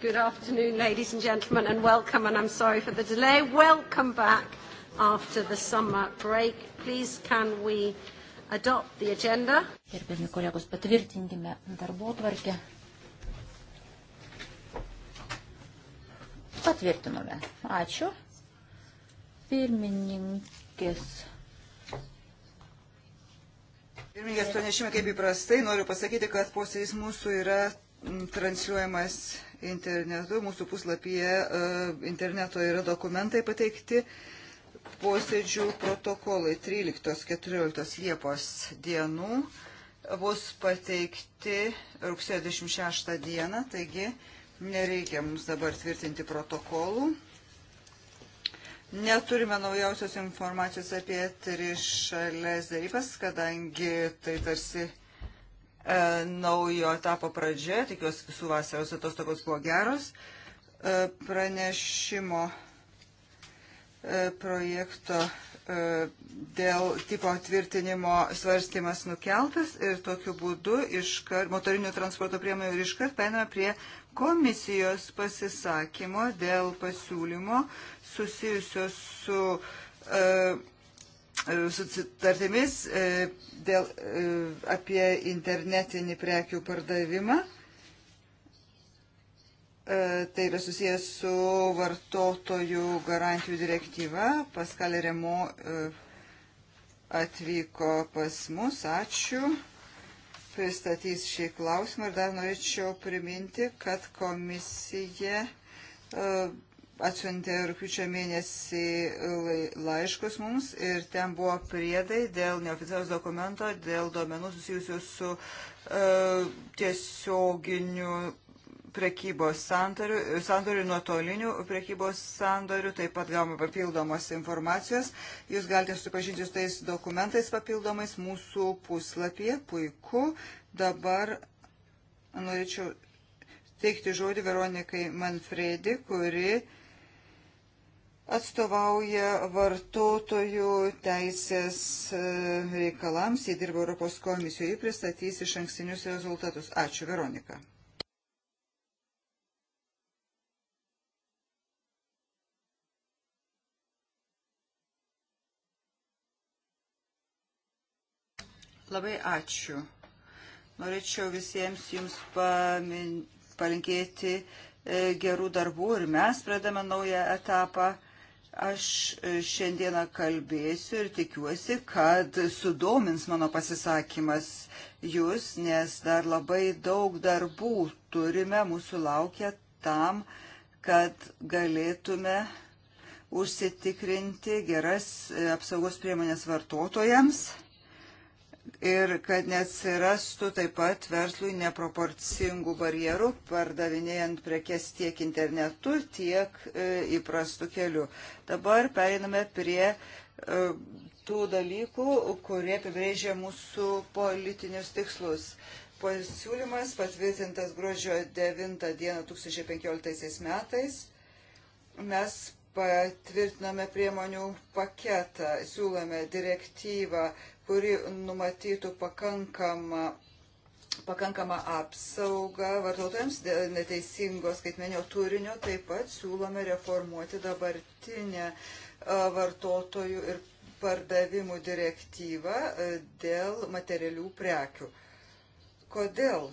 Good afternoon, ladies and gentlemen, and welcome, and I'm sorry for the delay. Welcome back after the summer break. Please, can we adopt the agenda? Gerbiami kolegos, patvirtinkime darbo tvarkę. Patvirtinome. Ačiū. Pirmininkės. Pirmininkės pranešime, kaip įprastai, noriu pasakyti, kad posėdis mūsų yra transliuojamas internetu. Mūsų puslapyje e, interneto yra dokumentai pateikti posėdžių protokolai 13-14 Liepos dienų bus pateikti rugsėjo 26 dieną, taigi nereikia mums dabar tvirtinti protokolų. Neturime naujausios informacijos apie trišalės darybas, kadangi tai tarsi e, naujo etapo pradžia, tikiuosi visų vasaros atostogos buvo geros. E, pranešimo e, projekto e, dėl tipo tvirtinimo svarstymas nukeltas ir tokiu būdu iškart, motorinių transporto priemonių ir iškart painame prie komisijos pasisakymo dėl pasiūlymo susijusio su uh, E, sutartimis e, dėl, e, apie internetinį prekių pardavimą. Tai yra susijęs su vartotojų garantijų direktyva. Paskalė Remo atvyko pas mus. Ačiū. Pristatys šį klausimą ir dar norėčiau priminti, kad komisija atsiuntė rūpiučio mėnesį laiškus mums ir ten buvo priedai dėl neoficialaus dokumento, dėl duomenų susijusių su e, tiesioginiu prekybos sandorių, sandorių nuotolinių prekybos sandorių, taip pat gavome papildomos informacijos. Jūs galite supažinti su tais dokumentais papildomais mūsų puslapyje. Puiku. Dabar norėčiau teikti žodį Veronikai Manfredi, kuri atstovauja vartotojų teisės e, reikalams, jie dirba Europos komisijoje, pristatys iš ankstinius rezultatus. Ačiū, Veronika. Labai ačiū. Norėčiau visiems jums pamin, palinkėti e, gerų darbų ir mes pradame naują etapą. Aš e, šiandieną kalbėsiu ir tikiuosi, kad sudomins mano pasisakymas jūs, nes dar labai daug darbų turime mūsų laukia tam, kad galėtume užsitikrinti geras e, apsaugos priemonės vartotojams ir kad neatsirastų taip pat verslui neproporcingų barjerų, pardavinėjant prekes tiek internetu, tiek e, įprastų kelių. Dabar periname prie e, tų dalykų, kurie apibrėžia mūsų politinius tikslus. Pasiūlymas patvirtintas gruodžio 9 dieną 2015 metais. Mes patvirtiname priemonių paketą, siūlome direktyvą kuri numatytų pakankamą pakankamą apsaugą vartotojams dėl neteisingo skaitmenio turinio, taip pat siūlome reformuoti dabartinę vartotojų ir pardavimų direktyvą dėl materialių prekių. Kodėl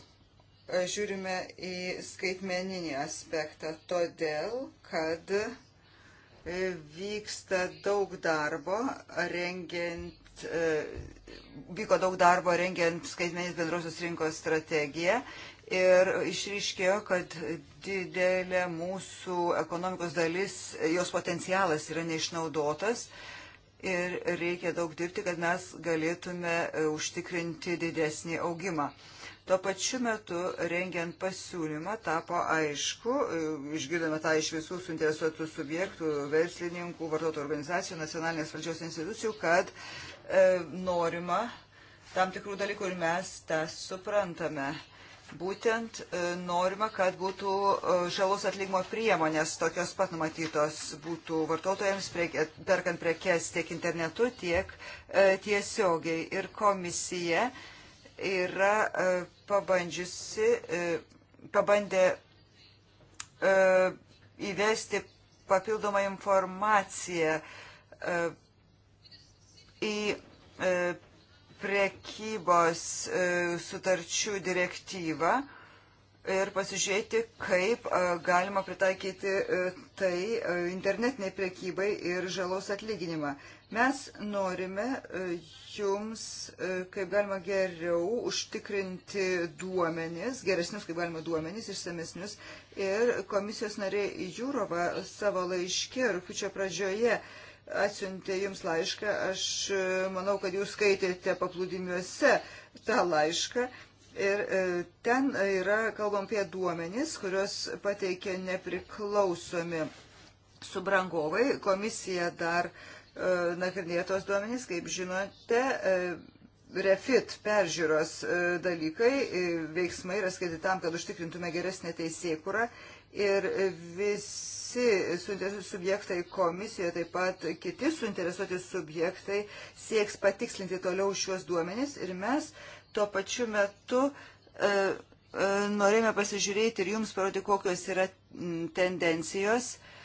žiūrime į skaitmeninį aspektą? Todėl, kad e, vyksta daug darbo rengiant E, vyko daug darbo rengiant skaitmenės bendrosios rinkos strategiją ir išryškėjo, kad didelė mūsų ekonomikos dalis, jos potencialas yra neišnaudotas ir reikia daug dirbti, kad mes galėtume e, užtikrinti didesnį augimą. Tuo pačiu metu, rengiant pasiūlymą, tapo aišku, išgirdome tą iš visų suinteresuotų subjektų, verslininkų, vartotojų organizacijų, nacionalinės valdžios institucijų, kad e, norima tam tikrų dalykų ir mes tą suprantame. Būtent e, norima, kad būtų e, žalos atlyginimo priemonės tokios pat numatytos būtų vartotojams, prie, perkant prekes tiek internetu, tiek e, tiesiogiai. Ir komisija yra e, pabandžiusi, e, pabandė e, įvesti papildomą informaciją e, į prekybos sutarčių direktyvą ir pasižiūrėti, kaip galima pritaikyti tai internetiniai prekybai ir žalos atlyginimą. Mes norime e, jums, e, kaip galima geriau, užtikrinti duomenis, geresnius, kaip galima, duomenis, išsamesnius. Ir komisijos narė Jūrova savo laiškė rūpiučio pradžioje atsiuntė jums laišką. Aš e, manau, kad jūs skaitėte paplūdimiuose tą laišką. Ir ten yra, kalbam apie duomenis, kurios pateikė nepriklausomi subrangovai. Komisija dar uh, E, nagrinėtos duomenys, kaip žinote, e, refit peržiūros e, dalykai, veiksmai yra skaiti tam, kad užtikrintume geresnę teisėkurą ir visi subjektai komisijoje, taip pat kiti suinteresuoti subjektai sieks patikslinti toliau šiuos duomenys ir mes tuo pačiu metu e, e, norėjome pasižiūrėti ir jums parodyti, kokios yra tendencijos e,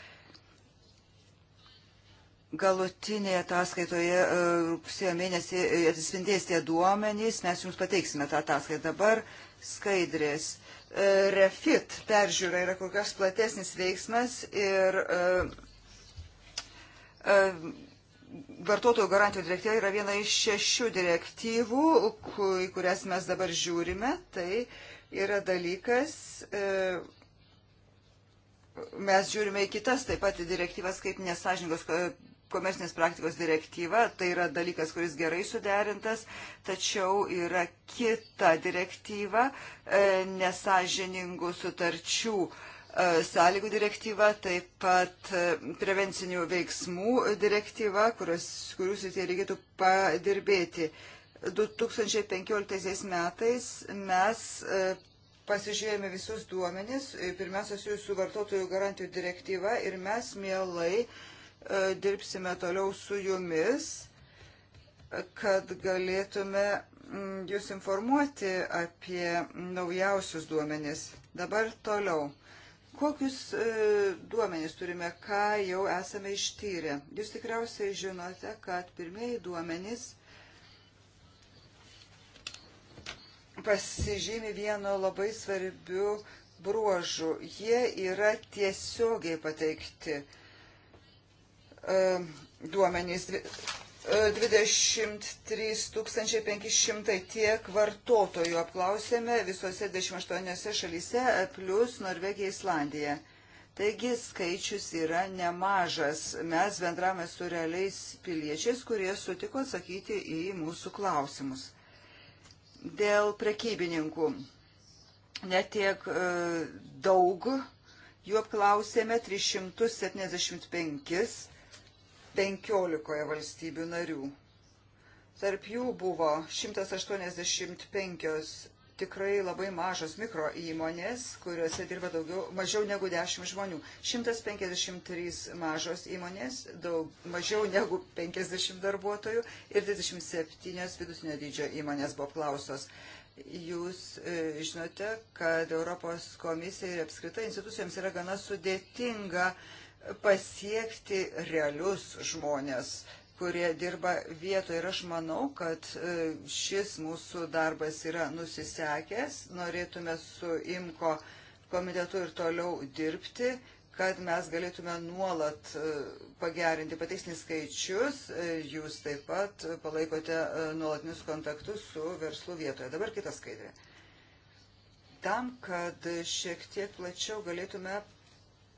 Galutinėje ataskaitoje e, rugsėjo mėnesį e, atsispindės tie duomenys, mes jums pateiksime tą ataskaitą. Dabar skaidrės. E, refit peržiūra yra kur kas platesnis veiksmas ir vartotojų garantijų direktyva yra viena iš šešių direktyvų, į kurias mes dabar žiūrime. Tai yra dalykas mes žiūrime į kitas taip pat direktyvas kaip nesažingos komersinės praktikos direktyva, tai yra dalykas, kuris gerai suderintas, tačiau yra kita direktyva, e, nesažiningų sutarčių e, sąlygų direktyva, taip pat e, prevencinių veiksmų direktyva, kurios, kurių srityje reikėtų padirbėti. 2015 metais mes pasižiūrėjome visus duomenis, pirmiausia, su jūsų vartotojų garantijų direktyva ir mes mielai uh, E, dirbsime toliau su jumis, kad galėtume mm, jūs informuoti apie naujausius duomenis. Dabar toliau. Kokius e, duomenys turime, ką jau esame ištyrę? Jūs tikriausiai žinote, kad pirmieji duomenys pasižymi vieno labai svarbių bruožų. Jie yra tiesiogiai pateikti. E, E, duomenys. 23 500 e, tiek vartotojų apklausėme visose 28 šalyse, e, plus Norvegija, Islandija. Taigi skaičius yra nemažas. Mes bendravome su realiais piliečiais, kurie sutiko atsakyti į mūsų klausimus. Dėl prekybininkų. Netiek e, daug jų apklausėme 375 15 valstybių narių. Tarp jų buvo 185 tikrai labai mažos mikro įmonės, kuriuose dirba daugiau, mažiau negu 10 žmonių. 153 mažos įmonės, daug, mažiau negu 50 darbuotojų ir 27 vidutinio dydžio įmonės buvo apklausos. Jūs e, žinote, kad Europos komisija ir apskritai institucijoms yra gana sudėtinga e, pasiekti realius žmonės, kurie dirba vietoje. Ir aš manau, kad e, šis mūsų darbas yra nusisekęs. Norėtume su IMKO komitetu ir toliau dirbti kad mes galėtume nuolat e, pagerinti pateiksnį skaičius. E, jūs taip pat palaikote nuolatinius kontaktus su verslu vietoje. Dabar kita skaidrė. Tam, kad šiek tiek plačiau galėtume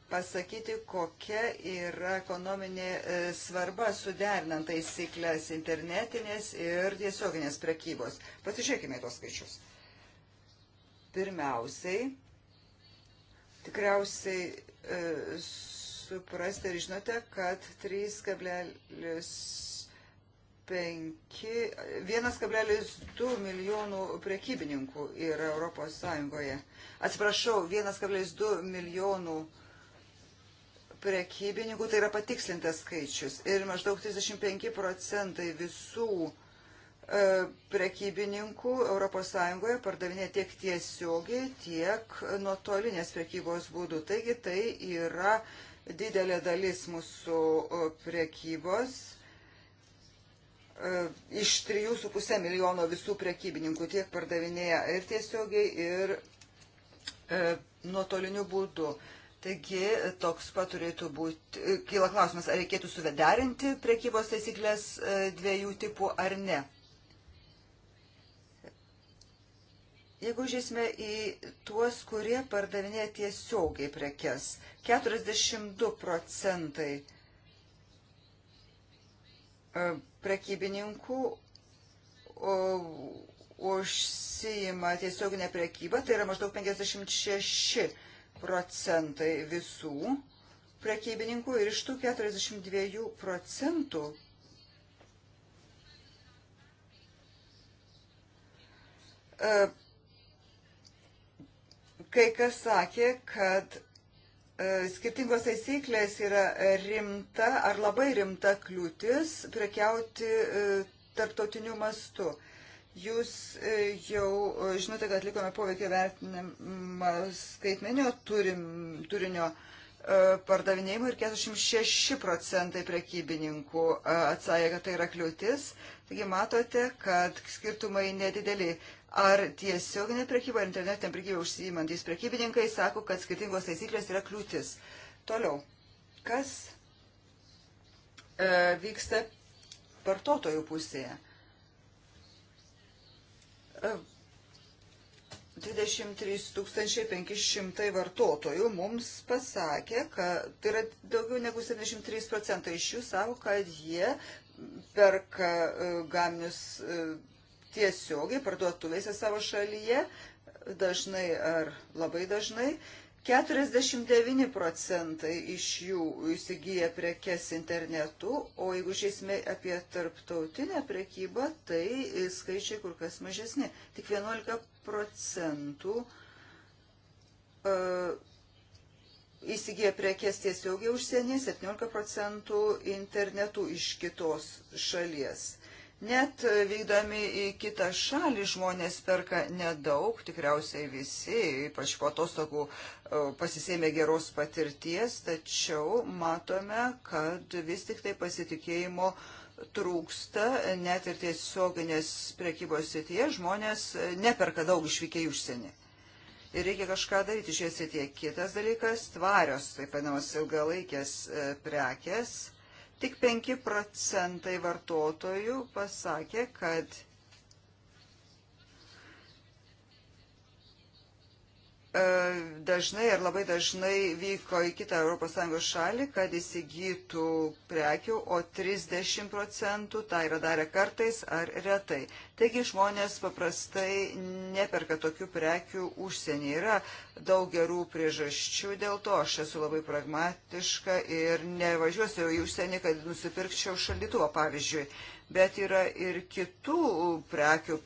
pasakyti, kokia yra ekonominė e, svarba suderinant taisyklės internetinės ir tiesioginės prekybos. Pasižiūrėkime tos skaičius. Pirmiausiai, tikriausiai e, suprasti ir žinote, kad 3,5, 1,2 milijonų prekybininkų yra Europos Sąjungoje. Atsiprašau, 1,2 milijonų prekybininkų prekybininkų, tai yra patikslintas skaičius. Ir maždaug 35 procentai visų e, prekybininkų ES pardavinė tiek tiesiogiai, tiek nuotolinės prekybos būdų. Taigi tai yra didelė dalis mūsų prekybos. E, iš 3,5 milijono visų prekybininkų tiek pardavinėja ir tiesiogiai, ir e, nuotoliniu būdu. Taigi toks pat turėtų būti, kyla klausimas, ar reikėtų suvederinti priekybos taisyklės e, dviejų tipų ar ne. Jeigu žiūrėsime į tuos, kurie pardavinėja tiesiogiai prekes, 42 procentai e, prekybininkų užsijima tiesioginę prekybą, tai yra maždaug 56 procentai procentai visų prekybininkų ir iš tų 42 procentų e, kai kas sakė, kad e, skirtingos taisyklės yra rimta ar labai rimta kliūtis prekiauti e, tarptautiniu mastu. Jūs e, jau e, žinote, kad atlikome poveikio vertinimą skaitmenio turim, turinio e, pardavinėjimų ir 46 procentai prekybininkų atsakė, kad tai yra kliūtis. Taigi matote, kad skirtumai nedideli. Ar tiesioginė prekyba, ar internetinė prekyba užsijimantys prekybininkai sako, kad skirtingos taisyklės yra kliūtis. Toliau, kas e, vyksta vartotojų pusėje? 23 500 vartotojų mums pasakė, kad tai yra daugiau negu 73 procentai iš jų savo, kad jie perka e, gaminius e, tiesiogiai parduotuvėse savo šalyje, dažnai ar labai dažnai. 49 procentai iš jų įsigyja prekes internetu, o jeigu žiūrėsime apie tarptautinę prekybą, tai skaičiai kur kas mažesni. Tik 11 procentų uh, įsigyja prekes tiesiogiai užsienį, 17 procentų internetu iš kitos šalies. Uh, Net vykdami į kitą šalį žmonės perka nedaug, tikriausiai visi, ypač po atostogų e, pasisėmė geros patirties, tačiau matome, kad vis tik tai pasitikėjimo trūksta, net ir tiesioginės prekybos srityje žmonės e, neperka daug išvykę į užsienį. Ir reikia kažką daryti šioje srityje. Kitas dalykas - tvarios, taip vadinamos, ilgalaikės e, prekės tik 5 procentai vartotojų pasakė, kad E, dažnai ir labai dažnai vyko į kitą ES šalį, kad įsigytų prekių, o 30 procentų tą yra darę kartais ar retai. Taigi žmonės paprastai neperka tokių prekių užsienį. Yra daug gerų priežasčių dėl to, aš esu labai pragmatiška ir nevažiuosiu į užsienį, kad nusipirkčiau šaldytuvą, pavyzdžiui. Bet yra ir kitų prekių,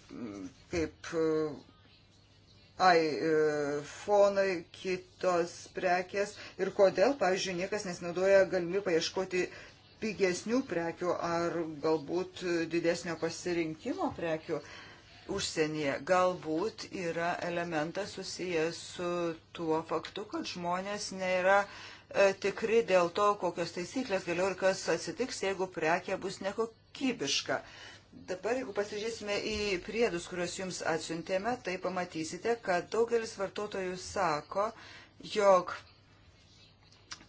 kaip iPhone'ai, e, kitos prekės ir kodėl, pavyzdžiui, niekas nesinaudoja galimybę paieškoti pigesnių prekių ar galbūt didesnio pasirinkimo prekių užsienyje. Galbūt yra elementas susijęs su tuo faktu, kad žmonės nėra e, tikri dėl to, kokios taisyklės galiu ir kas atsitiks, jeigu prekė bus nekokybiška. Dabar, jeigu pasižiūrėsime į priedus, kuriuos jums atsiuntėme, tai pamatysite, kad daugelis vartotojų sako, jog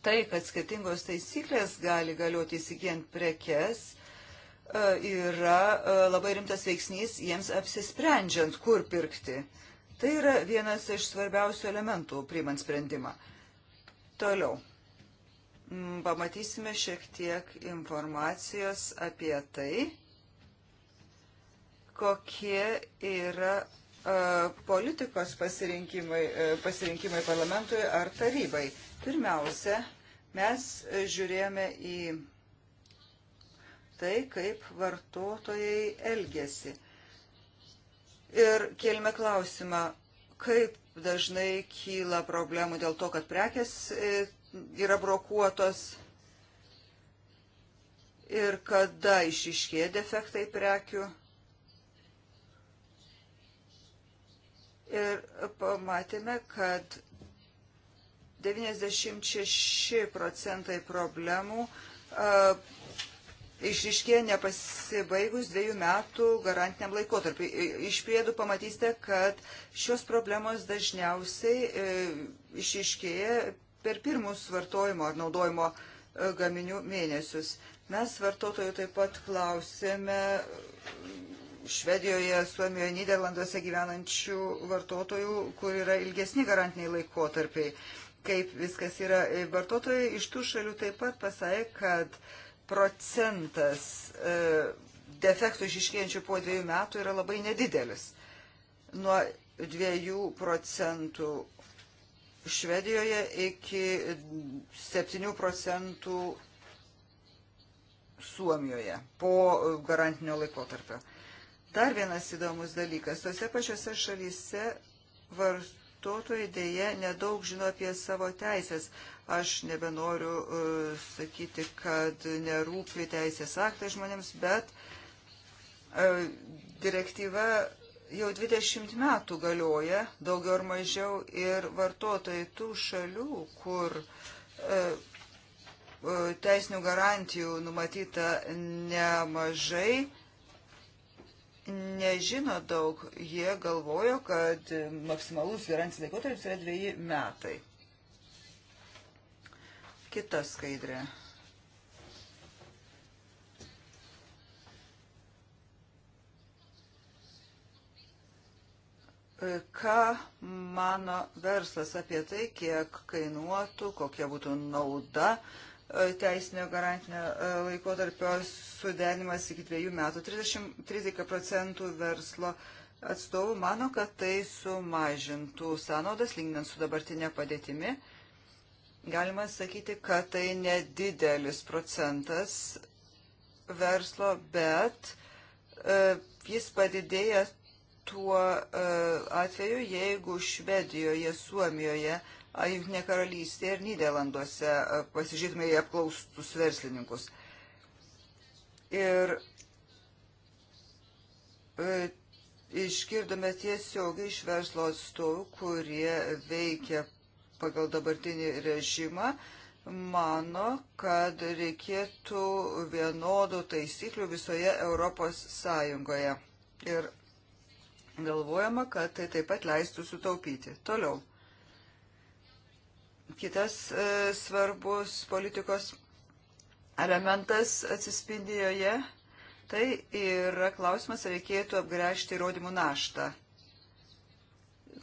tai, kad skirtingos taisyklės gali galioti įsigijant prekes, e, yra e, labai rimtas veiksnys jiems apsisprendžiant, kur pirkti. Tai yra vienas iš svarbiausių elementų priimant sprendimą. Toliau. Mm, pamatysime šiek tiek informacijos apie tai kokie yra e, politikos pasirinkimai, e, pasirinkimai parlamentui ar tarybai. Pirmiausia, mes žiūrėjome į tai, kaip vartotojai elgesi. Ir kėlėme klausimą, kaip dažnai kyla problemų dėl to, kad prekes e, yra brokuotos ir kada išiškė defektai prekių ir pamatėme, kad 96 procentai problemų a, išriškėja nepasibaigus dviejų metų garantiniam laikotarpiu. Iš priedų pamatysite, kad šios problemos dažniausiai e, išriškėja per pirmus vartojimo ar naudojimo e, gaminių mėnesius. Mes vartotojų taip pat klausėme Švedijoje, Suomijoje, Niderlanduose gyvenančių vartotojų, kur yra ilgesni garantiniai laikotarpiai. Kaip viskas yra. E, vartotojai iš tų šalių taip pat pasakė, kad procentas e, defektų išiškėjančių po dviejų metų yra labai nedidelis. Nuo dviejų procentų Švedijoje iki 7 procentų Suomijoje po garantinio laikotarpio. Dar vienas įdomus dalykas. Tose pačiose šalyse vartotojai dėje nedaug žino apie savo teisės. Aš nebenoriu uh, sakyti, kad nerūpi teisės aktai žmonėms, bet uh, direktyva jau 20 metų galioja, daugiau ar mažiau, ir vartotojai tų šalių, kur uh, teisinių garantijų numatyta nemažai, nežino daug, jie galvojo, kad maksimalus garantinis laikotarpis yra dviejai metai. Kita skaidrė. ką mano verslas apie tai, kiek kainuotų, kokia būtų nauda E, teisinio garantinio e, laikotarpio suderinimas iki dviejų metų. 30, 30 procentų verslo atstovų mano, kad tai sumažintų sąnaudas, lyginant su dabartinė padėtimi. Galima sakyti, kad tai nedidelis procentas verslo, bet e, jis padidėja tuo e, atveju, jeigu Švedijoje, Suomijoje e, Junktinė karalystė ir Niderlanduose, pasižiūrėtume į apklaustus verslininkus. Ir e, išgirdome tiesiogiai iš verslo atstovų, kurie veikia pagal dabartinį režimą, mano, kad reikėtų vienodų taisyklių visoje Europos Sąjungoje. Ir galvojama, kad tai taip pat leistų sutaupyti. Toliau. Kitas e, svarbus politikos elementas atsispindi joje. Tai yra klausimas, ar reikėtų apgręžti įrodymų naštą.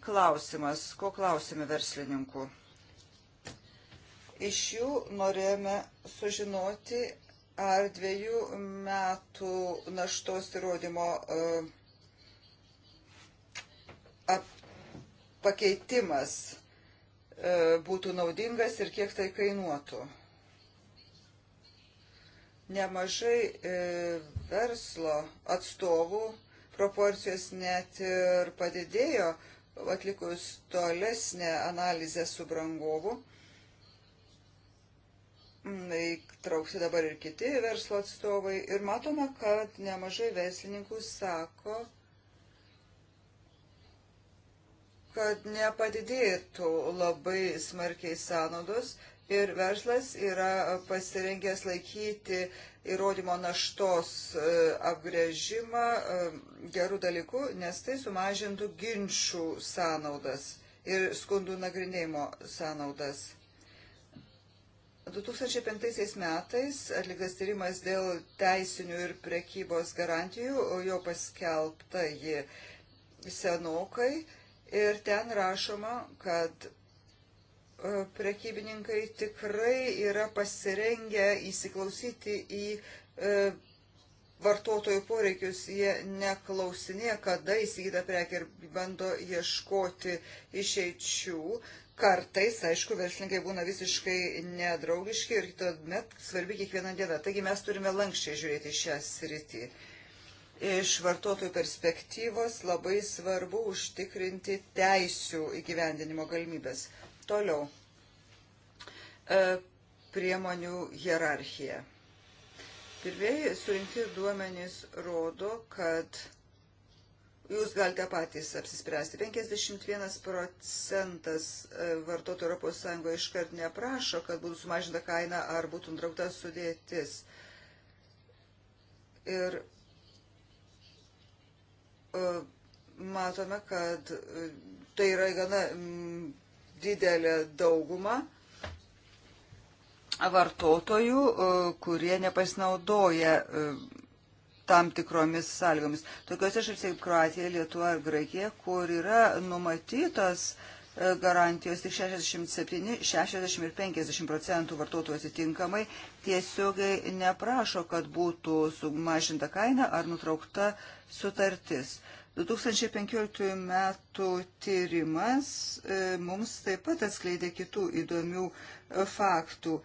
Klausimas, ko klausime verslininkų? Iš jų norėjome sužinoti, ar dviejų metų naštos įrodymo uh, ap, pakeitimas E, būtų naudingas ir kiek tai kainuotų. Nemažai e, verslo atstovų proporcijos net ir padidėjo atlikus tolesnę analizę su brangovu. Mm, tai Traukti dabar ir kiti verslo atstovai. Ir matome, kad nemažai verslininkų sako, kad nepadidėtų labai smarkiai sąnaudos ir verslas yra pasirengęs laikyti įrodymo naštos e, apgrėžimą e, gerų dalykų, nes tai sumažintų ginčių sąnaudas ir skundų nagrinėjimo sąnaudas. 2005 metais atliktas tyrimas dėl teisinių ir prekybos garantijų, jo paskelbta ji senokai Ir ten rašoma, kad e, prekybininkai tikrai yra pasirengę įsiklausyti į e, vartotojų poreikius, jie neklausinė, kada įsigyta prekė ir bando ieškoti išeičių. Kartais, aišku, verslininkai būna visiškai nedraugiški ir tuomet svarbi kiekviena diena. Taigi mes turime lankščiai žiūrėti šią sritį. Uh, Iš vartotojų perspektyvos labai svarbu užtikrinti teisių įgyvendinimo galimybės. Toliau. E, priemonių hierarchija. Pirmieji surinkti duomenys rodo, kad jūs galite patys apsispręsti. 51 procentas e, vartotojų Europos Sąjungoje iškart neprašo, kad būtų sumažinta kaina ar būtų nutraukta sudėtis. Ir E, matome, kad e, tai yra gana didelė dauguma vartotojų, e, kurie nepasinaudoja tam tikromis sąlygomis. Tokiuose šalyse kaip Kroatija, Lietuva ar Graikija, kur yra numatytos uh, E, garantijos tik 67, 60 ir 50 procentų vartotojų atitinkamai tiesiogiai neprašo, kad būtų sumažinta kaina ar nutraukta sutartis. 2015 metų tyrimas e, mums taip pat atskleidė kitų įdomių e, faktų.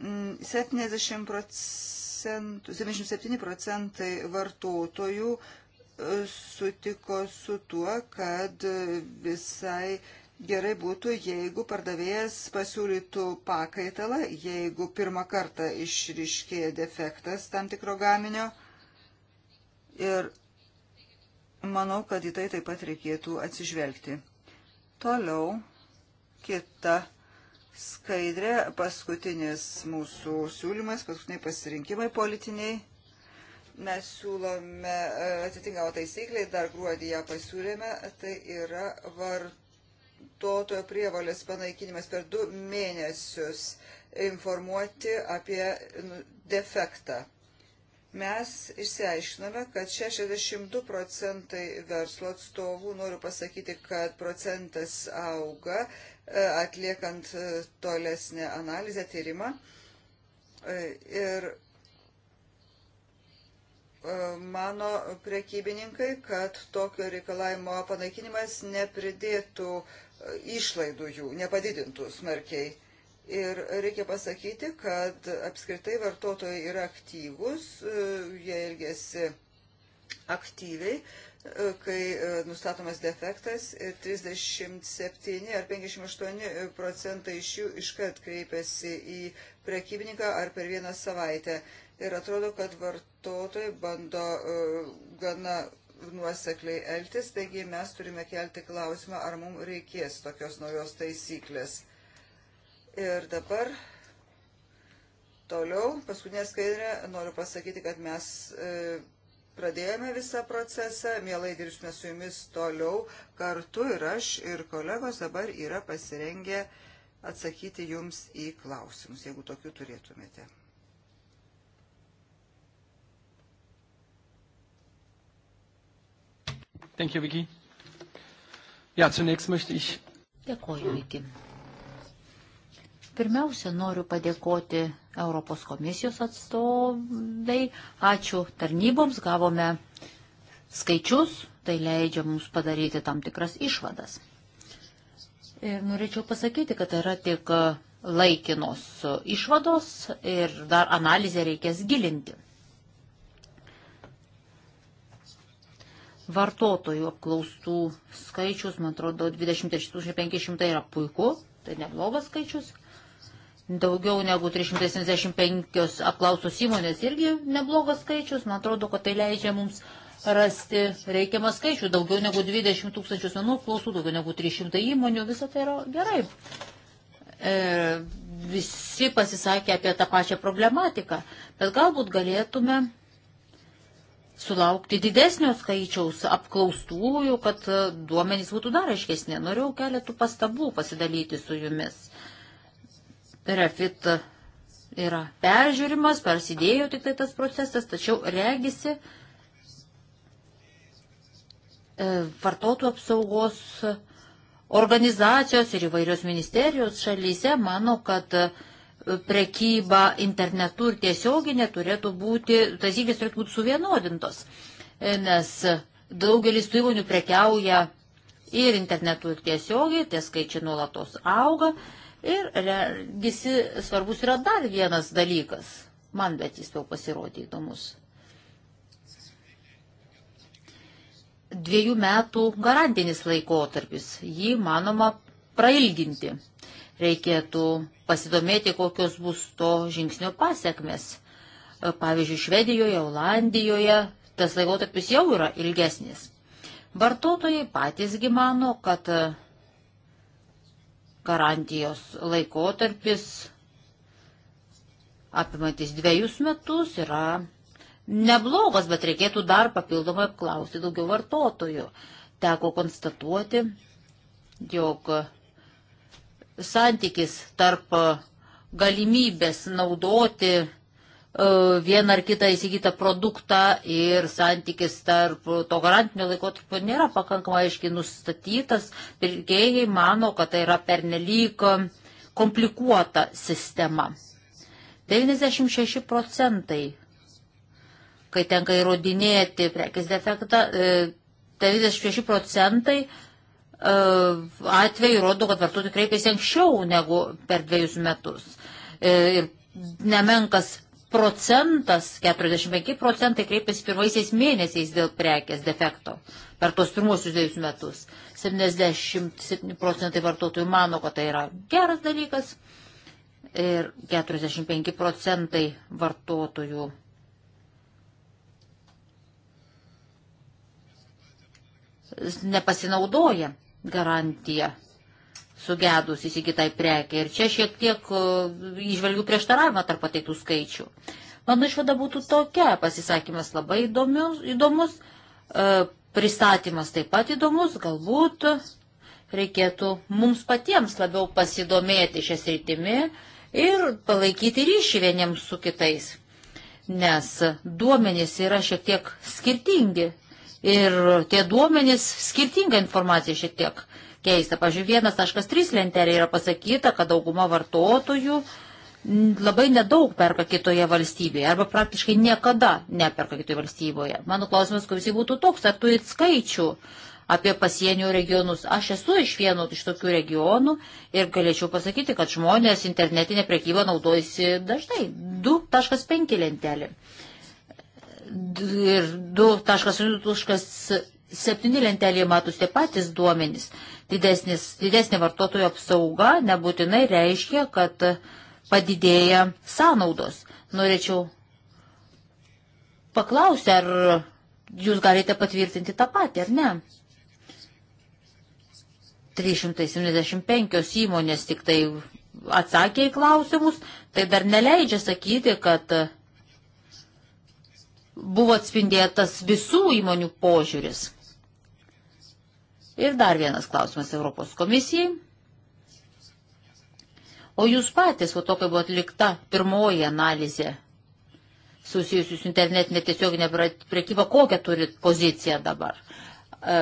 70 mm, procentų, 77 procentai vartotojų sutiko su tuo, kad visai gerai būtų, jeigu pardavėjas pasiūlytų pakaitalą, jeigu pirmą kartą išriškėja defektas tam tikro gaminio. Ir manau, kad į tai taip pat reikėtų atsižvelgti. Toliau kita skaidrė, paskutinis mūsų siūlymas, paskutiniai pasirinkimai politiniai mes siūlome e, atitinkamą taisyklę, dar gruodį ją pasiūlėme, tai yra vartotojų vartotojo prievalės panaikinimas per du mėnesius informuoti apie nu, defektą. Mes išsiaiškinome, kad 62 procentai verslo atstovų, noriu pasakyti, kad procentas auga, e, atliekant e, tolesnę analizę, tyrimą. E, ir mano prekybininkai, kad tokio reikalavimo panaikinimas nepridėtų uh, išlaidų jų nepadidintų smarkiai. Ir reikia pasakyti, kad apskritai vartotojai yra aktyvus, e, jie elgesi aktyviai, e, kai e, nustatomas defektas, 37 ar 58 procentai iš jų iškart kreipiasi į prekybininką ar per vieną savaitę. Ir atrodo, kad vartotojai bando gana nuosekliai elgtis, taigi mes turime kelti klausimą, ar mums reikės tokios naujos taisyklės. Ir dabar toliau, paskutinė skaidrė, noriu pasakyti, kad mes e, pradėjome visą procesą, mielai dirbsime su jumis toliau kartu ir aš ir kolegos dabar yra pasirengę atsakyti jums į klausimus, jeigu tokių turėtumėte. Thank you, Vicky. Ja, zunächst möchte ich. Dėkoju, Viki. Pirmiausia, noriu padėkoti Europos komisijos atstovai. Ačiū tarnyboms, gavome skaičius, tai leidžia mums padaryti tam tikras išvadas. Ir norėčiau pasakyti, kad yra tik laikinos išvados ir dar analizę reikės gilinti. vartotojų apklaustų skaičius, man atrodo, 26500 yra puiku, tai neblogas skaičius. Daugiau negu 375 apklausos įmonės irgi neblogas skaičius, man atrodo, kad tai leidžia mums rasti reikiamą skaičių, daugiau negu 20 tūkstančių asmenų apklausų, daugiau negu 300 įmonių, visą tai yra gerai. E, visi pasisakė apie tą pačią problematiką, bet galbūt galėtume sulaukti didesnio skaičiaus apklaustųjų, kad e, duomenys būtų dar aiškesnė. Norėjau keletų pastabų pasidalyti su jumis. Refit yra peržiūrimas, prasidėjo tik tai tas procesas, tačiau regisi e, vartotų apsaugos organizacijos ir įvairios ministerijos šalyse mano, kad prekyba internetu ir tiesioginė turėtų būti, taisyklės turėtų būti suvienodintos, e, nes daugelis tų įmonių prekiauja ir internetu ir tiesiogiai, tie skaičiai nuolatos auga ir visi svarbus yra dar vienas dalykas, man bet jis jau pasirodė įdomus. Dviejų metų garantinis laikotarpis, jį manoma prailginti reikėtų pasidomėti, kokios bus to žingsnio pasiekmes. E, pavyzdžiui, Švedijoje, Olandijoje tas laikotarpis jau yra ilgesnis. Vartotojai patysgi mano, kad e, garantijos laikotarpis apimantis dviejus metus yra neblogas, bet reikėtų dar papildomai apklausti daugiau vartotojų. Teko konstatuoti, jog santykis tarp e, galimybės naudoti e, vieną ar kitą įsigytą produktą ir santykis tarp to garantinio laikotarpio nėra pakankamai aiškiai nustatytas. Pirkėjai mano, kad tai yra pernelyg e, komplikuota sistema. 96 procentai, kai tenka įrodinėti prekis defektą, 96 procentai E, atvejų rodo, kad vartotojai kreipiasi anksčiau negu per dviejus metus. E, ir nemenkas procentas, 45 procentai kreipiasi pirmaisiais mėnesiais dėl prekės defekto per tos pirmosius dviejus metus. 77 procentai vartotojų mano, kad tai yra geras dalykas ir 45 procentai vartotojų nepasinaudoja garantiją sugedus įsigytai prekiai. Ir čia šiek tiek išvelgiu e, prieštaravimą tarp pateiktų skaičių. Mano išvada būtų tokia, pasisakymas labai įdomius, įdomus, e, pristatymas taip pat įdomus, galbūt reikėtų mums patiems labiau pasidomėti šią sritimį ir palaikyti ryšį vieniems su kitais. Nes duomenys yra šiek tiek skirtingi Ir tie duomenys skirtinga informacija šiek tiek keista. Pavyzdžiui, 1.3 lentelė yra pasakyta, kad dauguma vartotojų labai nedaug perka kitoje valstybėje arba praktiškai niekada neperka kitoje valstybėje. Mano klausimas, kuris būtų toks, ar turit skaičių apie pasienio regionus. Aš esu iš vieno iš tokių regionų ir galėčiau pasakyti, kad žmonės internetinė prekyba naudojasi dažnai. 2.5 lentelė ir 2.7 lentelėje matus tie patys duomenys. Didesnis, didesnė vartotojo apsauga nebūtinai reiškia, kad padidėja sąnaudos. Norėčiau paklausti, ar jūs galite patvirtinti tą patį, ar ne? 375 įmonės tik tai atsakė į klausimus, tai dar neleidžia sakyti, kad buvo atspindėtas visų įmonių požiūris. Ir dar vienas klausimas Europos komisijai. O jūs patys, o to, kai buvo atlikta pirmoji analizė susijusius internetinė tiesioginė priekyba, kokią turit poziciją dabar? E,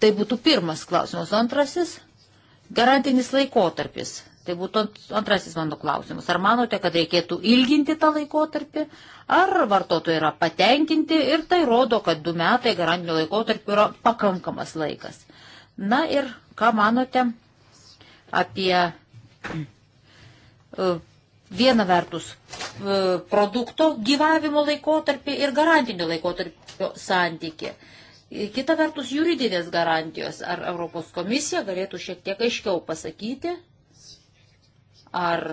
tai būtų pirmas klausimas. Antrasis - garantinis laikotarpis. Tai būtų antrasis mano klausimas. Ar manote, kad reikėtų ilginti tą laikotarpį, ar vartotojai yra patenkinti ir tai rodo, kad du metai garantinio laikotarpio yra pakankamas laikas. Na ir ką manote apie e, vieną vertus e, produkto gyvavimo laikotarpį ir garantinio laikotarpio santyki. E, kita vertus juridinės garantijos. Ar Europos komisija galėtų šiek tiek aiškiau pasakyti, ar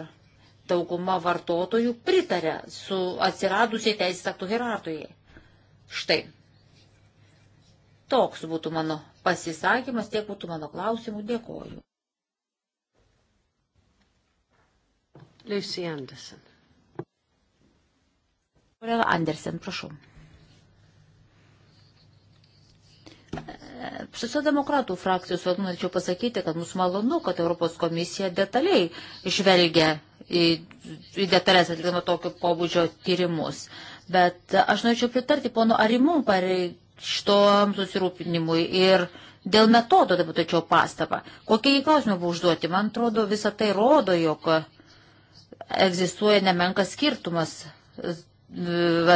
dauguma vartotojų pritarė su atsiradusiai teisės aktų hierarchijai. Štai. Toks būtų mano pasisakymas, tiek būtų mano klausimų. Dėkoju. Lucy Anderson. Korela Andersen, prašau. Socialdemokratų frakcijos vadinu, norėčiau pasakyti, kad mums malonu, kad Europos komisija detaliai žvelgia į, į detalės atlikdama tokio pobūdžio tyrimus. Bet aš norėčiau pritarti pono Arimum pareikštom susirūpinimui ir dėl metodo dabar tačiau pastabą. Kokie į klausimą buvo užduoti? Man atrodo, visa tai rodo, jog egzistuoja nemenkas skirtumas, e,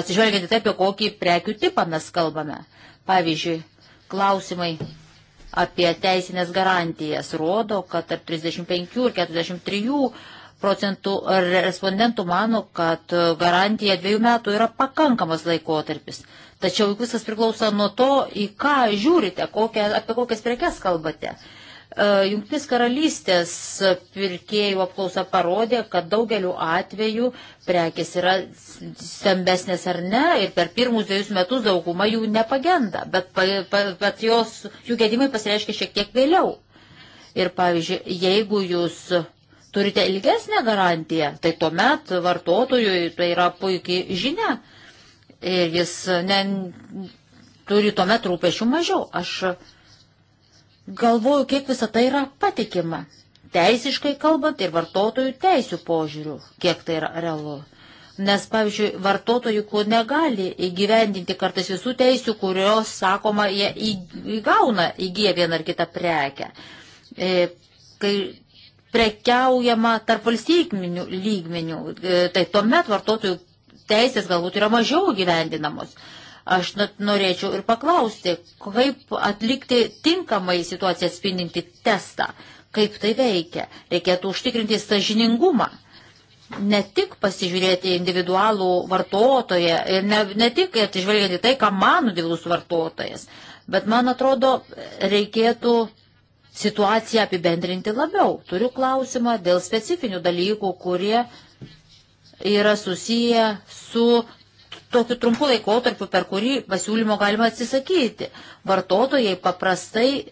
atsižvelgiant į tai, apie kokį prekių tipą mes kalbame. Pavyzdžiui, Klausimai apie teisinės garantijas rodo, kad tarp 35 ir 43 procentų respondentų mano, kad garantija dviejų metų yra pakankamas laikotarpis. Tačiau viskas priklauso nuo to, į ką žiūrite, kokią, apie kokias prekes kalbate. E, Junktinės karalystės pirkėjų apklausa parodė, kad daugeliu atveju prekės yra stambesnės ar ne ir per pirmus dviejus metus dauguma jų nepagenda, bet, bet jos, jų gedimai pasireiškia šiek tiek vėliau. Ir pavyzdžiui, jeigu jūs turite ilgesnę garantiją, tai tuomet vartotojui tai yra puikiai žinia ir jis ne, turi tuomet rūpešių mažiau. Aš Galvoju, kiek visa tai yra patikima. Teisiškai kalbant ir vartotojų teisių požiūrių, kiek tai yra realu. Nes, pavyzdžiui, vartotojų negali įgyvendinti kartais visų teisių, kurios, sakoma, jie įgauna, įgyja vieną ar kitą prekę. E, kai prekiaujama tarp valstybinių lygmenių, e, tai tuomet vartotojų teisės galbūt yra mažiau gyvendinamos. E, Aš net norėčiau ir paklausti, kaip atlikti tinkamai situaciją atspindinti testą, kaip tai veikia. Reikėtų užtikrinti stažiningumą. Ne tik pasižiūrėti individualų vartotoją ir ne, ne tik atsižvelgiant į tai, ką mano individualus vartotojas, bet man atrodo, reikėtų situaciją apibendrinti labiau. Turiu klausimą dėl specifinių dalykų, kurie yra susiję su tokiu trumpu laikotarpiu, per kurį pasiūlymo galima atsisakyti. Vartotojai paprastai e,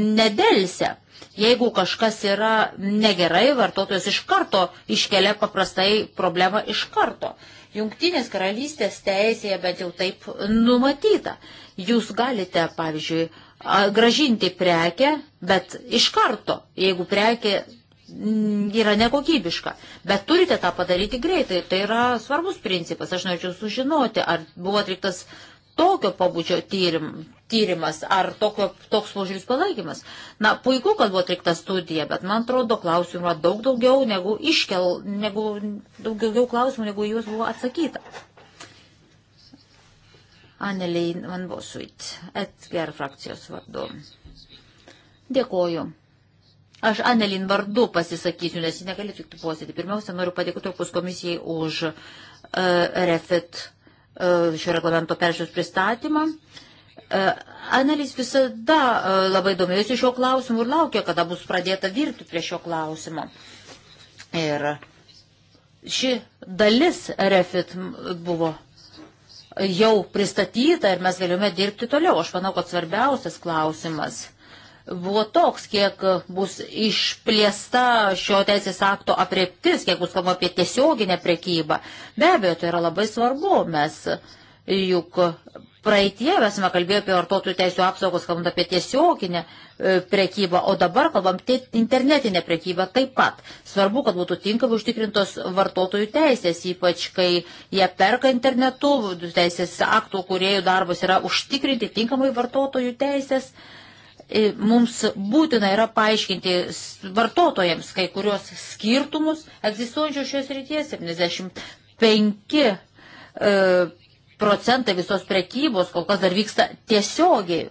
nedelsia. Jeigu kažkas yra negerai, vartotojas iš karto iškelia paprastai problemą iš karto. Jungtinės karalystės teisėje bent jau taip numatyta. Jūs galite, pavyzdžiui, gražinti prekę, bet iš karto, jeigu prekė Mm, yra nekokybiška. Bet turite tą padaryti greitai. Tai yra svarbus principas. Aš norėčiau sužinoti, ar buvo atliktas tokio pabudžio tyrim, tyrimas, ar tokio, toks požiūris palaikymas. Na, puiku, kad buvo atlikta studija, bet man atrodo, klausimų yra daug daugiau negu iškel, negu daug daugiau klausimų, negu jūs buvo atsakyta. Anelei Manbosuit, Etger frakcijos vardu. Dėkoju. Aš Anelin vardu pasisakysiu, nes jis negali tik posėdį. Pirmiausia, noriu padėkoti Europos komisijai už uh, refit uh, šio reglamento peržiūros pristatymą. Uh, e, Analys visada uh, labai domėjusi šio klausimu ir laukia, kada bus pradėta dirbti prie šio klausimo. Ir ši dalis refit buvo jau pristatyta ir mes galime dirbti toliau. Aš manau, kad svarbiausias klausimas buvo toks, kiek bus išplėsta šio teisės akto apreptis, kiek bus kalbama apie tiesioginę prekybą. Be abejo, tai yra labai svarbu, mes juk praeitie esame kalbėję apie vartotojų teisų apsaugos, kalbant apie tiesioginę e, prekybą, o dabar kalbam apie internetinę prekybą taip pat. Svarbu, kad būtų tinkamai užtikrintos vartotojų teisės, ypač kai jie perka internetu, teisės aktų kuriejų darbas yra užtikrinti tinkamai vartotojų teisės. Uh, mums būtina yra paaiškinti vartotojams kai kurios skirtumus egzistuojančios šios ryties 75 e, procentai visos prekybos kol kas dar vyksta tiesiogiai.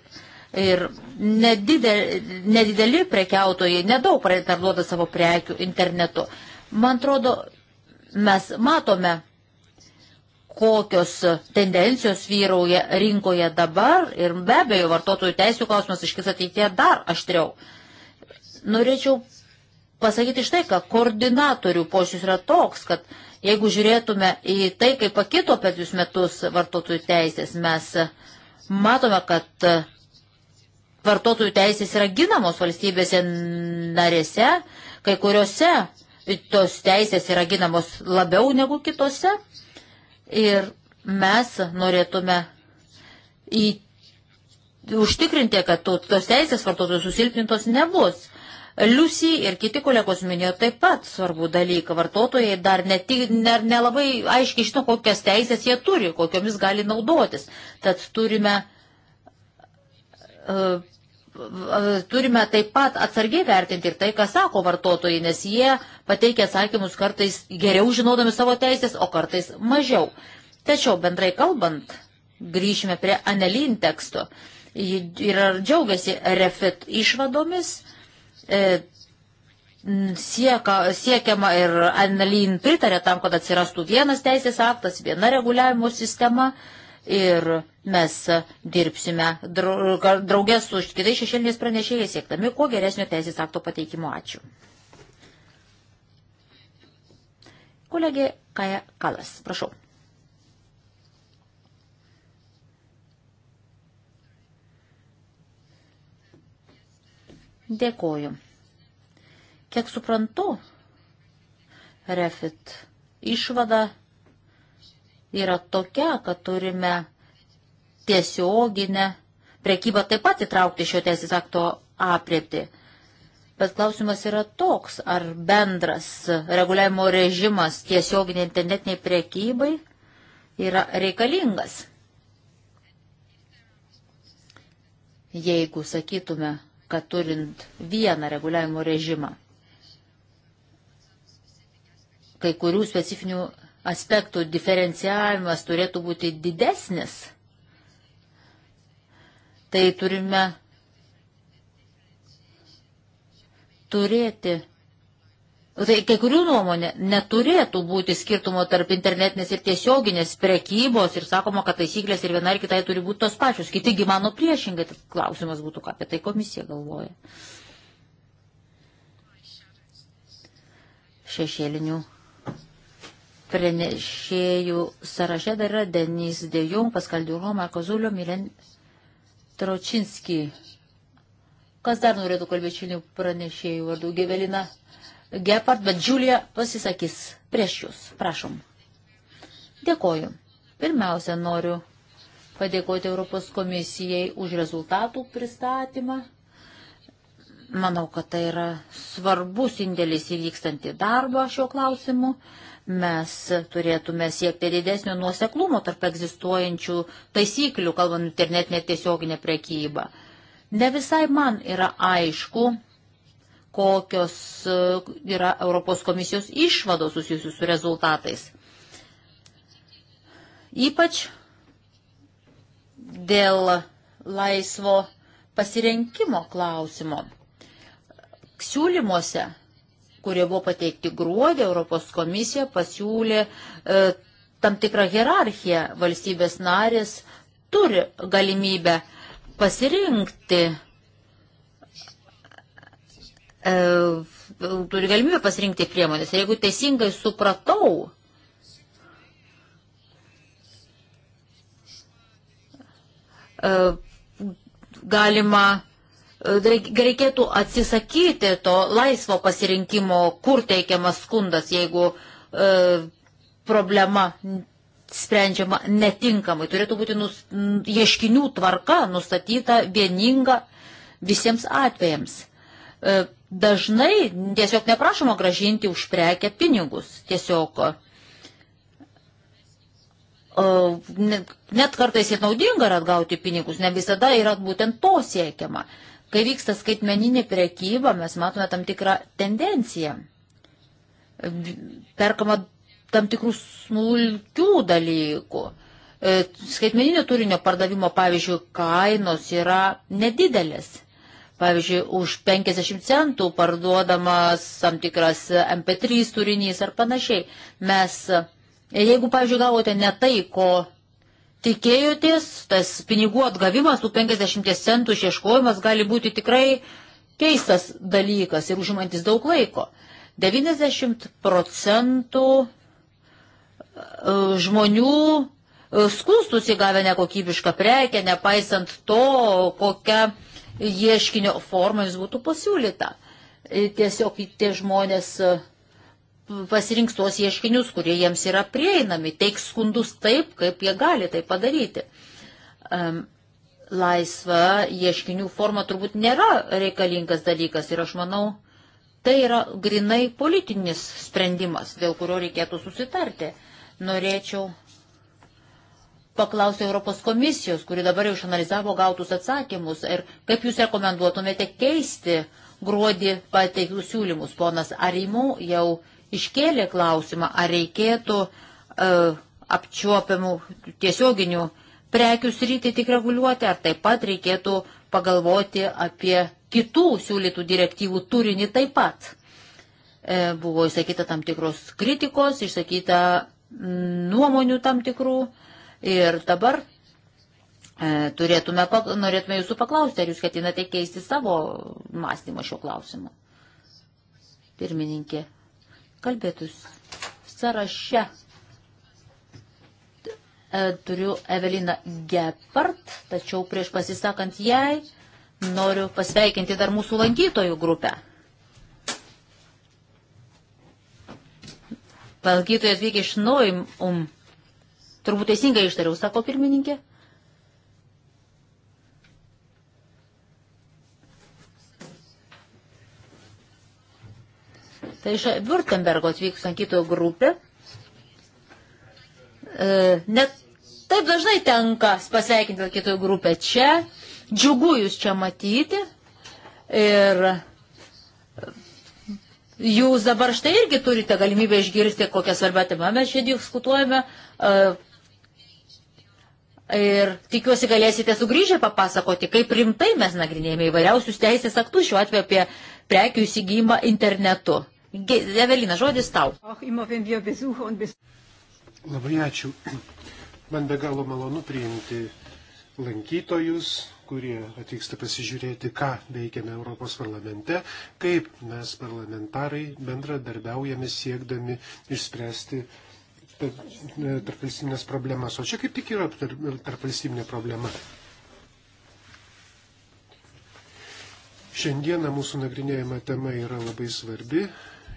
Ir nedideli, nedideli prekiautojai nedaug parduoda savo prekių internetu. Man atrodo, mes matome kokios tendencijos vyrauja rinkoje dabar ir be abejo vartotojų teisų klausimas iškis ateityje dar aštriau. Norėčiau pasakyti štai, kad koordinatorių pošius yra toks, kad jeigu žiūrėtume į tai, kaip pakito per jūs metus vartotojų teisės, mes matome, kad vartotojų teisės yra ginamos valstybėse narėse, kai kuriuose tos teisės yra ginamos labiau negu kitose. Ir mes norėtume į, užtikrinti, kad to, tos teisės vartotojų susilpnintos nebus. Liusi ir kiti kolegos minėjo taip pat svarbų dalyką. Vartotojai dar nelabai ne, ne aiškiai žino, kokias teisės jie turi, kokiomis gali naudotis. Tad turime, uh, turime taip pat atsargiai vertinti ir tai, ką sako vartotojai, nes jie pateikia atsakymus kartais geriau žinodami savo teisės, o kartais mažiau. Uh, Tačiau bendrai kalbant, grįžime prie Anelin teksto. Ir džiaugiasi refit išvadomis, e, sieka, siekiama ir Anelin pritarė tam, kad atsirastų vienas teisės aktas, viena reguliavimo sistema. Ir mes dirbsime draugės su kitais šešėlinės pranešėjais, siektami kuo geresnio teisės akto pateikimo. Ačiū. Kolegė Kaja Kalas, prašau. Dėkoju. Kiek suprantu, refit išvada yra tokia, kad turime tiesioginę prekybą taip pat įtraukti šio teisės akto apriepti. Bet klausimas yra toks, ar bendras reguliavimo režimas tiesioginiai internetiniai prekybai yra reikalingas. Jeigu sakytume, kad turint vieną reguliavimo režimą, kai kurių specifinių aspektų diferencijavimas turėtų būti didesnis, tai turime turėti Tai kai kurių nuomonė neturėtų būti skirtumo tarp internetinės ir tiesioginės prekybos ir sakoma, kad taisyklės ir viena ir kitai turi būti tos pačios. Kitigi mano priešingai, tai klausimas būtų, ką apie tai komisija galvoja. Šešėlinių pranešėjų sąraše dar yra Denis Dejung, Paskaldiuro, Marko Zulio, Milen Tročinski. Kas dar norėtų kalbėti šių pranešėjų vardų? Gevelina Gepard, bet Džiulija pasisakys prieš jūs. Prašom. Dėkoju. Pirmiausia, noriu padėkoti Europos komisijai už rezultatų pristatymą. Manau, kad tai yra svarbus indėlis įvykstantį darbą šiuo klausimu. Mes turėtume siekti didesnio nuoseklumo tarp egzistuojančių taisyklių, kalbant internetinę tiesioginę prekybą. Ne visai man yra aišku, kokios e, yra Europos komisijos išvados susijusius su rezultatais. Ypač dėl laisvo pasirenkimo klausimo. Siūlymuose, kurie buvo pateikti gruodį, Europos komisija pasiūlė e, tam tikrą hierarchiją. Valstybės narės turi galimybę pasirinkti E, turi galimybę pasirinkti priemonės. Ir jeigu teisingai supratau, e, galima, e, reikėtų atsisakyti to laisvo pasirinkimo, kur teikiamas skundas, jeigu problema sprendžiama netinkamai. Turėtų būti nus, ieškinių tvarka nustatyta vieninga visiems atvejams. E, dažnai tiesiog neprašoma gražinti už prekę pinigus. Tiesiog e, net kartais ir naudinga yra atgauti pinigus, ne visada yra būtent to siekiama. Kai vyksta skaitmeninė priekyba, mes matome tam tikrą tendenciją. Perkama tam tikrų smulkių dalykų. E, skaitmeninio turinio pardavimo, pavyzdžiui, kainos yra nedidelės. Pavyzdžiui, už 50 centų parduodamas tam tikras MP3 turinys ar panašiai. Mes, jeigu, pavyzdžiui, gavote ne tai, ko tikėjotės, tas pinigų atgavimas, tų 50 centų išieškojimas gali būti tikrai keistas dalykas ir užimantis daug laiko. 90 procentų e, žmonių e, skūstusi gavę nekokybišką prekę, nepaisant to, kokia ieškinio formą jis būtų pasiūlyta. E, tiesiog tie žmonės e, pasirinks tuos ieškinius, kurie jiems yra prieinami, teiks skundus taip, kaip jie gali tai padaryti. Laisva ieškinių forma turbūt nėra reikalingas dalykas ir aš manau, tai yra grinai politinis sprendimas, dėl kurio reikėtų susitarti. Norėčiau paklausti Europos komisijos, kuri dabar jau išanalizavo gautus atsakymus ir kaip jūs rekomenduotumėte keisti gruodį pateiktus siūlymus. Ponas Arimų jau iškėlė klausimą, ar reikėtų uh, apčiuopiamų tiesioginių prekių sritį tik reguliuoti, ar taip pat reikėtų pagalvoti apie kitų siūlytų direktyvų turinį taip pat. E, buvo išsakyta tam tikros kritikos, išsakyta mm, nuomonių tam tikrų. E, Ir dabar e, turėtume, norėtume jūsų paklausti, ar jūs ketinate keisti savo mąstymą šiuo klausimu. Pirmininkė, kalbėtus sąraše e, turiu Eveliną Gepard, tačiau prieš pasisakant jai noriu pasveikinti dar mūsų lankytojų grupę. Lankytojai atvykę iš Noimum Turbūt teisingai ištariau, sako pirmininkė. Tai iš Württembergo atvykus lankytojų grupė. E, net taip dažnai tenka pasveikinti lankytojų grupę čia. Džiugu jūs čia matyti. Ir jūs dabar štai irgi turite galimybę išgirsti, kokią svarbę temą mes čia diskutuojame. E, Ir tikiuosi galėsite sugrįžę papasakoti, kaip rimtai mes nagrinėjame įvairiausius teisės aktus, šiuo atveju apie prekių įsigymą internetu. Evelina, žodis tau. Labai ačiū. Man be galo malonu priimti lankytojus, kurie atvyksta pasižiūrėti, ką veikiame Europos parlamente, kaip mes parlamentarai bendradarbiaujame siekdami išspręsti E, tarpvalstybinės problemas, o čia kaip tik yra tarpvalstybinė problema. Šiandieną mūsų nagrinėjama tema yra labai svarbi,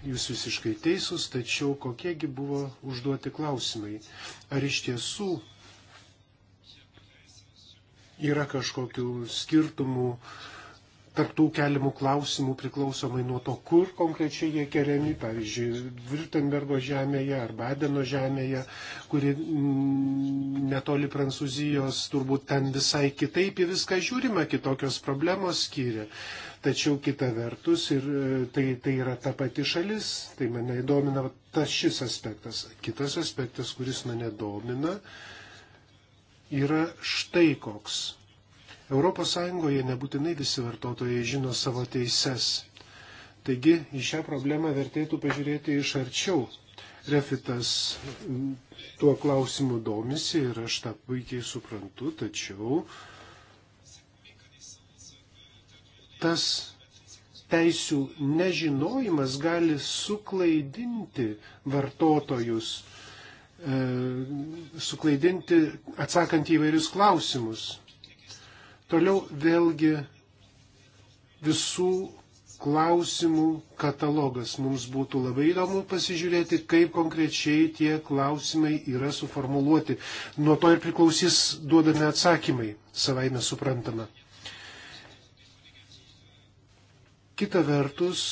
jūs visiškai teisūs, tačiau kokiegi buvo užduoti klausimai. Ar iš tiesų yra kažkokių skirtumų, uh, tarptų keliamų klausimų priklausomai nuo to, kur konkrečiai jie keliami, pavyzdžiui, Virtenbergo žemėje ar Badeno žemėje, kuri netoli Prancūzijos, turbūt ten visai kitaip į viską žiūrima, kitokios problemos skiria. Tačiau kita vertus, ir e, tai, tai yra ta pati šalis, tai mane domina tas šis aspektas. Kitas aspektas, kuris mane domina, yra štai koks ES nebūtinai visi vartotojai žino savo teises. Taigi į šią problemą vertėtų pažiūrėti iš arčiau. Refitas tuo klausimu domisi ir aš tą puikiai suprantu, tačiau tas teisių nežinojimas gali suklaidinti vartotojus, e, suklaidinti atsakant į vairius klausimus. Toliau vėlgi visų klausimų katalogas. Mums būtų labai įdomu pasižiūrėti, kaip konkrečiai tie klausimai yra suformuluoti. Nuo to ir priklausys duodami atsakymai, savaime suprantama. Kita vertus,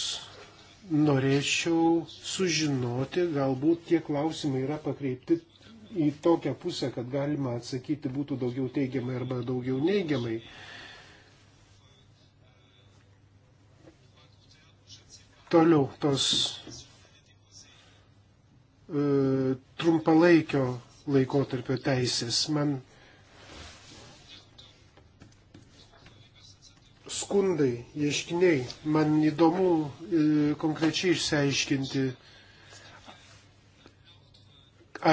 norėčiau sužinoti, galbūt tie klausimai yra pakreipti į tokią pusę, kad galima atsakyti būtų daugiau teigiamai arba daugiau neigiamai. Toliau tos e, trumpalaikio laikotarpio teisės. Man skundai, ieškiniai, man įdomu e, konkrečiai išsiaiškinti,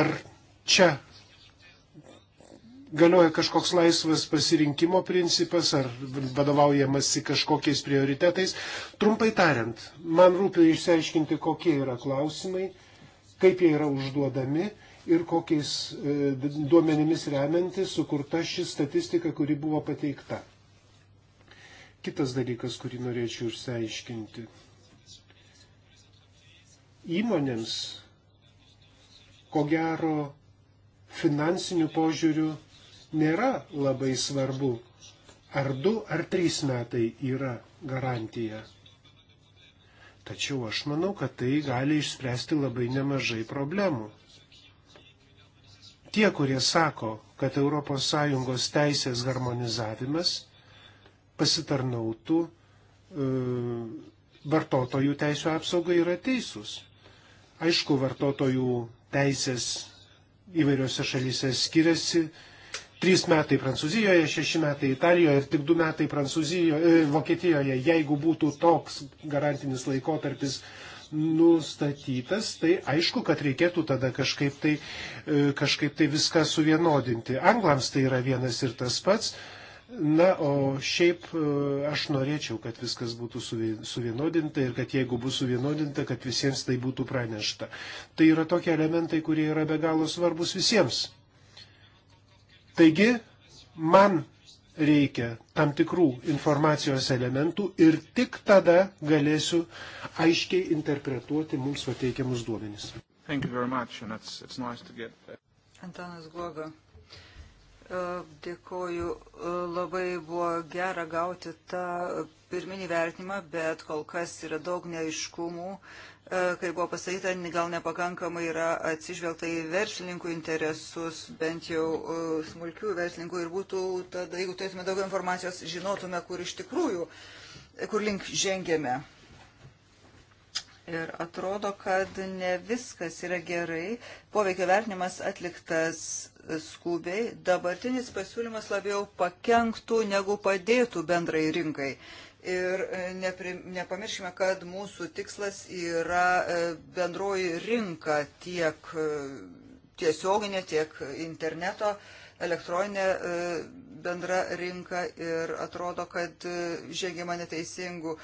ar čia galioja kažkoks laisvas pasirinkimo principas ar vadovaujamasi kažkokiais prioritetais. Trumpai tariant, man rūpi išsiaiškinti, kokie yra klausimai, kaip jie yra užduodami ir kokiais e, duomenimis remianti sukurta ši statistika, kuri buvo pateikta. Kitas dalykas, kurį norėčiau išsiaiškinti. Įmonėms, ko gero, finansinių požiūrių nėra labai svarbu, ar du ar trys metai yra garantija. Tačiau aš manau, kad tai gali išspręsti labai nemažai problemų. Tie, kurie sako, kad ES teisės harmonizavimas pasitarnautų e, vartotojų teisų apsaugai yra teisūs. Aišku, vartotojų teisės įvairiose šalyse skiriasi. Trys metai Prancūzijoje, šeši metai Italijoje ir tik du metai Prancūzijoje, Vokietijoje. Jeigu būtų toks garantinis laikotarpis nustatytas, tai aišku, kad reikėtų tada kažkaip tai, e, kažkaip tai viską suvienodinti. Anglams tai yra vienas ir tas pats Na, o šiaip e, aš norėčiau, kad viskas būtų suvienodinta ir kad jeigu bus suvienodinta, kad visiems tai būtų pranešta. Tai yra tokie elementai, kurie yra be galo svarbus visiems. Taigi, man reikia tam tikrų informacijos elementų ir tik tada galėsiu aiškiai interpretuoti mums pateikiamus duomenys. It's, it's nice get... Antanas Guoga. E, dėkoju, e, labai buvo gera gauti tą pirminį vertinimą, bet kol kas yra daug neaiškumų. E, kai buvo pasakyta, gal nepakankamai yra atsižvelgta į verslininkų interesus, bent jau smulkių verslininkų ir būtų tada, jeigu turėtume daugiau informacijos, žinotume, kur iš tikrųjų, kur link žengėme. Ir atrodo, kad ne viskas yra gerai. Poveikio vertinimas atliktas skubiai, dabartinis pasiūlymas labiau pakenktų negu padėtų bendrai rinkai. Ir e, neprim, nepamirškime, kad mūsų tikslas yra e, bendroji rinka tiek e, tiesioginė, tiek interneto, elektroninė bendra rinka ir atrodo, kad žengėma neteisingų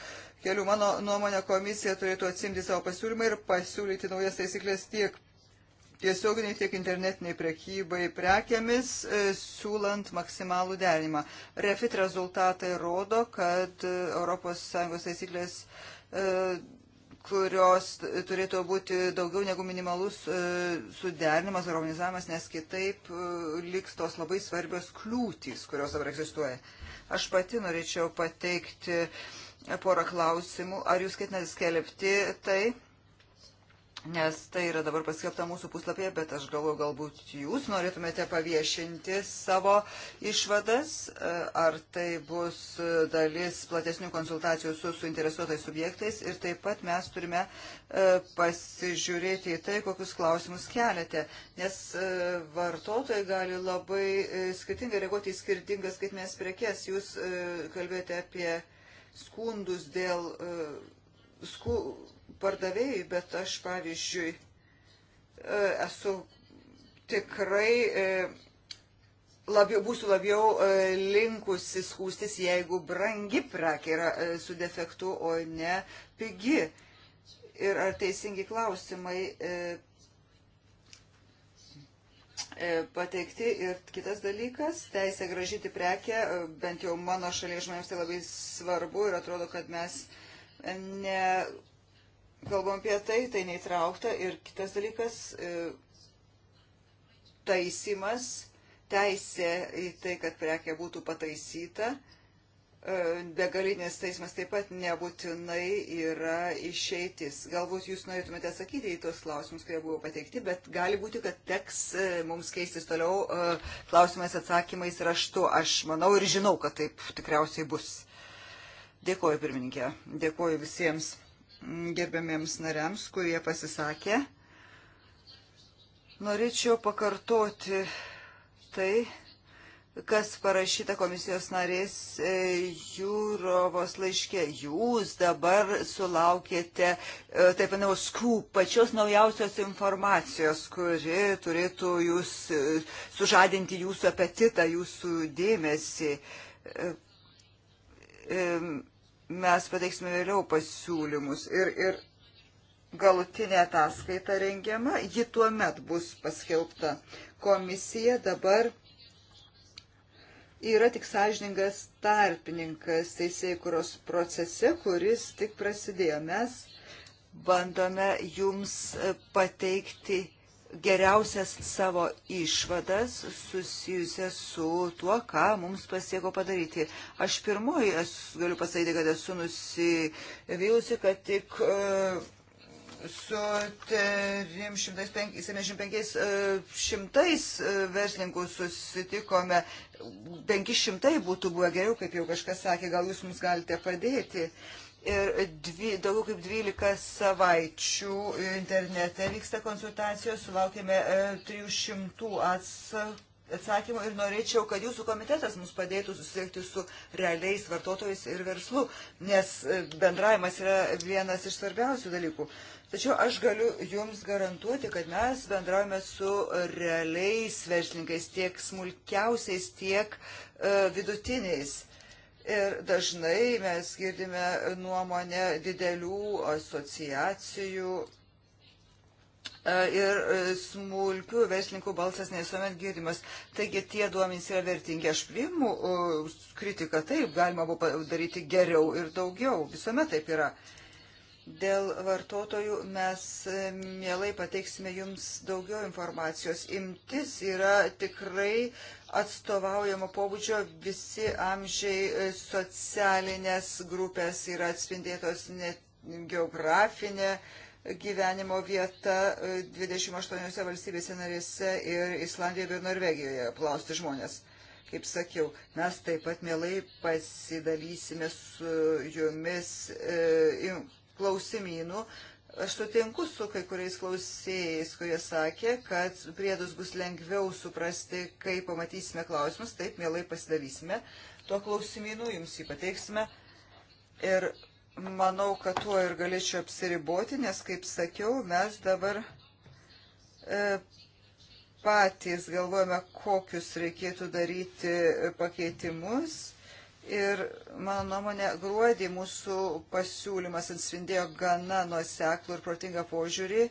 kelių. Mano nuomonė komisija turėtų atsimti savo pasiūlymą ir pasiūlyti naujas taisyklės tiek tiesioginiai tiek internetiniai prekybai prekiamis, e, siūlant maksimalų derinimą. Refit rezultatai rodo, kad ES taisyklės e, kurios turėtų būti daugiau negu minimalus e, suderinimas ar organizavimas, nes kitaip liks tos labai svarbios kliūtys, kurios dabar egzistuoja. Aš pati norėčiau pateikti porą klausimų. Ar jūs ketinate skelbti tai? nes tai yra dabar paskelbta mūsų puslapyje, bet aš galvoju, galbūt jūs norėtumėte paviešinti savo išvadas, e, ar tai bus dalis platesnių konsultacijų su suinteresuotais subjektais ir taip pat mes turime e, pasižiūrėti į tai, kokius klausimus keliate, nes e, vartotojai gali labai skirtingai reaguoti į skirtingas skaitmės prekes. Jūs kalbėjote apie skundus dėl skundų pardavėjui, bet aš pavyzdžiui e, esu tikrai e, labiau, būsiu labiau e, linkusi skūstis, jeigu brangi prekė yra su defektu, o ne pigi. Ir ar teisingi klausimai pateikti. Ir kitas dalykas, teisė gražyti prekę, bent jau mano šalies žmonėms tai labai svarbu ir atrodo, kad mes ne kalbam apie tai, tai neįtraukta. Ir kitas dalykas e, - taisimas, teisė į tai, kad prekia būtų pataisyta. E, begalinis teismas taip pat nebūtinai yra išeitis. Galbūt jūs norėtumėte atsakyti į tos klausimus, kurie buvo pateikti, bet gali būti, kad teks e, mums keistis toliau klausimais atsakymais raštu. Aš manau ir žinau, kad taip tikriausiai bus. Dėkoju pirmininkė, dėkoju visiems gerbiamiems nariams, kurie pasisakė. Norėčiau pakartoti tai, kas parašyta komisijos narės e, Jūrovos laiškė. Jūs dabar sulaukėte, e, taip manau, skup pačios naujausios informacijos, kuri turėtų jūs e, sužadinti jūsų apetitą, jūsų dėmesį Mes pateiksime vėliau pasiūlymus ir, ir galutinė ataskaita rengiama, ji tuo met bus paskelbta. Komisija dabar yra tik sąžiningas tarpininkas teisėjai kuros procese, kuris tik prasidėjo. Mes bandome jums pateikti geriausias savo išvadas susijusias su tuo, ką mums pasieko padaryti. Aš pirmoji, aš galiu pasakyti, kad esu nusivylusi, kad tik uh, su 375 e, e, verslininkų susitikome, 500 būtų buvę geriau, kaip jau kažkas sakė, gal jūs mums galite padėti. Uh, ir dvi, daugiau kaip 12 savaičių internete vyksta konsultacijos, sulaukėme 300 e, atsakymų ir norėčiau, kad jūsų komitetas mums padėtų susiekti su realiais vartotojais ir verslu, nes e, bendravimas yra vienas iš svarbiausių dalykų. Tačiau aš galiu Jums garantuoti, kad mes bendraujame su realiais verslininkais, tiek smulkiausiais, tiek e, vidutiniais Ir dažnai mes girdime nuomonę didelių asociacijų e, ir smulkių verslininkų balsas nesuomet girdimas. Taigi tie duomenys yra vertingi. Aš priimu e, kritiką, taip, galima buvo padaryti geriau ir daugiau. Visuomet taip yra. Dėl vartotojų mes e, mielai pateiksime jums daugiau informacijos. Imtis yra tikrai atstovaujamo pobūdžio visi amžiai e, socialinės grupės yra atspindėtos net geografinė gyvenimo vieta 28 e, valstybėse narėse ir Islandijoje bei Norvegijoje klausti žmonės. Kaip sakiau, mes taip pat mielai pasidalysime su jumis e, klausimynų, e, Aš sutinku su kai kuriais klausėjais, kurie sakė, kad priedus bus lengviau suprasti, kai pamatysime klausimus, taip mielai pasidarysime. Tuo klausimynu jums jį pateiksime. Ir manau, kad tuo ir galėčiau apsiriboti, nes, kaip sakiau, mes dabar e, patys galvojame, kokius reikėtų daryti pakeitimus Ir mano nuomonė, gruodį mūsų pasiūlymas atspindėjo gana nuoseklų ir protingą požiūrį.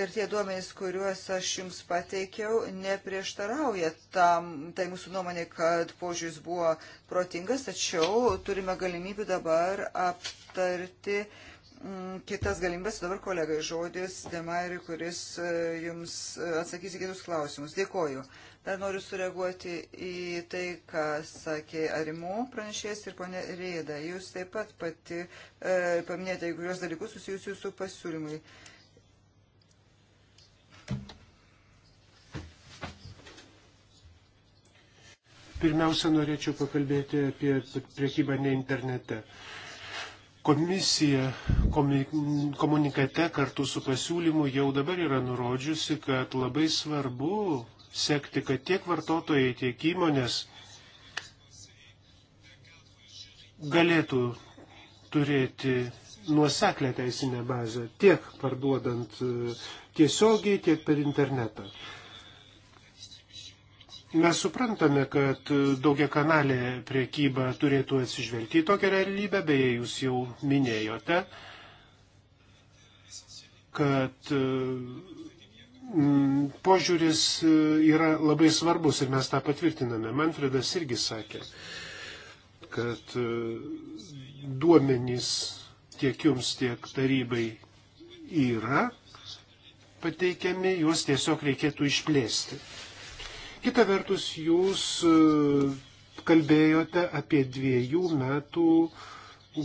Ir tie duomenys, kuriuos aš jums pateikiau, neprieštarauja tam, tai mūsų nuomonė, kad požiūris buvo protingas, tačiau turime galimybę dabar aptarti uh, Mm, kitas galimybės dabar kolegai žodis Demari, kuris e, jums e, atsakys į kitus klausimus. Dėkoju. Dar noriu sureaguoti į tai, ką sakė Arimo pranešėjas ir ponė Rėda. Jūs taip pat pati e, paminėjote kai kurios dalykus susijusius su pasiūlymai. Pirmiausia, norėčiau pakalbėti apie priekybą ne internete. E, Komisija komunikate kartu su pasiūlymu jau dabar yra nurodžiusi, kad labai svarbu sekti, kad tiek vartotojai, tiek įmonės galėtų turėti nuoseklę teisinę bazę tiek parduodant e, tiesiogiai, tiek per internetą. Mes suprantame, kad daugia kanalė priekyba turėtų atsižvelgti į tokią realybę, beje, jūs jau minėjote, kad mm, požiūris e, yra labai svarbus ir mes tą patvirtiname. Manfredas irgi sakė, kad e, duomenys tiek jums, tiek tarybai yra pateikiami, juos tiesiog reikėtų išplėsti. Kita vertus, jūs e, kalbėjote apie dviejų metų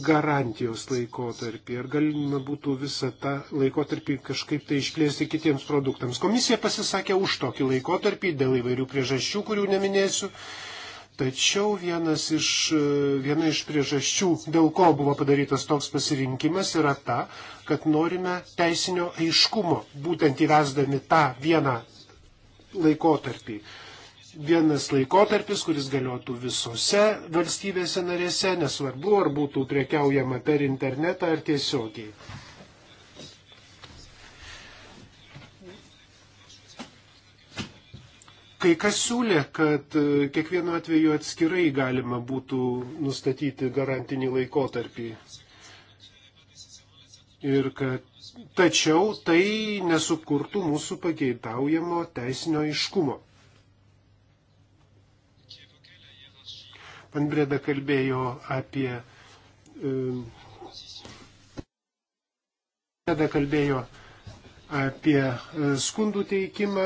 garantijos laikotarpį ir galima būtų visą tą laikotarpį kažkaip tai išplėsti kitiems produktams. Komisija pasisakė už tokį laikotarpį dėl įvairių priežasčių, kurių neminėsiu. Tačiau vienas iš, e, viena iš priežasčių, dėl ko buvo padarytas toks pasirinkimas, yra ta, kad norime teisinio aiškumo, būtent įvesdami tą vieną laikotarpį vienas laikotarpis, kuris galiotų visose valstybėse narėse, nesvarbu, ar būtų priekiaujama per internetą ar tiesiogiai. Kai kas siūlė, kad e, kiekvienu atveju atskirai galima būtų nustatyti garantinį laikotarpį. Ir kad tačiau tai nesukurtų mūsų pageidaujamo teisinio iškumo. Panbreda kalbėjo apie. Panbreda um, kalbėjo apie e, skundų teikimą,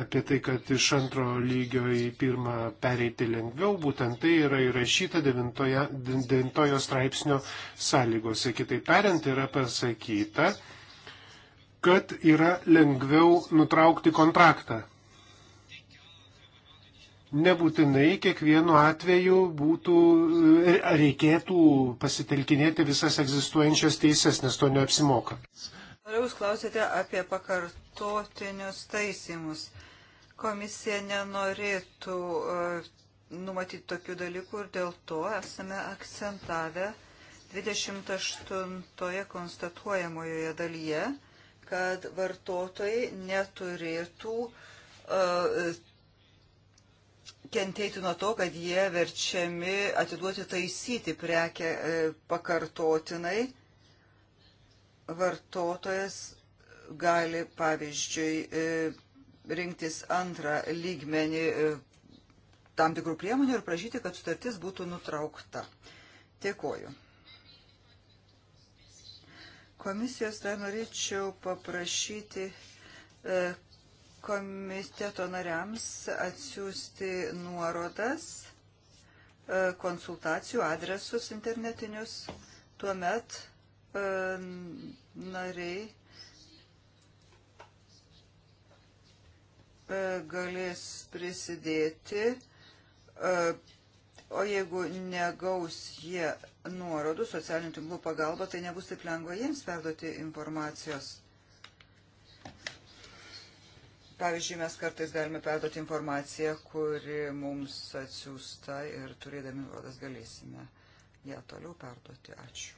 apie tai, kad iš antro lygio į pirmą pereiti lengviau, būtent tai yra įrašyta devintoje, devintojo straipsnio sąlygose. Kitaip tariant, yra pasakyta, kad yra lengviau nutraukti kontraktą nebūtinai kiekvienu atveju būtų, e, reikėtų pasitelkinėti visas egzistuojančias teises, nes to neapsimoka. Toliau jūs klausėte apie pakartotinius taisymus. Komisija nenorėtų e, numatyti tokių dalykų ir dėl to esame akcentavę 28 konstatuojamojoje dalyje, kad vartotojai neturėtų uh, kentėti nuo to, kad jie verčiami atiduoti taisyti prekę e, pakartotinai. Vartotojas gali, pavyzdžiui, e, rinktis antrą lygmenį e, tam tikrų priemonių ir prašyti, kad sutartis būtų nutraukta. Dėkoju. Komisijos dar norėčiau paprašyti, komiteto nariams atsiųsti nuorodas, e, konsultacijų adresus internetinius. Tuomet e, nariai e, galės prisidėti, o jeigu negaus jie nuorodų socialinių tinklų pagalba, tai nebus taip lengva jiems perduoti informacijos. Pavyzdžiui, mes kartais galime perduoti informaciją, kuri mums atsiųsta ir turėdami nuorodas galėsime ją toliau perduoti. Ačiū.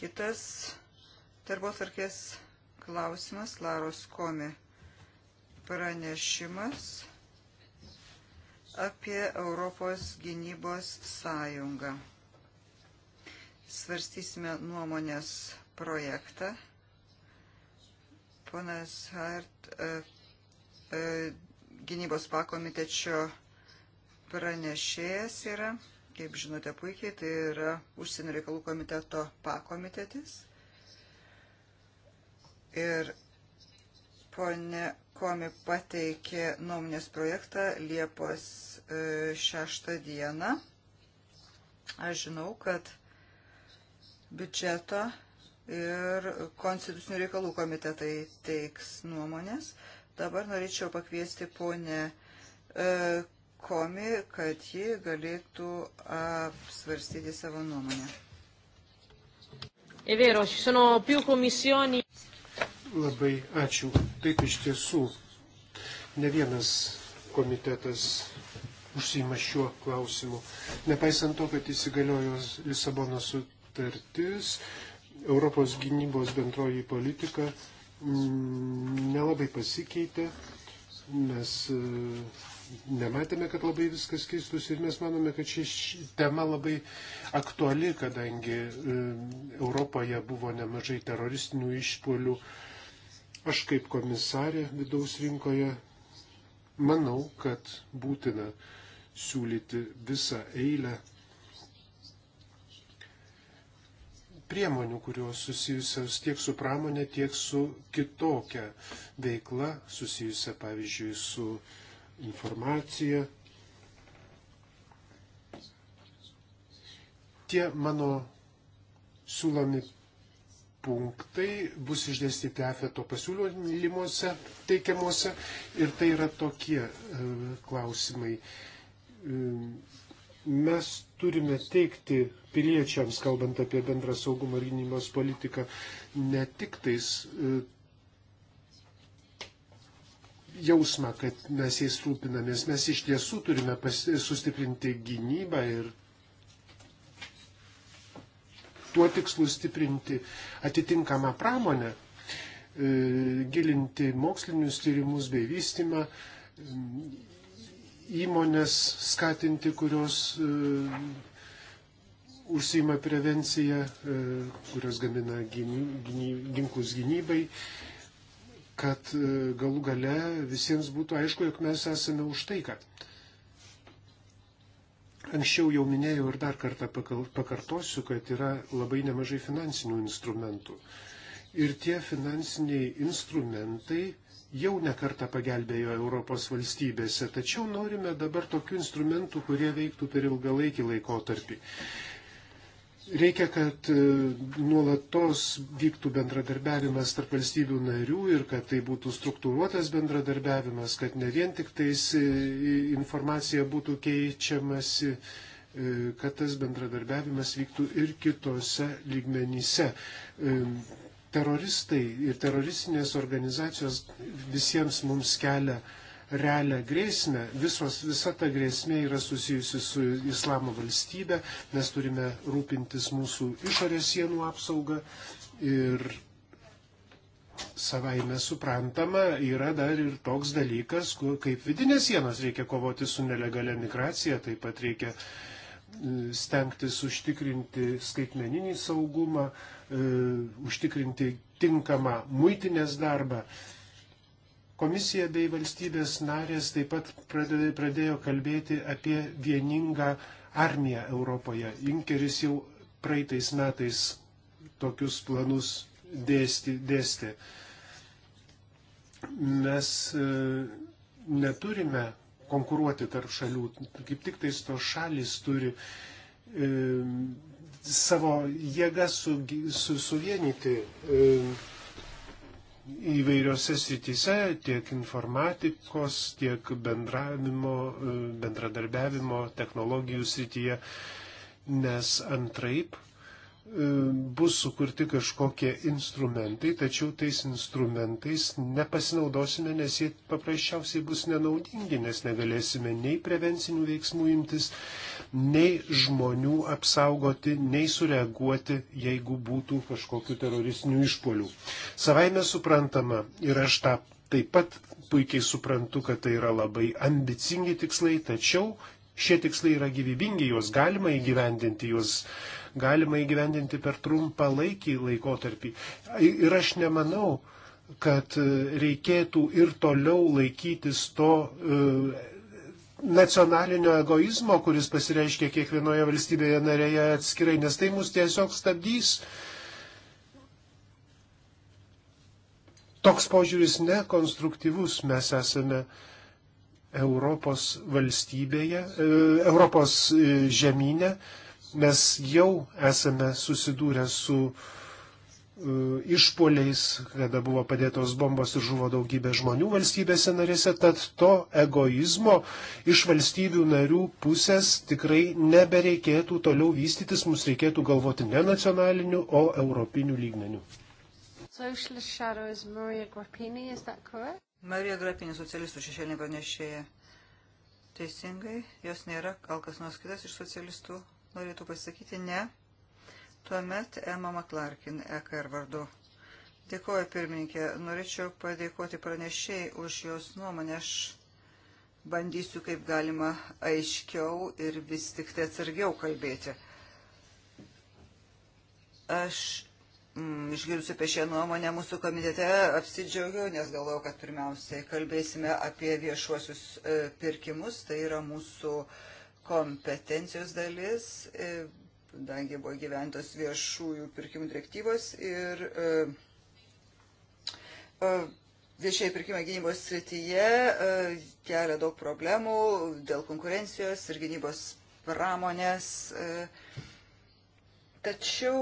Kitas darbotvarkės klausimas, Laros Komi pranešimas apie Europos gynybos sąjungą. Svarstysime nuomonės projektą. Ponas Hart, e, e, gynybos pakomitečio pranešėjas yra, kaip žinote puikiai, tai yra užsienio reikalų komiteto pakomitetis. Ir ponė komi pateikė nuomonės projektą Liepos 6 e, dieną. Aš žinau, kad biudžeto ir konstitucinių reikalų komitetai teiks nuomonės. Dabar norėčiau pakviesti ponę e, komi, kad ji galėtų apsvarstyti savo nuomonę. È vero, ci sono più commissioni. Labai ačiū. Taip iš tiesų, ne vienas komitetas užsima šiuo klausimu. Nepaisant to, kad įsigaliojo Lisabono sutartis, Europos gynybos bendroji politika nelabai pasikeitė. Mes e, nematėme, kad labai viskas keistųsi ir mes manome, kad ši tema labai aktuali, kadangi e, Europoje buvo nemažai teroristinių išpolių, Aš kaip komisarė vidaus rinkoje manau, kad būtina siūlyti visą eilę priemonių, kurios susijusios tiek su pramonė, tiek su kitokia veikla, susijusia pavyzdžiui su informacija. Tie mano siūlomi punktai bus išdėstyti afeto pasiūlymuose teikiamuose ir tai yra tokie e, klausimai. E, mes turime teikti piliečiams, kalbant apie bendrą saugumo ir gynybos politiką, ne tik tais e, jausmą, kad mes jais rūpinamės. Mes iš tiesų turime sustiprinti gynybą ir tuo tikslu stiprinti atitinkamą pramonę, e, gilinti mokslinius tyrimus bei vystimą, e, įmonės skatinti, kurios e, užsima prevenciją, kurios gamina ginklus gynybai, kad galų gale visiems būtų aišku, jog mes esame už taiką. Anksčiau jau minėjau ir dar kartą pakartosiu, kad yra labai nemažai finansinių instrumentų. Ir tie finansiniai instrumentai jau nekarta pagelbėjo Europos valstybėse, tačiau norime dabar tokių instrumentų, kurie veiktų per ilgalaikį laikotarpį. Reikia, kad e, nuolatos vyktų bendradarbiavimas tarp valstybių narių ir kad tai būtų struktūruotas bendradarbiavimas, kad ne vien tik tais e, informacija būtų keičiamasi, e, kad tas bendradarbiavimas vyktų ir kitose lygmenyse. Teroristai ir teroristinės organizacijos visiems mums kelia uh, realią grėsmę, visos, visa ta grėsmė yra susijusi su islamo valstybė, mes turime rūpintis mūsų išorės sienų apsaugą ir savaime suprantama yra dar ir toks dalykas, kaip vidinės sienos reikia kovoti su nelegalia migracija, taip pat reikia e, stengtis užtikrinti skaitmeninį saugumą, e, užtikrinti tinkamą muitinės darbą. Komisija bei valstybės narės taip pat pradėjo kalbėti apie vieningą armiją Europoje. Junkeris jau praeitais metais tokius planus dėsti, dėstė. Mes e, neturime konkuruoti tarp šalių, kaip tik tais to šalis turi e, savo jėgas su, su, suvienyti. E, įvairiose srityse, tiek informatikos, tiek bendravimo, e, bendradarbiavimo, technologijų srityje, nes antraip E, bus sukurti kažkokie instrumentai, tačiau tais instrumentais nepasinaudosime, nes jie paprasčiausiai bus nenaudingi, nes negalėsime nei prevencinių veiksmų imtis, nei žmonių apsaugoti, nei sureaguoti, jeigu būtų kažkokiu teroristiniu išpoliu. Savaime suprantama ir aš tą taip pat puikiai suprantu, kad tai yra labai ambicingi tikslai, tačiau Šie tikslai yra gyvybingi, juos galima įgyvendinti, juos galima įgyvendinti per trumpą laikį laikotarpį. Ir aš nemanau, kad e, reikėtų ir toliau laikytis to e, nacionalinio egoizmo, kuris pasireiškia kiekvienoje valstybėje narėje atskirai, nes tai mus tiesiog stabdys. Toks požiūris nekonstruktyvus mes esame uh, Europos valstybėje, e, Europos e, žemynė, mes jau esame susidūrę su e, išpoliais, kada buvo padėtos bombos ir žuvo daugybė žmonių valstybėse narėse, tad to egoizmo iš valstybių narių pusės tikrai nebereikėtų toliau vystytis, mums reikėtų galvoti ne nacionaliniu, o europiniu lygmeniu. Socialist shadow is Maria Grappini, is that correct? Marija Grapinė, socialistų šešėlinė pranešėja. Teisingai, jos nėra, gal kas nors kitas iš socialistų norėtų pasakyti ne. Tuomet Emma McClarkin, EKR vardu. Dėkuoju, pirmininkė. Norėčiau padėkoti pranešėjai už jos nuomonę. Aš bandysiu kaip galima aiškiau ir vis tik tai atsargiau kalbėti. Aš mm, išgirsiu apie šią nuomonę mūsų komitete, apsidžiaugiau, nes galvojau, kad pirmiausiai kalbėsime apie viešuosius e, pirkimus, tai yra mūsų kompetencijos dalis, e, kadangi e, buvo gyventos viešųjų pirkimų direktyvos ir e, e, Viešieji pirkimai gynybos srityje e, kelia daug problemų dėl konkurencijos ir gynybos pramonės. E. Tačiau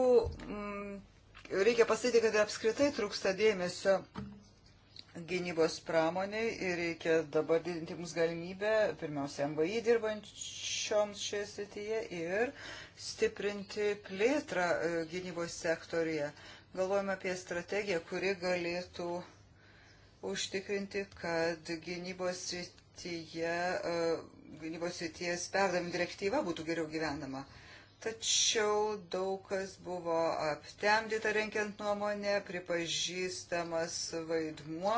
mm, Reikia pasakyti, kad apskritai trūksta dėmesio gynybos pramoniai ir reikia dabar didinti mums galimybę, pirmiausia, MVI dirbančioms šioje srityje ir stiprinti plėtrą e, gynybos sektorija. Galvojame apie strategiją, kuri galėtų užtikrinti, kad gynybos srityje, e, gynybos srities perdavim direktyva būtų geriau gyvenama. Uh, Tačiau daug kas buvo aptemdyta renkiant nuomonę, pripažįstamas vaidmuo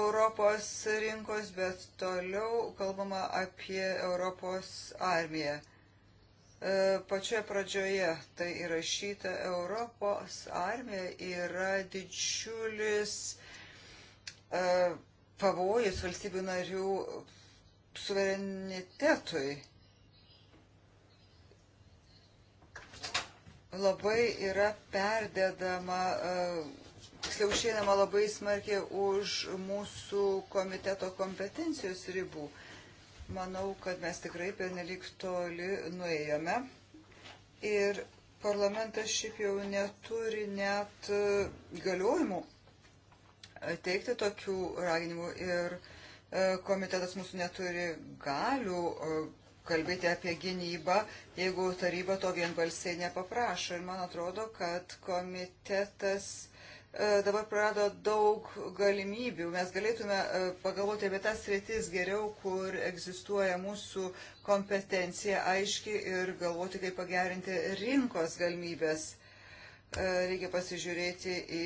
Europos rinkos, bet toliau kalbama apie Europos armiją. E, pačioje pradžioje tai įrašyta Europos armija yra didžiulis e, pavojus valstybių narių suverenitetui labai yra perdedama, e, tiksliau išeinama labai smarkiai už mūsų komiteto kompetencijos ribų. Manau, kad mes tikrai pernelik toli nuėjome. Ir parlamentas šiaip jau neturi net e, galiojimų teikti tokių raginimų ir e, komitetas mūsų neturi galių kalbėti apie gynybą, jeigu taryba to vienbalsiai nepaprašo. Ir man atrodo, kad komitetas e, dabar prarado daug galimybių. Mes galėtume e, pagalvoti apie tas rytis geriau, kur egzistuoja mūsų kompetencija aiški ir galvoti, kaip pagerinti rinkos galimybės. E, reikia pasižiūrėti į,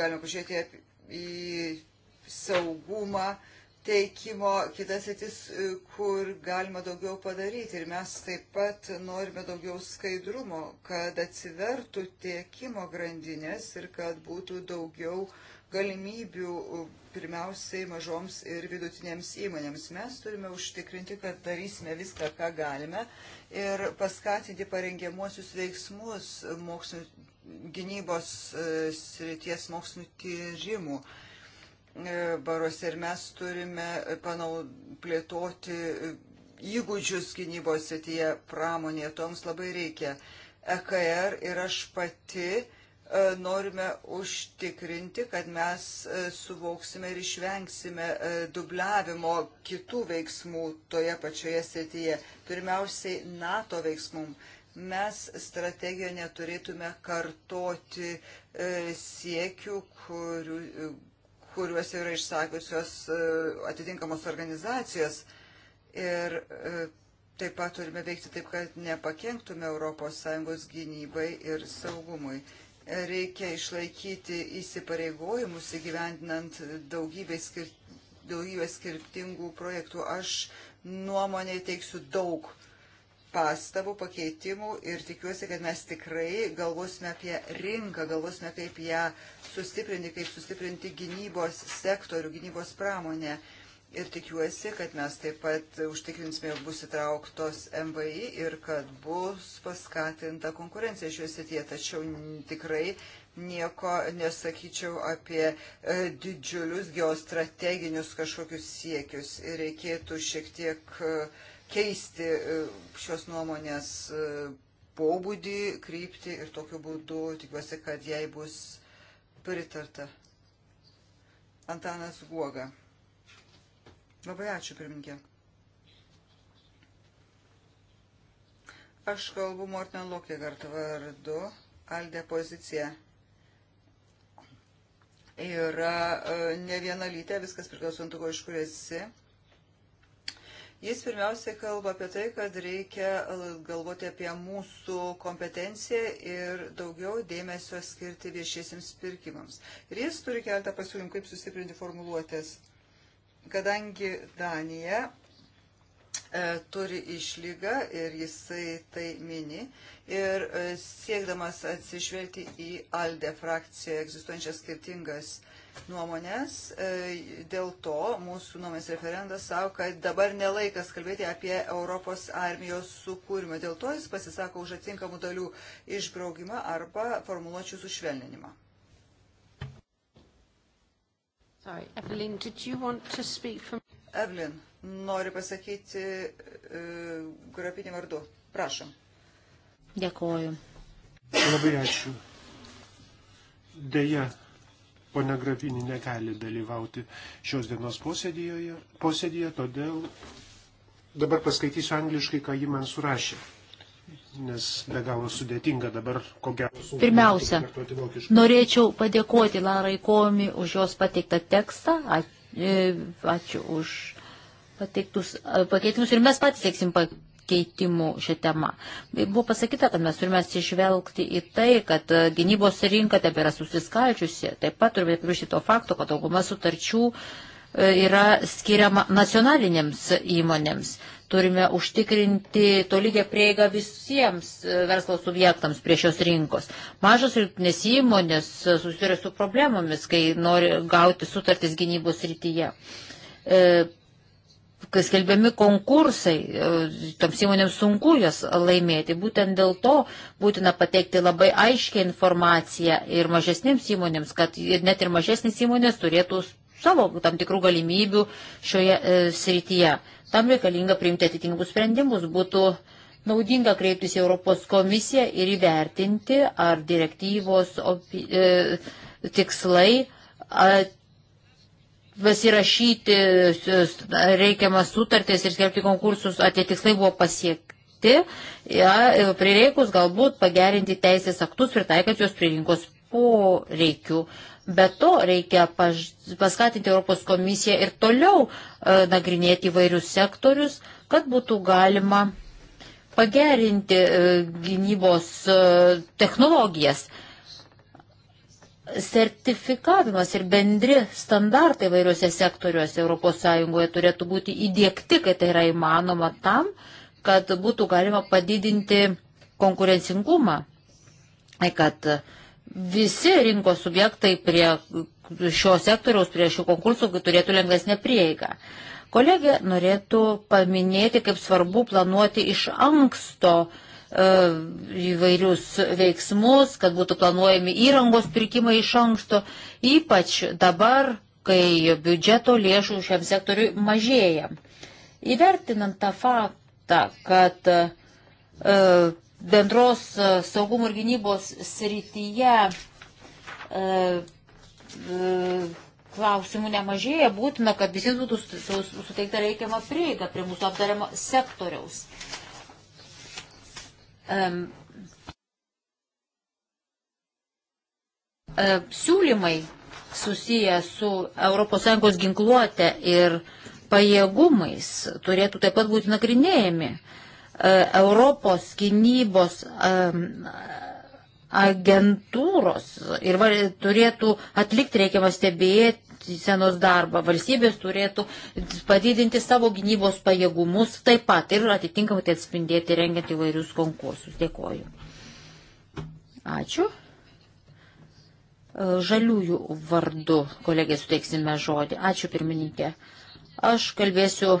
galima pažiūrėti į saugumą, teikimo, kitas etis, e, kur galima daugiau padaryti. Ir mes taip pat norime daugiau skaidrumo, kad atsivertų tiekimo grandinės ir kad būtų daugiau galimybių e, pirmiausiai mažoms ir vidutinėms įmonėms. Mes turime užtikrinti, kad darysime viską, ką galime ir paskatinti parengiamuosius veiksmus mokslinio gynybos e, srities mokslinio tyrimų. Uh, baruose ir mes turime panau, plėtoti įgūdžius gynybos srityje pramonėje, toms labai reikia. EKR ir aš pati e, norime užtikrinti, kad mes e, suvoksime ir išvengsime e, dubliavimo kitų veiksmų toje pačioje srityje. Pirmiausiai NATO veiksmum mes strategiją neturėtume kartoti siekių, kurių kuriuos yra išsakiusios e, atitinkamos organizacijos. Ir e, taip pat turime veikti taip, kad nepakenktume ES gynybai ir saugumui. Reikia išlaikyti įsipareigojimus įgyvendinant daugybę, skir... daugybę skirtingų projektų. Aš nuomonėje teiksiu daug pastabų, pakeitimų ir tikiuosi, kad mes tikrai galvosime apie rinką, galvosime, kaip ją sustiprinti, kaip sustiprinti gynybos sektorių, gynybos pramonę. Ir tikiuosi, kad mes taip pat užtikrinsime, jog bus įtrauktos MVI ir kad bus paskatinta konkurencija šioje srityje. Tačiau tikrai nieko nesakyčiau apie e, didžiulius geostrateginius kažkokius siekius. Reikėtų šiek tiek e, keisti e, šios nuomonės e, pobūdį, krypti ir tokiu būdu tikiuosi, kad jai bus pritarta. Antanas Guoga. Labai ačiū, pirmininkė. Aš kalbu Morten Lokegart vardu. Aldė pozicija yra e, ne viena lytė, viskas priklauso nuo to, iš kur esi. Jis pirmiausia kalba apie tai, kad reikia galvoti apie mūsų kompetenciją ir daugiau dėmesio skirti viešiesiams pirkimams. Ir jis turi keletą pasiūlymų, kaip sustiprinti formuluotės. Kadangi Danija e, turi išlygą ir jisai tai mini ir e, siekdamas atsižvelgti į ALDE frakciją egzistuojančias skirtingas e, nuomonės. E, dėl to mūsų nuomonės referendas savo, kad dabar nelaikas kalbėti apie Europos armijos sukūrimą. Dėl to jis pasisako už atinkamų dalių išbraugimą arba formuluočių sušvelninimą. Sorry, Evelyn, did you want to speak from... Evelyn, nori pasakyti e, grapinį vardu. Prašom. Dėkoju. Labai ačiū. Deja, Pone Grafinį negali dalyvauti šios dienos posėdėje, posėdėje todėl dabar paskaitysiu angliškai, ką ji man surašė. Nes be galo sudėtinga dabar, ko gero. Pirmiausia, norėčiau padėkoti Larai Komi už jos pateiktą tekstą. E, ačiū už pateiktus pakeitimus ir mes patys sieksim pakeitimų šią temą. Buvo pasakyta, kad mes turime atsižvelgti į tai, kad e, gynybos rinka tebėra susiskaldžiusi. Taip pat turime priešti to fakto, kad dauguma sutarčių e, yra skiriama nacionalinėms įmonėms. Turime užtikrinti tolygę prieigą visiems e, verslo subjektams prie šios rinkos. Mažos rytinės įmonės susiduria su problemomis, kai nori gauti sutartis gynybos rytyje. E, kai skelbiami konkursai, e, toms įmonėms sunku juos laimėti. Būtent dėl to būtina pateikti labai aiškę informaciją ir mažesnėms įmonėms, kad net ir mažesnės įmonės turėtų savo tam tikrų galimybių šioje e, srityje. Tam reikalinga priimti atitinkamus sprendimus. Būtų naudinga kreiptis į Europos komisiją ir įvertinti, ar direktyvos opi, e, tikslai. A, pasirašyti reikiamas sutartis ir skelbti konkursus, atitikslai buvo pasiekti, ja, prireikus galbūt pagerinti teisės aktus, pritaikat juos prie rinkos poreikių. Be to reikia paskatinti Europos komisiją ir toliau e, nagrinėti įvairius sektorius, kad būtų galima pagerinti e, gynybos e, technologijas. E, sertifikavimas ir bendri standartai vairiuose sektoriuose ES turėtų būti įdėkti, kai tai yra įmanoma tam, kad būtų galima padidinti konkurencingumą, tai kad visi rinkos subjektai prie šio sektoriaus, prie šių konkursų turėtų lengvesnę prieigą. Kolegė norėtų paminėti, kaip svarbu planuoti iš anksto uh, E, įvairius veiksmus, kad būtų planuojami įrangos pirkimai iš anksto, ypač dabar, kai biudžeto lėšų šiam sektoriui mažėja. Įvertinant tą faktą, kad e, bendros saugumo ir gynybos srityje e, klausimų nemažėja, būtina, kad visiems būtų suteikta reikiama prieiga prie mūsų aptariamo sektoriaus. Uh, um, siūlymai susiję su ES ginkluote ir pajėgumais turėtų taip pat būti nagrinėjami. E, Europos gynybos agentūros ir turėtų atlikti reikiamą stebėti valdysenos darbą. Valstybės turėtų padidinti savo gynybos pajėgumus taip pat ir atitinkamai tai atspindėti rengiant įvairius konkursus. Dėkoju. Ačiū. E, žaliųjų vardu, kolegė, suteiksime žodį. Ačiū, pirmininkė. Aš kalbėsiu e,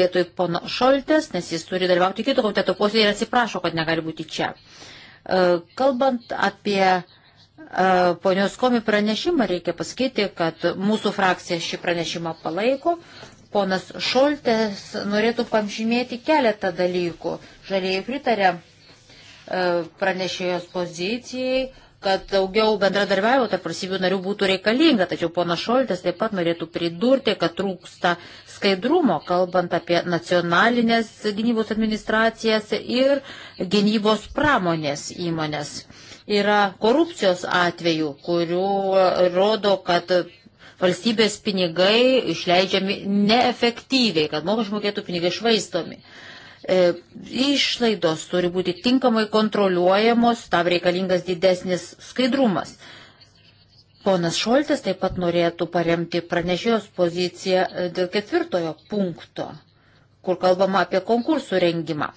vietoj pono Šoltės, nes jis turi dalyvauti kito komiteto posėdėje ir atsiprašo, kad negali būti čia. E, kalbant apie Ponios Komi pranešimą reikia pasakyti, kad mūsų frakcija šį pranešimą palaiko. Ponas Šoltės norėtų pažymėti keletą dalykų. Žalieji pritarė e, pranešėjos pozicijai, kad daugiau bendradarbiavimo tarp valstybių narių būtų reikalinga, tačiau ponas Šoltės taip pat norėtų pridurti, kad trūksta skaidrumo, kalbant apie nacionalinės gynybos administracijas ir gynybos pramonės įmonės yra korupcijos atvejų, kurių rodo, kad valstybės pinigai išleidžiami neefektyviai, kad mokesčių mokėtų pinigai švaistomi. E, išlaidos turi būti tinkamai kontroliuojamos, tam reikalingas didesnis skaidrumas. Ponas Šoltis taip pat norėtų paremti pranešėjos poziciją dėl ketvirtojo punkto, kur kalbama apie konkursų rengimą.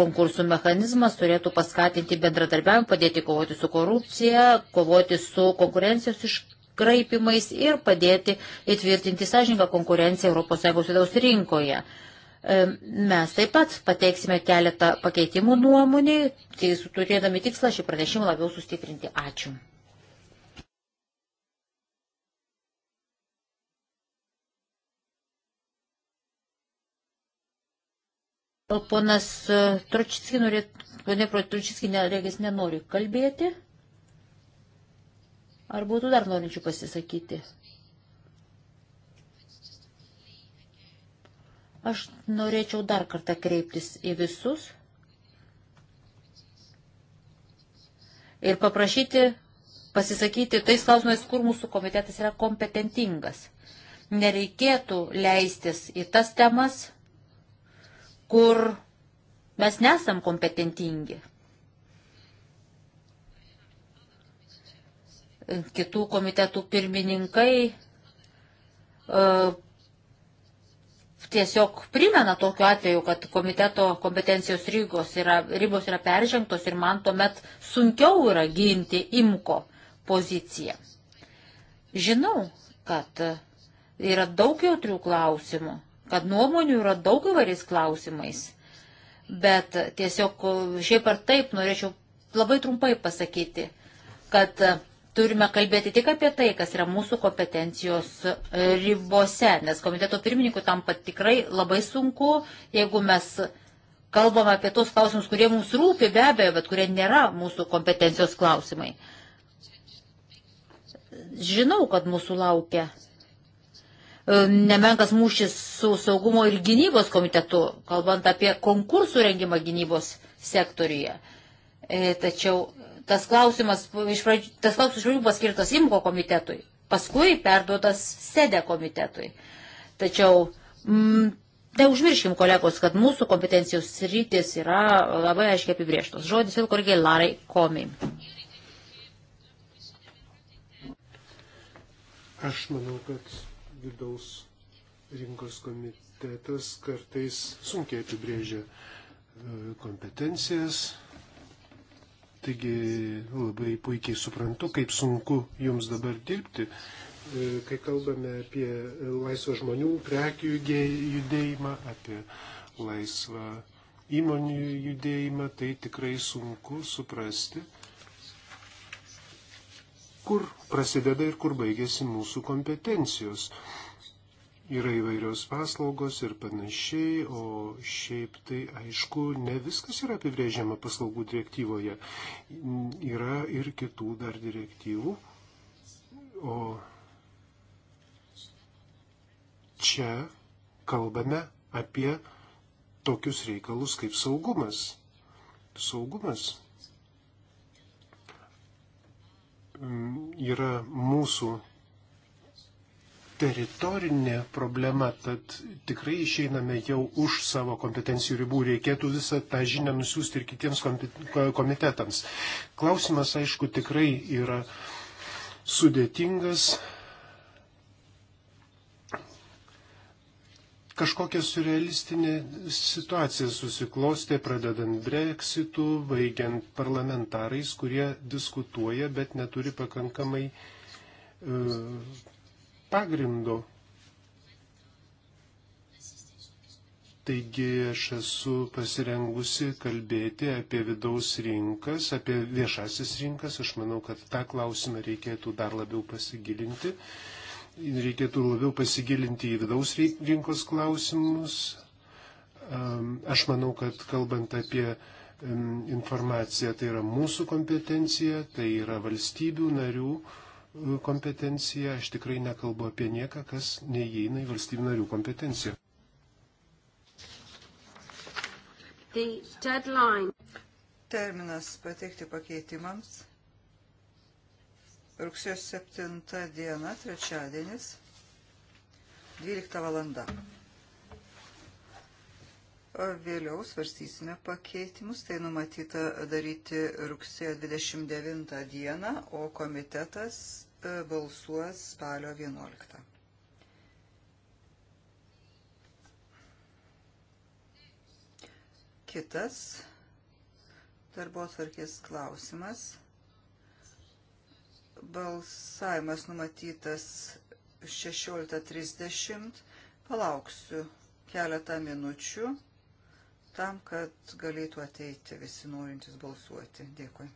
Konkursų mechanizmas turėtų paskatinti bendradarbiavimą, padėti kovoti su korupcija, kovoti su konkurencijos iškraipimais ir padėti įtvirtinti sąžininką konkurenciją ES vidaus rinkoje. E, mes taip pat pateiksime keletą pakeitimų nuomonį, tai turėdami tikslą šį pranešimą labiau sustiprinti. Ačiū. Ponas e, Tročitski norėtų, ponė Tročitski, regis, nenori kalbėti. Ar būtų dar norinčių pasisakyti? Aš norėčiau dar kartą kreiptis į visus ir paprašyti pasisakyti tais klausimais, kur mūsų komitetas yra kompetentingas. Nereikėtų leistis į tas temas, kur mes nesam kompetentingi. Kitų komitetų pirmininkai uh, tiesiog primena tokiu atveju, kad komiteto kompetencijos rygos yra, ribos yra peržengtos ir man tuomet sunkiau yra ginti imko poziciją. Žinau, kad yra daug jautrių klausimų, kad nuomonių yra daug įvairiais klausimais, bet tiesiog šiaip ar taip norėčiau labai trumpai pasakyti, kad turime kalbėti tik apie tai, kas yra mūsų kompetencijos e, ribose, nes komiteto pirmininkų tam pat tikrai labai sunku, jeigu mes kalbame apie tos klausimus, kurie mums rūpi be abejo, bet kurie nėra mūsų kompetencijos klausimai. Žinau, kad mūsų laukia E, nemenkas mūšis su saugumo ir gynybos komitetu, kalbant apie konkursų rengimą gynybos sektoriuje. E, tačiau tas klausimas iš pradžių, tas klausimas iš pradžių paskirtas IMKO komitetui, paskui perduotas SEDE komitetui. Tačiau m, mm, neužmirškim, kolegos, kad mūsų kompetencijos rytis yra labai aiškiai apibrieštos. Žodis vėl korgiai Larai Komi. Aš manau, kad vidaus rinkos komitetas kartais sunkiai apibrėžia e, kompetencijas. Taigi labai puikiai suprantu, kaip sunku jums dabar dirbti, e, kai kalbame apie laisvą žmonių prekių judėjimą, apie laisvą įmonių judėjimą, tai tikrai sunku suprasti, kur prasideda ir kur baigėsi mūsų kompetencijos. Yra įvairios paslaugos ir panašiai, o šiaip tai aišku, ne viskas yra apibrėžiama paslaugų direktyvoje. Yra ir kitų dar direktyvų. O čia kalbame apie tokius reikalus kaip saugumas. Saugumas Mm, yra mūsų teritorinė problema, tad tikrai išeiname jau už savo kompetencijų ribų, reikėtų visą tą žinią nusiųsti ir kitiems komitetams. Klausimas, aišku, tikrai yra sudėtingas, kažkokia surrealistinė situacija susiklostė, pradedant breksitų, baigiant parlamentarais, kurie diskutuoja, bet neturi pakankamai e, pagrindo. Taigi aš esu pasirengusi kalbėti apie vidaus rinkas, apie viešasis rinkas. Aš manau, kad tą klausimą reikėtų dar labiau pasigilinti. E, reikėtų labiau pasigilinti į vidaus rinkos klausimus. Aš manau, kad kalbant apie informaciją, tai yra mūsų kompetencija, tai yra valstybių narių e, kompetencija. Aš tikrai nekalbu apie nieką, kas neįeina į valstybių narių kompetenciją. Terminas pateikti pakeitimams Rugsėjo 7 diena, trečiadienis, 12 valanda. Vėliau svarstysime pakeitimus, tai numatyta daryti rugsėjo 29 dieną, o komitetas e, balsuos spalio 11. Kitas darbo atvarkės klausimas – Balsavimas numatytas 16.30. Palauksiu keletą minučių tam, kad galėtų ateiti visi norintys balsuoti. Dėkui.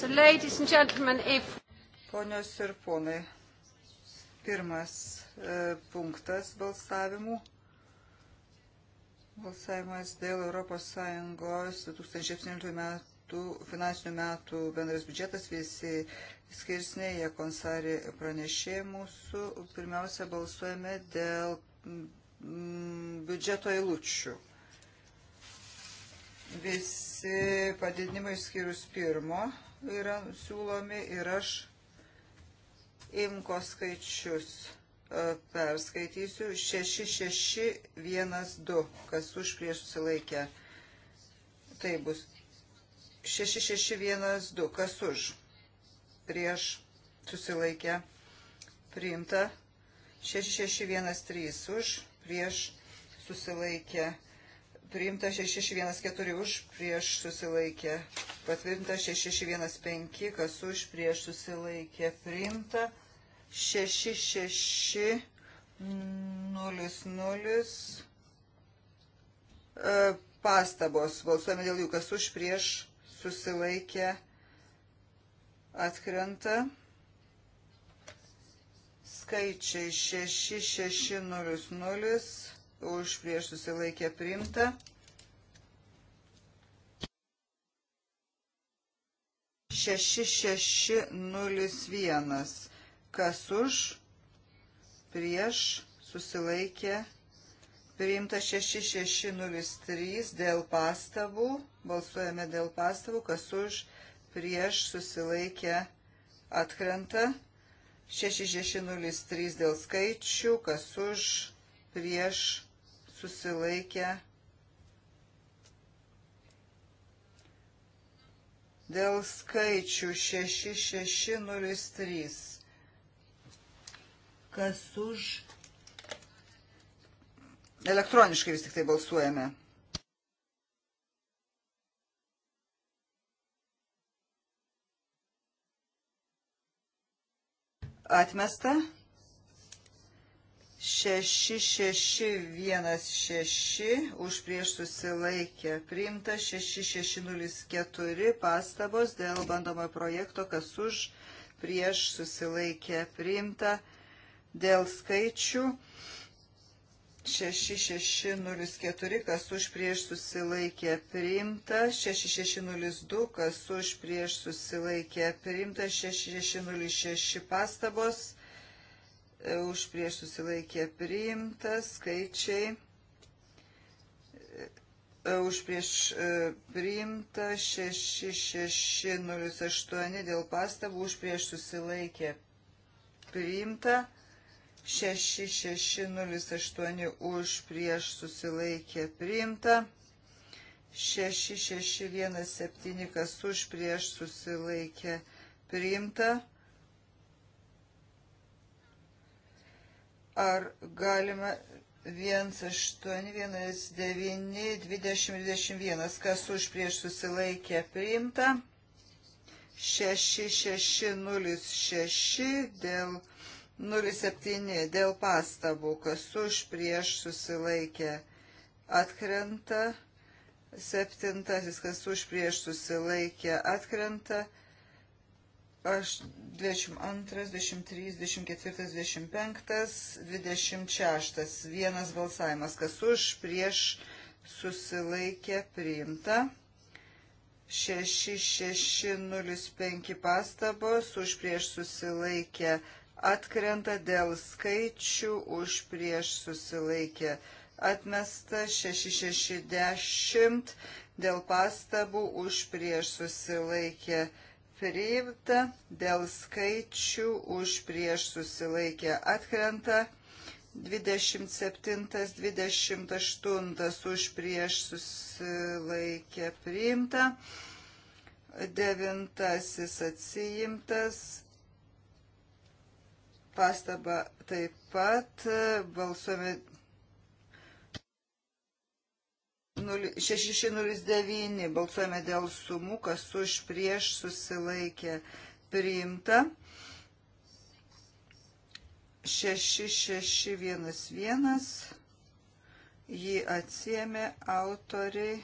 So, ladies and gentlemen, if... Ponios ir ponai, pirmas e, punktas balsavimų. Balsavimas dėl ES 2017 metų, finansinių metų bendras biudžetas visi skirsniai, jie konsari pranešė mūsų. Pirmiausia, balsuojame dėl mm, biudžeto eilučių. Visi padidinimai skyrus pirmo yra siūlomi ir aš imko skaičius e, perskaitysiu 6612, kas už prieš susilaikę. Tai bus 6612, kas už prieš susilaikę priimta 6613 už prieš susilaikę priimta Priimta 614 už, prieš susilaikė. Patvirtinta 615, kas už, prieš susilaikė. Priimta 6600. E, pastabos. Balsuojame dėl jų, kas už, prieš susilaikė. Atkrenta. Skaičiai 6600 už prieš susilaikę priimta. Šeši šeši nulis vienas. Kas už prieš susilaikė priimta 6603 dėl pastabų. Balsuojame dėl pastabų, kas už prieš susilaikę atkrenta. 6603 dėl skaičių, kas už prieš susilaikę. Dėl skaičių 6603. Kas už? Elektroniškai vis tik tai balsuojame. Atmesta. Atmesta. 6616 už prieš susilaikę priimta, 6604 pastabos dėl bandomojo projekto, kas už prieš susilaikę priimta, dėl skaičių 6604, kas už prieš susilaikė priimta, 6602, kas už prieš susilaikė priimta, 6606 pastabos už prieš susilaikė priimtas, skaičiai e, už prieš e, priimta 6608 dėl pastabų, už prieš susilaikė priimta 6608 už prieš susilaikė priimta 6617 kas už prieš susilaikė priimta 6617 Ar galima 1819221, kas už prieš susilaikė priimta, 6606 dėl 07 dėl pastabų, kas už prieš susilaikė atkrenta, septintasis, kas už prieš susilaikė atkrenta, 7 aš 22, 23, 24, 25, 26. Vienas balsavimas, kas už, prieš susilaikė priimta. 6605 pastabos už prieš susilaikė atkrenta dėl skaičių, už prieš susilaikė atmesta 6610 dėl pastabų už prieš susilaikė atkrenta priimta, dėl skaičių už prieš susilaikę atkrenta, 27, 28 už prieš susilaikę priimta, 9 atsijimtas, pastaba taip pat balsuomi 6609 balsuojame dėl sumų, kas už prieš susilaikė priimta. 6611 jį atsiemė autoriai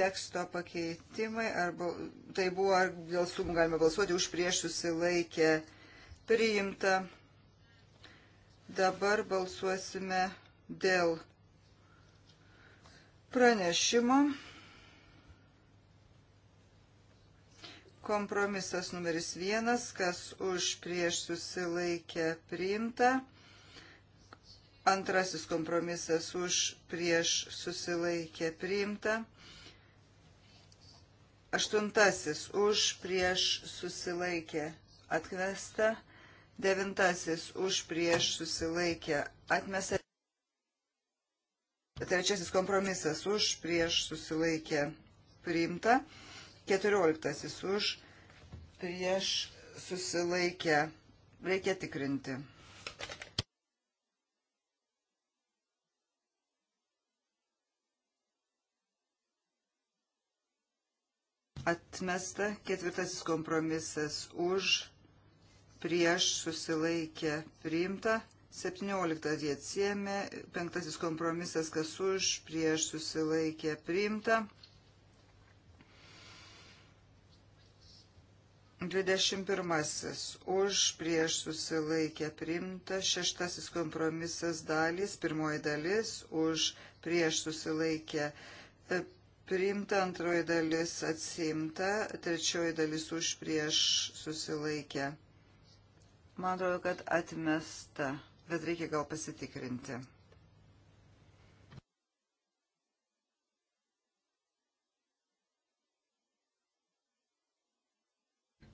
teksto pakeitimai, arba tai buvo, ar dėl sumų galime balsuoti, už prieš susilaikė priimta. Dabar balsuosime dėl pranešimo. Kompromisas numeris vienas, kas už prieš susilaikė priimta. Antrasis kompromisas už prieš susilaikė priimta. Aštuntasis už prieš susilaikė atkvesta. Devintasis už prieš susilaikė atmesta. Trečiasis kompromisas už prieš susilaikę priimta. Keturioliktasis už prieš susilaikę reikia tikrinti. Atmesta ketvirtasis kompromisas už prieš susilaikę priimta. 17 jie atsiemė, penktasis kompromisas kas už, prieš susilaikė priimta. 21. Už prieš susilaikė priimta. Šeštasis kompromisas dalys, pirmoji dalis, už prieš susilaikė e, priimta, antroji dalis atsimta, trečioji dalis už prieš susilaikė. Man atrodo, kad atmesta bet reikia gal pasitikrinti.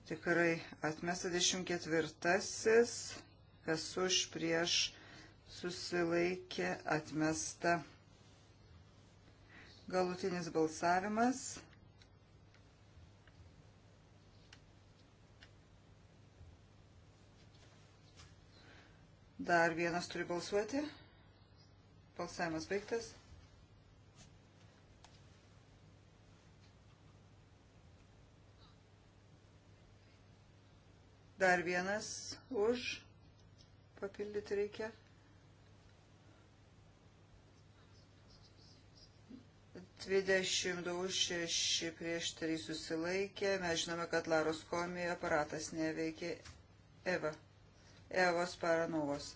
Tikrai atmesta 24. Kas už prieš susilaikė atmesta. Galutinis balsavimas. Dar vienas turi balsuoti. Balsavimas baigtas. Dar vienas už. Papildyti reikia. Dvidešimt už šeši prieš trys susilaikė. Mes žinome, kad Laros komijoje aparatas neveikė. Eva. Evos Paranovos.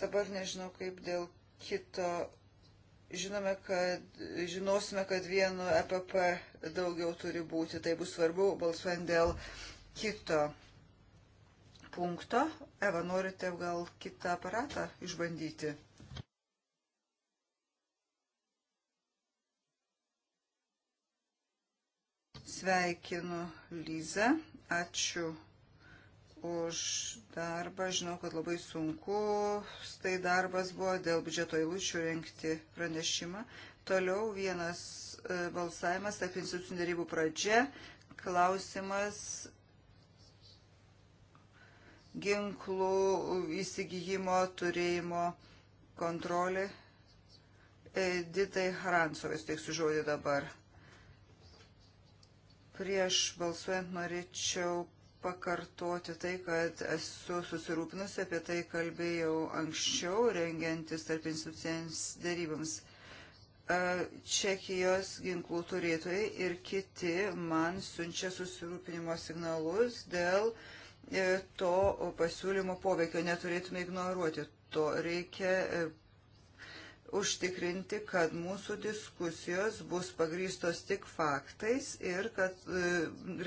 Dabar nežinau, kaip dėl kito. Žinome, kad, žinosime, kad vienu EPP daugiau turi būti. Tai bus svarbu balsuojant dėl kito punkto. Eva, norite gal kitą aparatą išbandyti? Sveikinu Lyzą. Ačiū už darbą. Žinau, kad labai sunku. Tai darbas buvo dėl biudžeto eilučių renkti pranešimą. Toliau vienas e, balsavimas apie institucinių darybų pradžią. Klausimas ginklų įsigijimo, turėjimo kontrolė. E, Ditai Harancovės teiksiu žodį dabar. Prieš balsuojant norėčiau pakartoti tai, kad esu susirūpinusi, apie tai kalbėjau anksčiau, rengiantis tarp institucijams darybams. Čekijos ginklų turėtojai ir kiti man siunčia susirūpinimo signalus dėl e, to pasiūlymo poveikio. Neturėtume ignoruoti to. Reikia e, užtikrinti, kad mūsų diskusijos bus pagrystos tik faktais ir kad e,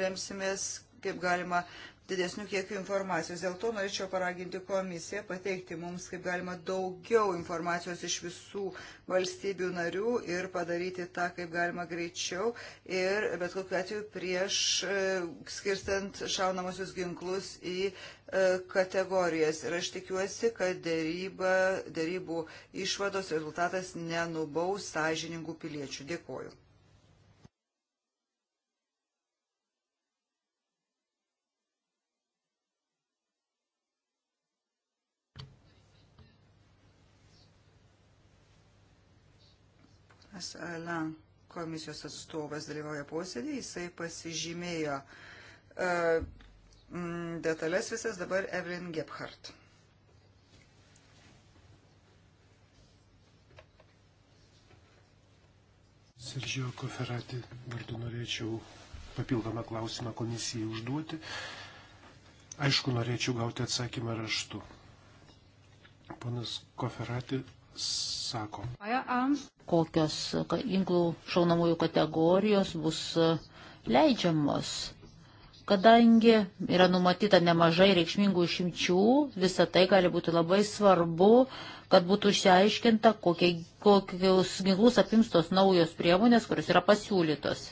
remsimės kaip galima didesnių kiekių informacijos. Dėl to norėčiau paraginti komisiją pateikti mums kaip galima daugiau informacijos iš visų valstybių narių ir padaryti tą kaip galima greičiau ir bet kokiu atveju prieš e, skirstant šaunamosius ginklus į e, kategorijas. Ir aš tikiuosi, kad dėryba, dėrybų išvados rezultatas nenubaus sąžiningų piliečių. Dėkuoju. Ponas Alan, komisijos atstovas dalyvauja posėdį, jisai pasižymėjo uh, detalės visas dabar Evelyn Gebhardt. Sergio Koferati vardu norėčiau papildomą klausimą komisijai užduoti. Aišku, norėčiau gauti atsakymą raštu. Ponas Koferati sako. Kokios ginklų šaunamųjų kategorijos bus e, leidžiamos. Kadangi yra numatyta nemažai reikšmingų išimčių, visa tai gali būti labai svarbu, kad būtų išsiaiškinta, kokie, kokius ginklus apims tos naujos priemonės, kurios yra pasiūlytos.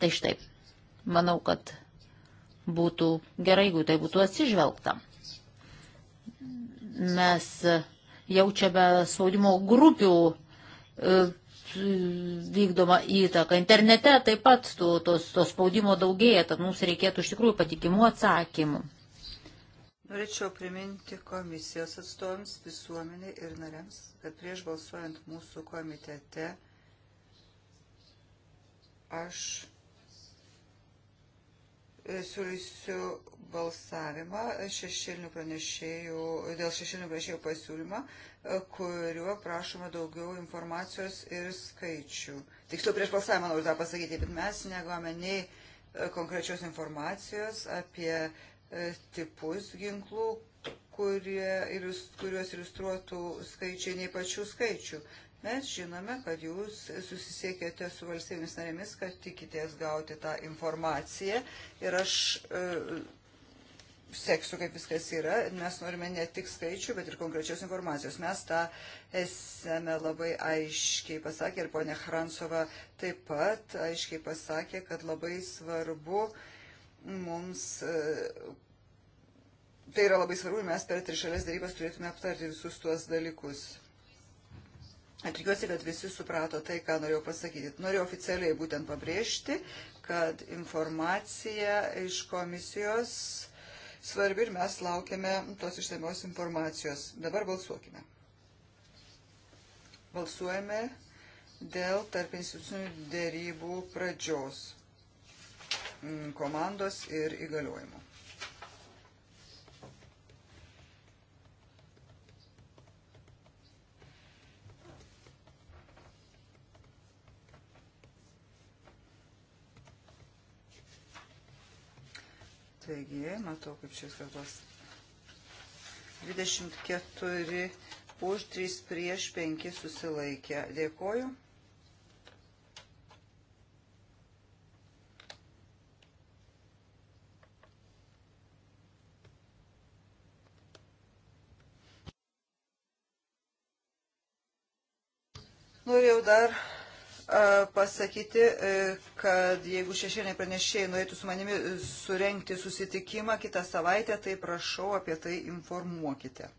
Tai štai, manau, kad būtų gerai, jeigu tai būtų atsižvelgta. Mes jaučiame spaudimo grupių e, vykdoma įtaka. Internete taip pat to, to, to spaudimo daugėja, tad mums reikėtų iš tikrųjų patikimų atsakymų. Norėčiau priminti komisijos atstovams, visuomeniai ir nariams, kad prieš balsuojant mūsų komitete aš siūlysiu balsavimą šešėlinių pranešėjų, dėl šešėlinių pranešėjų pasiūlymą, kuriuo prašoma daugiau informacijos ir skaičių. Tiksliau prieš balsavimą noriu tą pasakyti, bet mes negavome nei e, konkrečios informacijos apie e, tipus ginklų, kurie, kuriuos iliustruotų skaičiai nei pačių skaičių. Mes žinome, kad jūs susisiekėte su valstybėmis narėmis, kad tikitės gauti tą informaciją ir aš e, seksiu, kaip viskas yra. Mes norime ne tik skaičių, bet ir konkrečios informacijos. Mes tą esame labai aiškiai pasakę ir ponė Hransova taip pat aiškiai pasakė, kad labai svarbu mums. E, tai yra labai svarbu ir mes per trišalės darybas turėtume aptarti visus tuos dalykus. Tikiuosi, kad visi suprato tai, ką norėjau pasakyti. Noriu oficialiai būtent pabrėžti, kad informacija iš komisijos svarbi ir mes laukiame tos išsamios informacijos. Dabar balsuokime. Balsuojame dėl tarp institucinių dėrybų pradžios mm, komandos ir įgaliojimų. Taigi, matau, kaip čia viskas bus. 24 už 3 prieš 5 susilaikę. Dėkoju. Norėjau dar pasakyti, e, kad jeigu šešėliniai pranešėjai norėtų su manimi surenkti susitikimą kitą savaitę, tai prašau apie tai informuokite.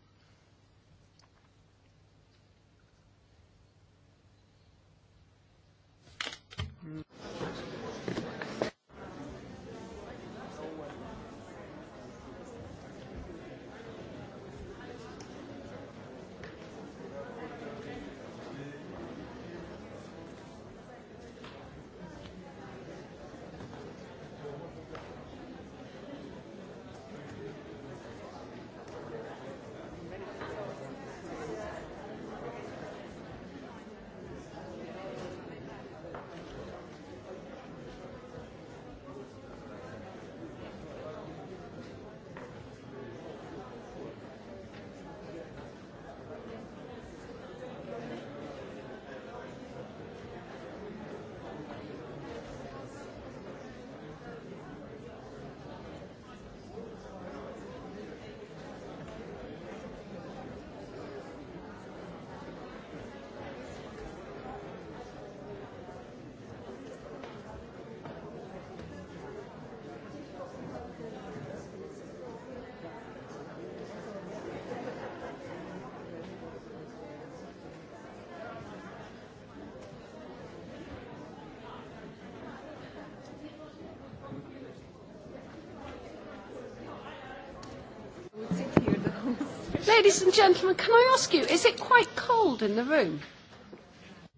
Ladies and gentlemen, can I ask you, is it quite cold in the room?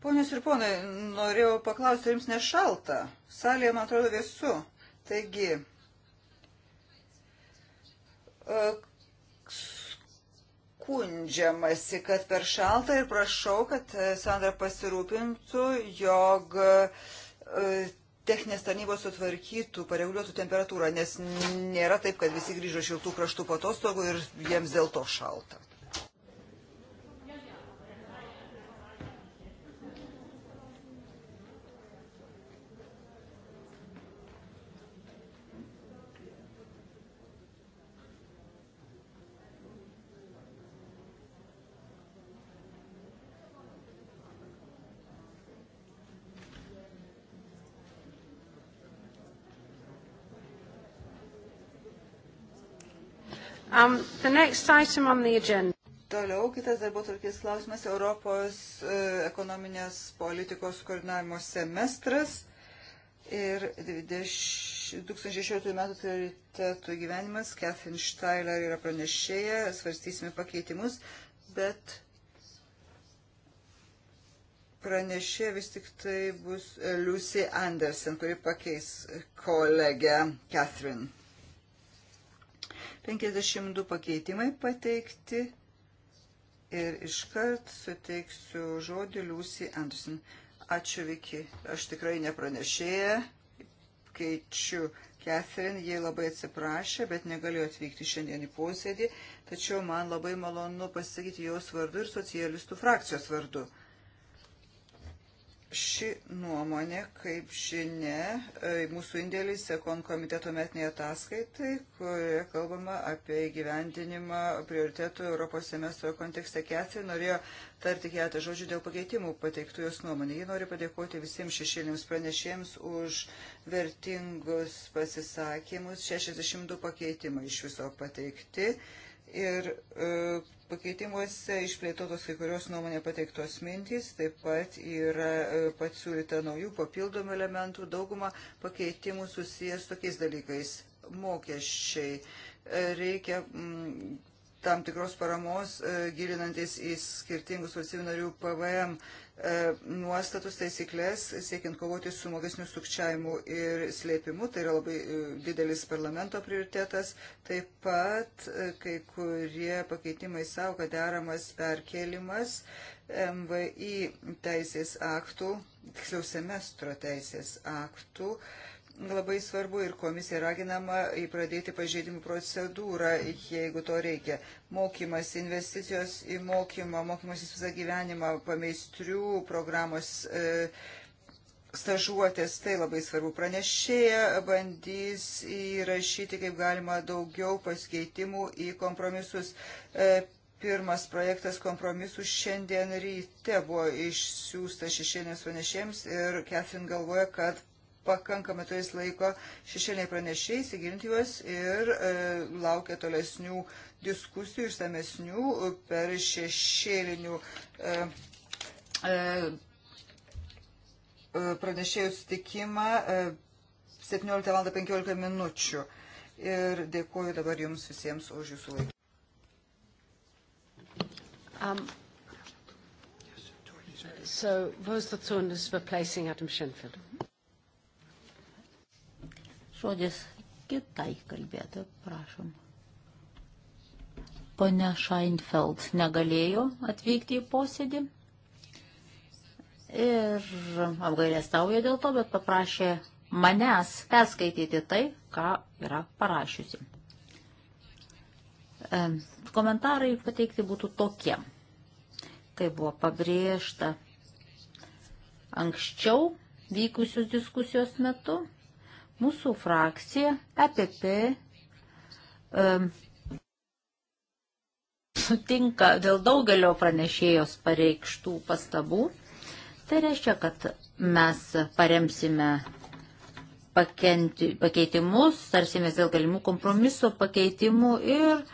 Ponios ir ponai, norėjau paklausti, jums nešalta? Salėje, man atrodo, vėsu. Taigi, e, skundžiamasi, kad per šalta ir prašau, kad e, Sandra pasirūpintų, jog e, techninės tarnybos sutvarkytų, pareguliuotų temperatūrą, nes nėra taip, kad visi grįžo šiltų kraštų patostogų ir jiems dėl to šalta. Um, the next item on the agenda. Toliau kitas darbotvarkės klausimas Europos e, ekonominės politikos koordinavimo semestras ir 2016 m. prioritetų gyvenimas. Catherine Steiler yra pranešėja, svarstysime pakeitimus, bet pranešė vis tik tai bus Lucy Anderson, kuri pakeis kolegę Catherine. 52 pakeitimai pateikti ir iškart suteiksiu žodį Liusi Anderson. Ačiū Viki, aš tikrai nepranešėja, keičiu Catherine, jie labai atsiprašė, bet negalėjo atvykti šiandien į posėdį, tačiau man labai malonu pasakyti jos vardu ir socialistų frakcijos vardu. Ši nuomonė, kaip žinia, e, mūsų indėlis Ekon komiteto metiniai ataskaitai, kurioje kalbama apie įgyvendinimą prioritetų Europos semestro kontekste ketvirtį, norėjo tarti keletą žodžių dėl pakeitimų pateiktų jos nuomonė. Ji nori padėkoti visiems šešėlėms pranešėjams už vertingus pasisakymus. 62 pakeitimai iš viso pateikti ir e, pakeitimuose išplėtotos kai kurios nuomonė pateiktos mintys, taip pat yra e, pasiūlyta naujų papildomų elementų, dauguma pakeitimų susijęs tokiais dalykais - mokesčiai. E, reikia mm, tam tikros paramos gilinantis į skirtingus valstybių narių PVM E, nuostatus taisyklės, siekiant kovoti su mokesnių sukčiavimu ir slėpimu. Tai yra labai e, didelis parlamento prioritetas. Taip pat e, kai kurie pakeitimai savo, kad deramas perkelimas MVI teisės aktų, tiksliau semestro teisės aktų, uh, labai svarbu ir komisija raginama įpradėti pažeidimų procedūrą, jeigu to reikia. Mokymas, investicijos į mokymą, mokymas į visą gyvenimą, pameistrių programos. E, stažuotės, tai labai svarbu. Pranešėja bandys įrašyti kaip galima daugiau pasikeitimų į kompromisus. E, pirmas projektas kompromisų šiandien ryte buvo išsiųsta šešėlės pranešėjams ir Catherine galvoja, kad pakankamai tais laiko šešėliai pranešiai, įsigilinti juos ir e, laukia tolesnių diskusijų, išsamesnių e, per šešėlinių e, e, e, pranešėjų sutikimą e, 17 val. 15 minučių. Ir dėkuoju dabar Jums visiems už Jūsų laiką. Um. So Rose Thorne is replacing Adam Shenfield žodis kitai kalbėtojai, prašom. Pone Scheinfeld negalėjo atvykti į posėdį ir apgailėstauja dėl to, bet paprašė manęs perskaityti tai, ką yra parašiusi. E, komentarai pateikti būtų tokie, kaip buvo pabrėžta anksčiau vykusios diskusijos metu Mūsų frakcija EPP um, sutinka dėl daugelio pranešėjos pareikštų pastabų. Tai reiškia, kad mes paremsime pakenti, pakeitimus, tarsimės dėl galimų kompromiso pakeitimų ir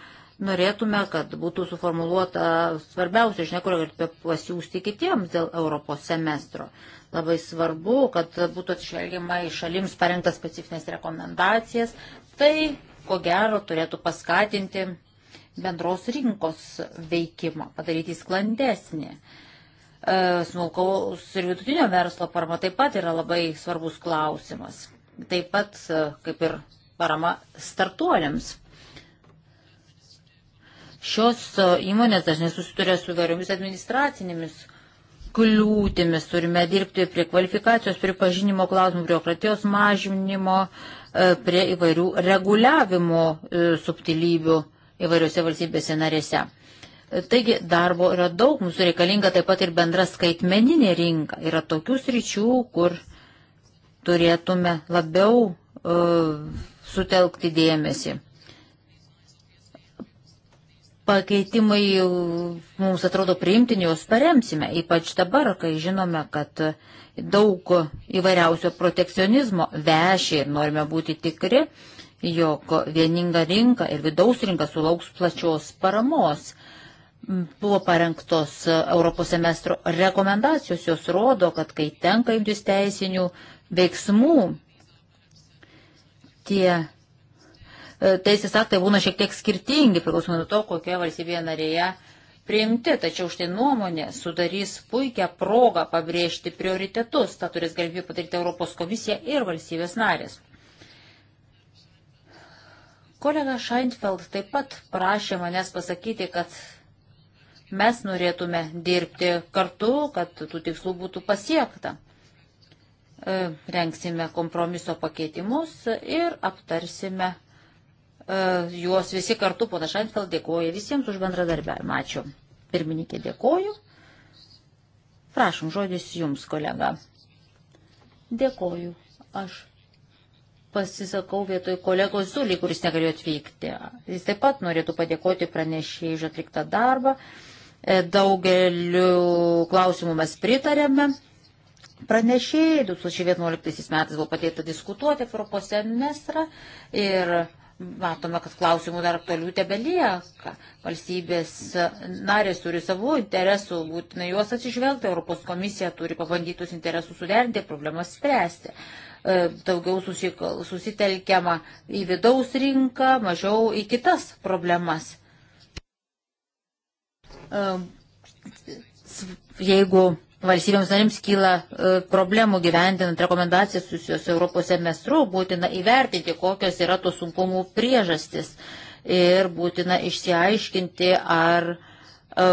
norėtume, kad būtų suformuoluota svarbiausia žinia, kurią galite pasiūsti kitiems dėl Europos semestro. Labai svarbu, kad būtų atsižvelgiama į šalims parengtas specifines rekomendacijas. Tai, ko gero, turėtų paskatinti bendros rinkos veikimą, padaryti sklandesnį. E, smulkaus ir vidutinio verslo parama taip pat yra labai svarbus klausimas. Taip pat e, kaip ir parama startuoliams. Šios e, įmonės dažnai susituria su variomis administracinėmis kliūtimis, turime dirbti prie kvalifikacijos, pripažinimo klausimų, biurokratijos mažinimo, e, prie įvairių reguliavimo e, subtilybių įvairiose valstybėse narėse. E, taigi darbo yra daug, mums reikalinga taip pat ir bendra skaitmeninė rinka. Yra tokių sričių, kur turėtume labiau uh, sutelkti dėmesį pakeitimai mums atrodo priimtini, juos paremsime, ypač dabar, kai žinome, kad daug įvairiausio protekcionizmo veši ir norime būti tikri, jog vieninga rinka ir vidaus rinka sulauks plačios paramos. Buvo parengtos Europos semestro rekomendacijos, jos rodo, kad kai tenka imtis teisinių veiksmų, tie E, teisės aktai būna šiek tiek skirtingi, priklausomai nuo to, kokioje valstybėje narėje priimti, tačiau štai nuomonė sudarys puikią progą pabrėžti prioritetus, tą turės galimybę padaryti Europos komisija ir valstybės narės. Kolega Scheinfeld taip pat prašė manęs pasakyti, kad mes norėtume dirbti kartu, kad tų tikslų būtų pasiekta. E, Renksime kompromiso pakeitimus ir aptarsime E, juos visi kartu, pana Šantel, dėkoju visiems už bendradarbiavimą. Ačiū. Pirmininkė, dėkoju. Prašom, žodis jums, kolega. Dėkoju. Aš pasisakau vietoj kolegos Zulį, kuris negalėjo atvykti. Jis taip pat norėtų padėkoti pranešėjai už atliktą darbą. E, daugeliu klausimų mes pritarėme. Pranešėjai 2011 metais buvo padėta diskutuoti Europos semestrą ir matome, kad klausimų dar aktualių tebelieka. Valstybės narės turi savų interesų, būtina juos atsižvelgti, Europos komisija turi pabandytus interesus suderinti, problemas spręsti. E, daugiau susitelkiama į vidaus rinką, mažiau į kitas problemas. E, jeigu valstybėms narims kyla e, problemų gyvendinant rekomendacijas susijusios Europos semestru, būtina įvertinti, kokios yra tų sunkumų priežastis ir būtina išsiaiškinti, ar e,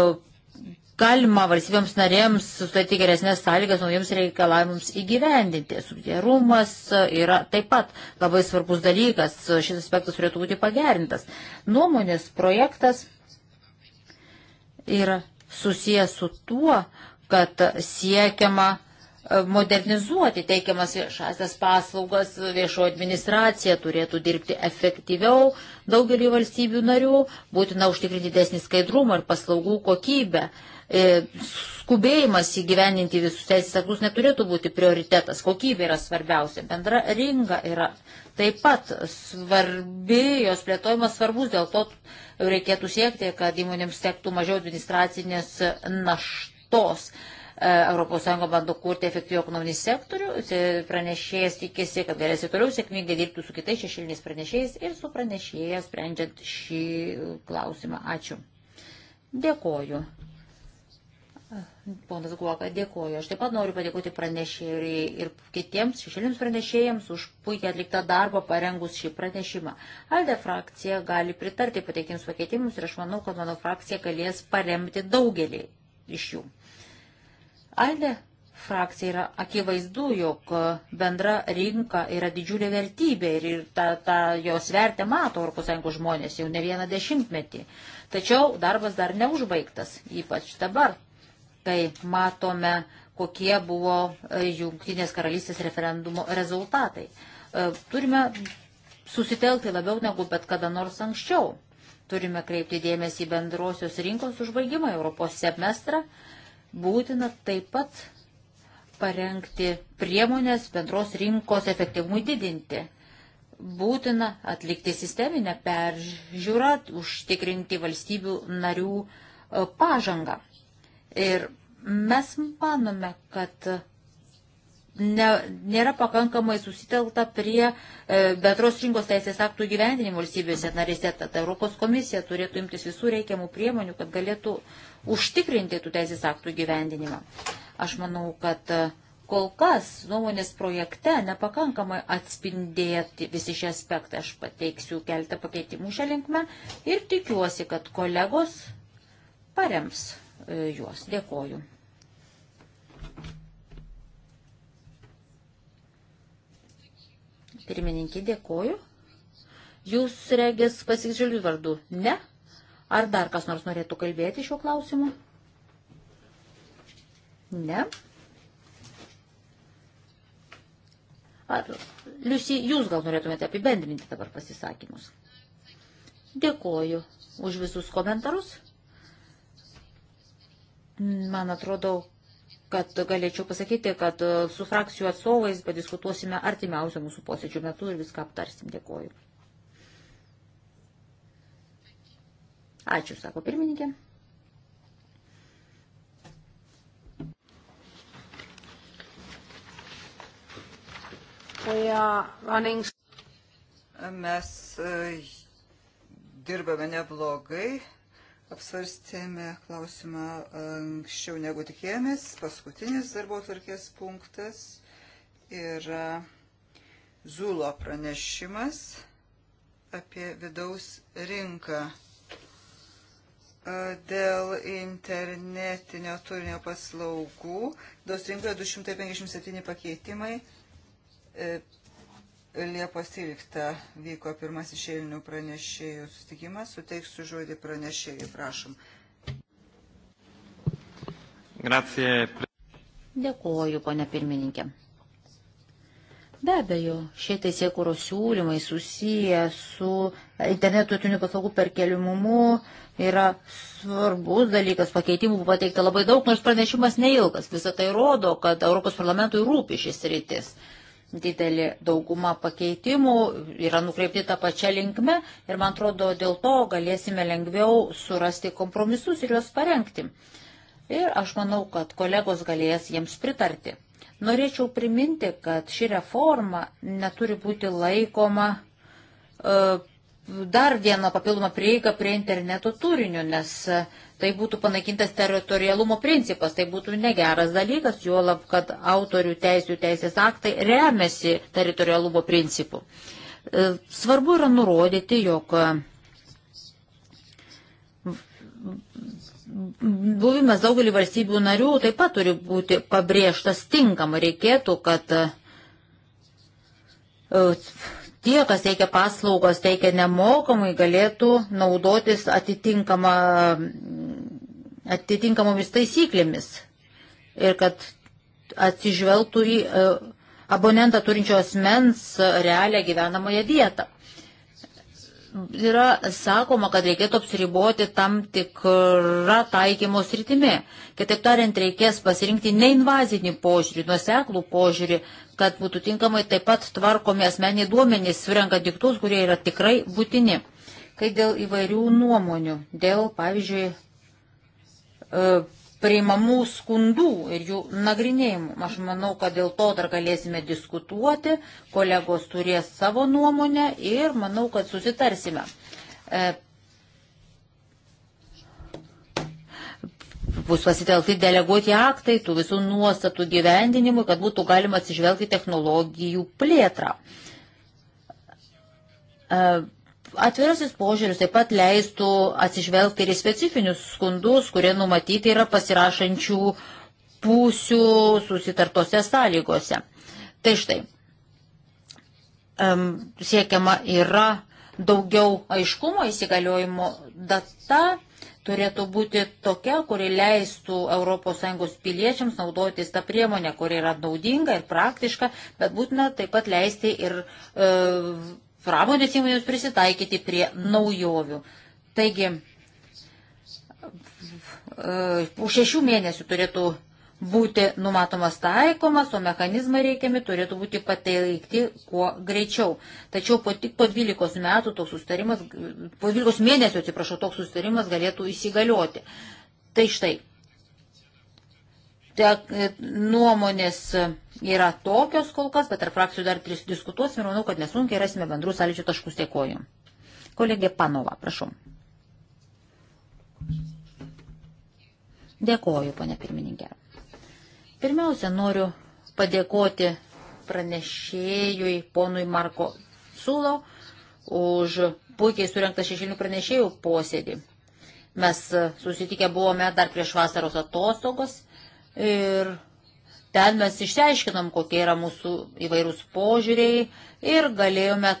galima valstybėms narėms sustatyti geresnės sąlygas naujiems reikalavimams įgyvendinti. Subjerumas e, yra taip pat labai svarbus dalykas, šis aspektas turėtų būti pagerintas. Nuomonės projektas yra susijęs su tuo, kad siekiama e, modernizuoti teikiamas viešasias paslaugas, viešo administracija turėtų dirbti efektyviau daugelį valstybių narių, būtina užtikrinti didesnį skaidrumą ir paslaugų kokybę. E, skubėjimas įgyveninti visus teisės aktus neturėtų būti prioritetas, kokybė yra svarbiausia, bendra rinka yra taip pat svarbi, jos plėtojimas svarbus, dėl to reikėtų siekti, kad įmonėms tektų mažiau administracinės naštos kaitos. ES bando kurti efektyvų ekonominį sektorių, pranešėjas tikisi, kad galės ir toliau sėkmingai dirbti su kitais šešėliniais pranešėjais ir su pranešėjas sprendžiant šį klausimą. Ačiū. Dėkoju. Ponas Guoka, dėkoju. Aš taip pat noriu padėkoti pranešėjai ir kitiems šešėlinims pranešėjams už puikiai atliktą darbą parengus šį pranešimą. Alde frakcija gali pritarti pateikimus pakeitimus ir aš manau, kad mano frakcija galės paremti daugelį iš jų. Alde frakcija yra akivaizdu, jog bendra rinka yra didžiulė vertybė ir ta, ta jos vertę mato ES žmonės jau ne vieną dešimtmetį. Tačiau darbas dar neužbaigtas, ypač dabar, kai matome, kokie buvo e, Junktinės karalystės referendumo rezultatai. E, turime susitelkti labiau negu bet kada nors anksčiau. Turime kreipti dėmesį bendrosios rinkos užbaigimą Europos semestrą būtina taip pat parengti priemonės bendros rinkos efektyvumui didinti. Būtina atlikti sisteminę peržiūrą, užtikrinti valstybių narių e, pažangą. Ir mes manome, kad ne, nėra pakankamai susitelta prie e, bendros rinkos teisės aktų gyvendinimo valstybėse narėse. Tad Europos komisija turėtų imtis visų reikiamų priemonių, kad galėtų užtikrinti tų teisės aktų gyvendinimą. Aš manau, kad e, kol kas nuomonės projekte nepakankamai atspindėti visi šie aspektai. Aš pateiksiu keltą pakeitimų šią linkmę ir tikiuosi, kad kolegos parems e, juos. Dėkoju. Pirmininkė, dėkoju. Jūs regės pasižiūrėjų vardu? Ne? Ar dar kas nors norėtų kalbėti šiuo klausimu? Ne? Ar, Liusi, jūs gal norėtumėte apibendrinti dabar pasisakymus? Dėkoju už visus komentarus. Man atrodo, kad galėčiau pasakyti, kad e, su frakcijų atstovais padiskutuosime artimiausio mūsų posėdžių metu ir viską aptarsim. Dėkoju. Ačiū, sako pirmininkė. Mes e, dirbame neblogai. Apsvarstėme klausimą anksčiau negu tikėjomės. Paskutinis darbo tvarkės punktas yra Zulo pranešimas apie vidaus rinką dėl internetinio turinio paslaugų. Daus rinkoje 257 pakeitimai, e, Liepos 13 vyko pirmasis šeilinių pranešėjų sustikimas. Suteiksiu žodį pranešėjai, prašom. Grazie. Dėkuoju, ponia pirmininkė. Be abejo, šie teisėkūros siūlymai susiję su internetutinių paslaugų perkelimumu yra svarbus dalykas, pakeitimų buvo pateikta labai daug, nors pranešimas neilgas. Visą tai rodo, kad Europos parlamentui rūpi šis rytis didelė dauguma pakeitimų yra nukreipti tą pačią linkmę ir man atrodo dėl to galėsime lengviau surasti kompromisus ir juos parengti. Ir aš manau, kad kolegos galės jiems pritarti. Norėčiau priminti, kad ši reforma neturi būti laikoma e, dar vieną papildomą prieigą prie interneto turinio, nes e, tai būtų panaikintas teritorialumo principas, tai būtų negeras dalykas, juolab, kad autorių teisų teisės aktai remiasi teritorialumo principu. E, svarbu yra nurodyti, jog e, buvimas daugelį valstybių narių taip pat turi būti pabrėžtas tinkamai. Reikėtų, kad tie, kas teikia paslaugos, teikia nemokamai, galėtų naudotis atitinkama, atitinkamomis taisyklėmis ir kad atsižvelgtų į e, abonentą turinčio asmens realią gyvenamąją vietą. Yra sakoma, kad reikėtų apsiriboti tam tikrą taikymo sritimi. Kitaip tariant, reikės pasirinkti neinvazinį požiūrį, nuoseklų požiūrį, kad būtų tinkamai taip pat tvarkomi asmeniai duomenys, surenka diktus, kurie yra tikrai būtini. Kai dėl įvairių nuomonių, dėl, pavyzdžiui, e, priimamų skundų ir jų nagrinėjimų. Aš manau, kad dėl to dar galėsime diskutuoti, kolegos turės savo nuomonę ir manau, kad susitarsime. E, bus pasitelkti deleguoti aktai tų visų nuostatų gyvendinimui, kad būtų galima atsižvelgti technologijų plėtrą. E, atvirasis požiūris taip pat leistų atsižvelgti ir į specifinius skundus, kurie numatyti yra pasirašančių pusių susitartose sąlygose. Tai štai, siekiama yra daugiau aiškumo įsigaliojimo data turėtų būti tokia, kuri leistų ES piliečiams naudotis tą priemonę, kuri yra naudinga ir praktiška, bet būtina taip pat leisti ir e, pramonės įmonėms prisitaikyti prie naujovių. Taigi, e, už šešių mėnesių turėtų būti numatomas taikomas, o mechanizmai reikiami turėtų būti pateikti kuo greičiau. Tačiau po, tik po 12 metų toks sustarimas, po 12 mėnesių, atsiprašau, toks sustarimas galėtų įsigalioti. Tai štai, te, nuomonės yra tokios kol kas, bet ar frakcijų dar tris diskutuosime ir manau, kad nesunkiai rasime bendrus sąlyčio taškus. Dėkoju. Kolegė Panova, prašau. Dėkoju, ponė pirmininkė. Pirmiausia, noriu padėkoti pranešėjui ponui Marko Sulo už puikiai surinktą šešinių pranešėjų posėdį. Mes susitikę buvome dar prieš vasaros atostogos ir ten mes išsiaiškinom, kokie yra mūsų įvairūs požiūriai ir galėjome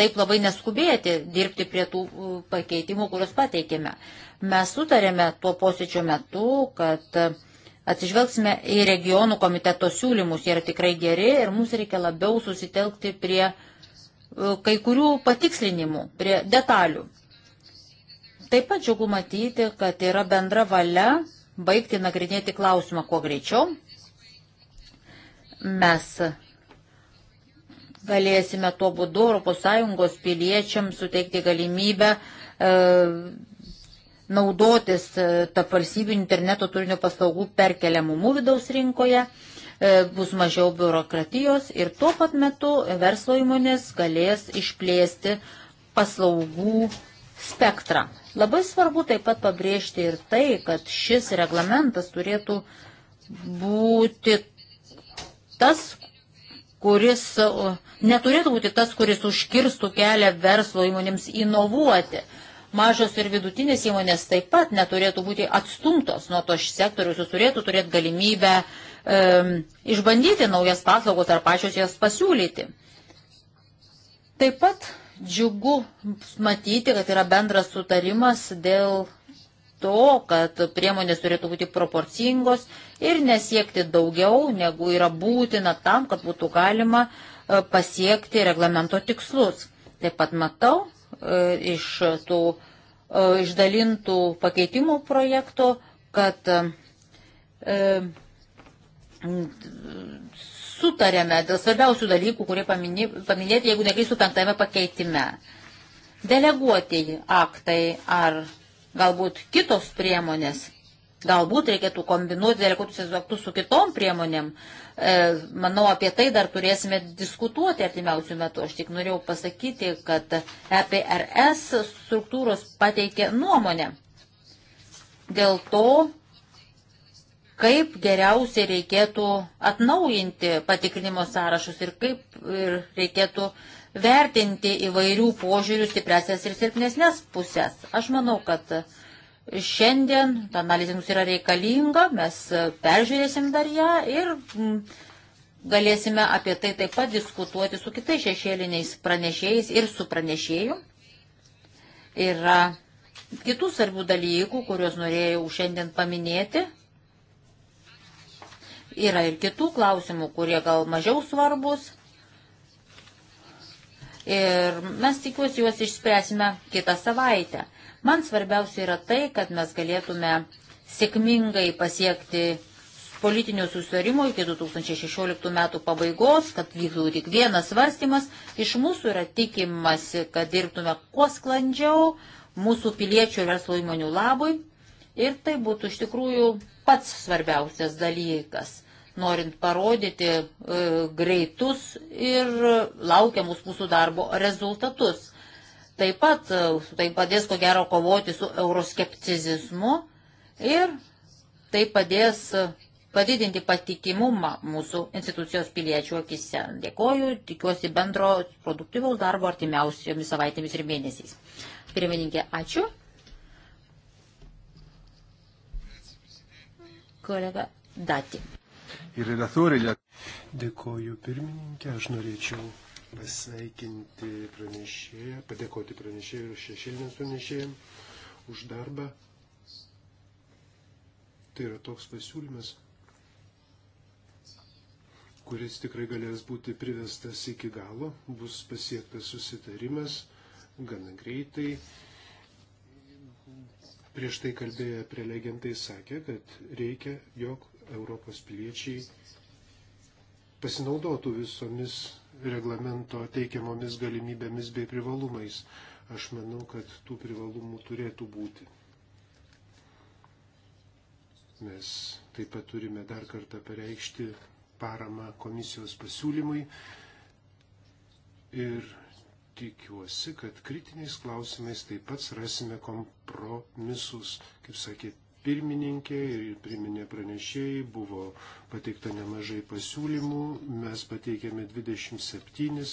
taip labai neskubėti dirbti prie tų pakeitimų, kuriuos pateikėme. Mes sutarėme tuo posėdžio metu, kad Atsižvelgsime į regionų komiteto siūlymus, jie yra tikrai geri ir mums reikia labiau susitelkti prie e, kai kurių patikslinimų, prie detalių. Taip pat džiugu matyti, kad yra bendra valia baigti nagrinėti klausimą kuo greičiau. Mes galėsime tuo būdu ES piliečiams suteikti galimybę e, naudotis e, tarp valstybinių interneto turinio paslaugų perkeliamumu vidaus rinkoje, e, bus mažiau biurokratijos ir tuo pat metu verslo įmonės galės išplėsti paslaugų spektrą. Labai svarbu taip pat pabrėžti ir tai, kad šis reglamentas turėtų būti tas, kuris neturėtų būti tas, kuris užkirstų kelią verslo įmonėms inovuoti mažos ir vidutinės įmonės taip pat neturėtų būti atstumtos nuo to sektoriaus, jūs turėtų turėti galimybę e, išbandyti naujas paslaugas ar pačios jas pasiūlyti. Taip pat džiugu matyti, kad yra bendras sutarimas dėl to, kad priemonės turėtų būti proporcingos ir nesiekti daugiau, negu yra būtina tam, kad būtų galima e, pasiekti reglamento tikslus. Taip pat matau, E, iš tų e, išdalintų pakeitimų projektų, kad e, sutarėme dėl svarbiausių dalykų, kurie paminėti, jeigu neklystų penktame pakeitime. Deleguotieji aktai ar galbūt kitos priemonės Galbūt reikėtų kombinuoti deleguotusius aktus su kitom priemonėm. E, manau, apie tai dar turėsime diskutuoti artimiausių metų. Aš tik norėjau pasakyti, kad EPRS struktūros pateikė nuomonę dėl to, kaip geriausiai reikėtų atnaujinti patikrinimo sąrašus ir kaip ir reikėtų vertinti įvairių požiūrių stipresnės ir silpnesnės pusės. Aš manau, kad Šiandien ta analizė mums yra reikalinga, mes e, peržiūrėsim dar ją ir galėsime apie tai taip pat diskutuoti su kitais šešėliniais pranešėjais ir su pranešėju. Yra kitų svarbių dalykų, kuriuos norėjau šiandien paminėti. Yra ir kitų klausimų, kurie gal mažiau svarbus. Ir mes tikiuosi juos išspręsime kitą savaitę. Man svarbiausia yra tai, kad mes galėtume sėkmingai pasiekti politinio susitarimo iki 2016 metų pabaigos, kad vyktų tik vienas svarstymas. Iš mūsų yra tikimasi, kad dirbtume kuo sklandžiau mūsų piliečių ir verslo įmonių labui. Ir tai būtų iš tikrųjų pats svarbiausias dalykas, norint parodyti e, greitus ir laukiamus mūsų darbo rezultatus taip pat e, tai padės ko gero kovoti su euroskepticizmu ir tai padės e, padidinti patikimumą mūsų institucijos piliečių akise. Dėkoju, tikiuosi bendro produktyvaus darbo artimiausiomis savaitėmis ir mėnesiais. Pirmininkė, ačiū. Kolega Dati. Ir relatorė. Dėkoju pirmininkė, aš norėčiau pasveikinti pranešėją, padėkoti pranešėjui ir šešėlinės pranešėjim už darbą. Tai yra toks pasiūlymas, kuris tikrai galės būti privestas iki galo, bus pasiektas susitarimas gana greitai. Prieš tai kalbėję prelegentai sakė, kad reikia, jog Europos piliečiai pasinaudotų visomis reglamento teikiamomis galimybėmis bei privalumais. Aš manau, kad tų privalumų turėtų būti. Mes taip pat turime dar kartą pareikšti paramą komisijos pasiūlymui ir tikiuosi, kad kritiniais klausimais taip pat rasime kompromisus, kaip sakė pirmininkė ir priminė pranešėjai, buvo pateikta nemažai pasiūlymų, mes pateikėme 27,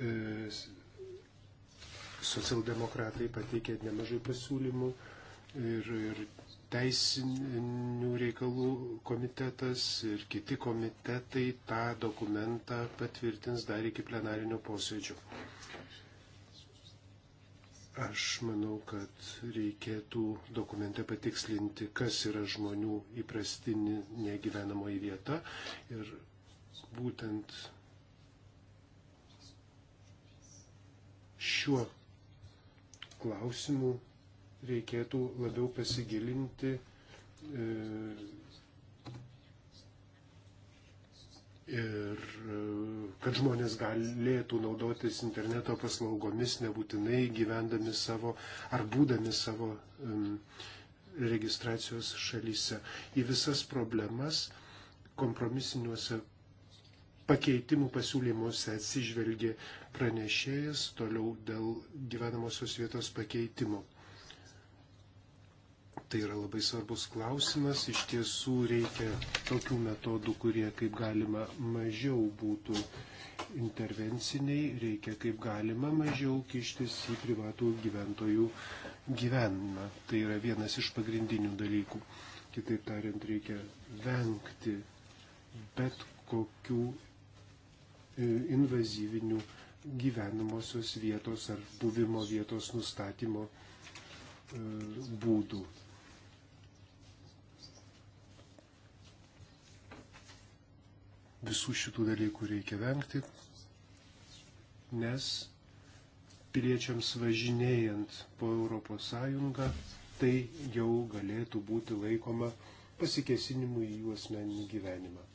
e, socialdemokratai pateikė nemažai pasiūlymų ir, ir teisinių reikalų komitetas ir kiti komitetai tą dokumentą patvirtins dar iki plenarinio posėdžio. Aš manau, kad reikėtų dokumente patikslinti, kas yra žmonių įprastinė negyvenamoji vieta ir būtent šiuo klausimu reikėtų labiau pasigilinti e, ir e, kad žmonės galėtų naudotis interneto paslaugomis, nebūtinai gyvendami savo ar būdami savo um, registracijos šalyse. Į visas problemas kompromisiniuose pakeitimų pasiūlymuose atsižvelgė pranešėjas toliau dėl gyvenamosios vietos pakeitimo. Tai yra labai svarbus klausimas. Iš tiesų reikia tokių metodų, kurie kaip galima mažiau būtų intervenciniai, reikia kaip galima mažiau kištis į privatų gyventojų gyvenimą. Tai yra vienas iš pagrindinių dalykų. Kitaip tariant, reikia vengti bet kokių e, invazyvinių gyvenamosios vietos ar buvimo vietos nustatymo e, būdų. Visų šitų dalykų reikia vengti, nes piliečiams važinėjant po Europos Sąjungą tai jau galėtų būti laikoma pasikesinimu į jų asmeninį gyvenimą.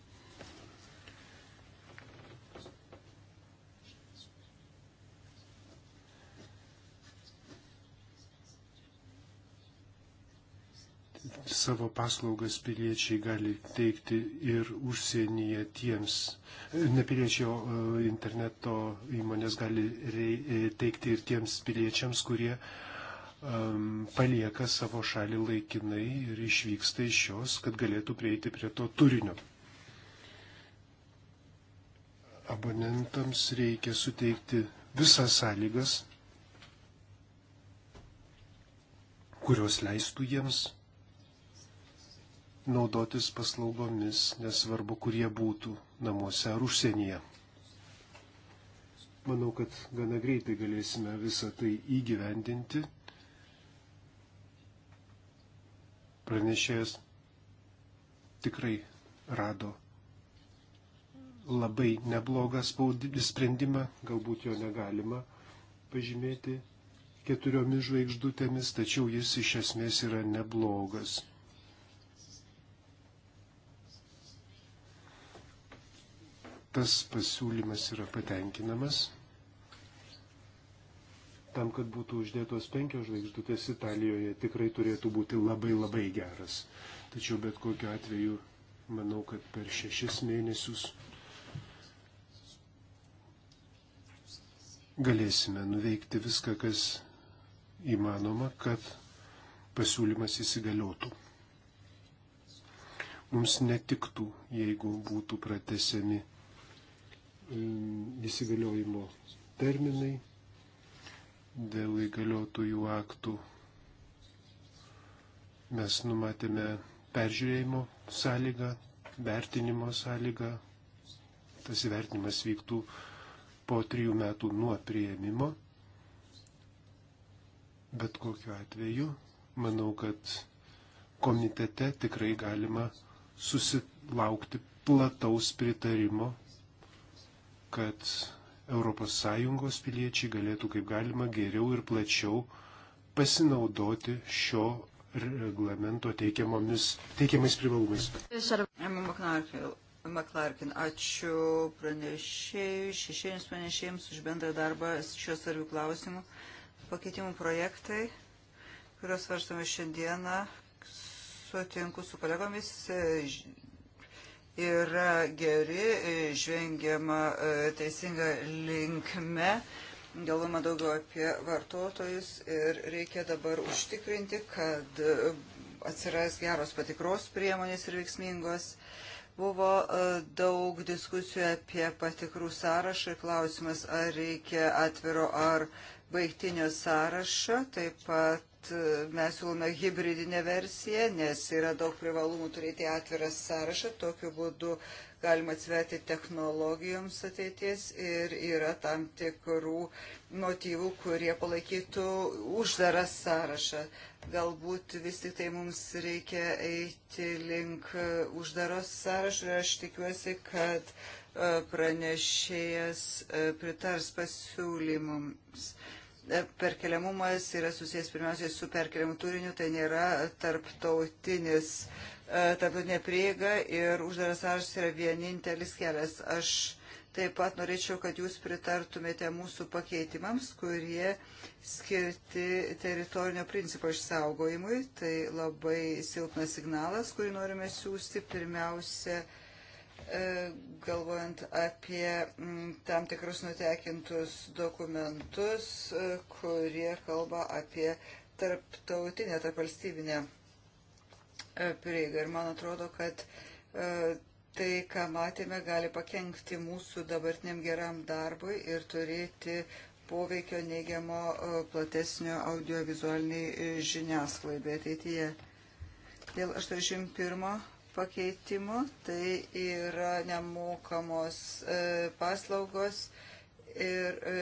savo paslaugas piliečiai gali teikti ir užsienyje tiems, ne piliečiai, o e, interneto įmonės gali e, teikti ir tiems piliečiams, kurie um, palieka savo šalį laikinai ir išvyksta iš jos, kad galėtų prieiti prie to turinio. Abonentams reikia suteikti visas sąlygas, kurios leistų jiems naudotis paslaugomis, nesvarbu, kurie būtų namuose ar užsienyje. Manau, kad gana greitai galėsime visą tai įgyvendinti. Pranešėjas tikrai rado labai neblogą sprendimą, galbūt jo negalima pažymėti keturiomis žvaigždutėmis, tačiau jis iš esmės yra neblogas. tas pasiūlymas yra patenkinamas. Tam, kad būtų uždėtos penkios žvaigždutės Italijoje, tikrai turėtų būti labai labai geras. Tačiau bet kokiu atveju, manau, kad per šešis mėnesius galėsime nuveikti viską, kas įmanoma, kad pasiūlymas įsigaliotų mums netiktų, jeigu būtų pratesiami Mm, įsigaliojimo terminai, dėl įgaliotųjų aktų mes numatėme peržiūrėjimo sąlygą, vertinimo sąlygą. Tas įvertinimas vyktų po trijų metų nuo prieimimo. Bet kokiu atveju, manau, kad komitete tikrai galima susilaukti plataus pritarimo kad ES piliečiai galėtų kaip galima geriau ir plačiau pasinaudoti šio reglamento teikiamais privalumais. Maklarkin, ačiū pranešėjui, šešėjams pranešėjams už bendrą darbą šios svarbių klausimų. Pakeitimų projektai, kuriuos svarstame šiandieną, sutinku su kolegomis, yra geri, žvengiama e, teisinga linkme, galvoma daugiau apie vartotojus ir reikia dabar užtikrinti, kad e, atsiras geros patikros priemonės ir veiksmingos. Buvo e, daug diskusijų apie patikrų sąrašą ir klausimas, ar reikia atviro ar baigtinio sąrašo. Taip pat kad e, mes siūlome hybridinę versiją, nes yra daug privalumų turėti atvirą sąrašą, tokiu būdu galima atsverti technologijoms ateities ir yra tam tikrų motyvų, kurie palaikytų uždarą sąrašą. Galbūt vis tik tai mums reikia eiti link uždaros sąrašo ir aš tikiuosi, kad e, pranešėjas e, pritars pasiūlymams perkeliamumas yra susijęs pirmiausiai su perkeliamu turiniu, tai nėra tarptautinis, e, tarptautinė prieiga ir uždaras sąrašas yra vienintelis kelias. Aš Taip pat norėčiau, kad jūs pritartumėte mūsų pakeitimams, kurie skirti teritorinio principo išsaugojimui. Tai labai silpnas signalas, kurį norime siūsti pirmiausia E, galvojant apie mm, tam tikrus nutekintus dokumentus, e, kurie kalba apie tarptautinę, tarpvalstybinę e, prieigą. Ir man atrodo, kad tai, ką matėme, gali pakengti mūsų dabartiniam geram darbui ir turėti poveikio neigiamo platesnio audiovizualiniai žiniasklaidai ateityje. Dėl 81 pakeitimo, tai yra nemokamos e, paslaugos ir e,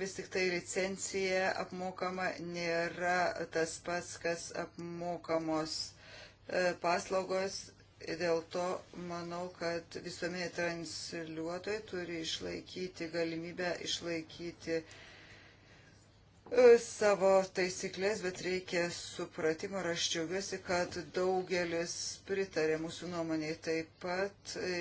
vis tik tai licencija apmokama nėra tas pats, kas apmokamos e, paslaugos. Dėl to manau, kad visuomenė transliuotojai turi išlaikyti galimybę išlaikyti uh, savo taisyklės, bet reikia supratimo ir aš džiaugiuosi, kad daugelis pritarė mūsų nuomonėje taip pat e,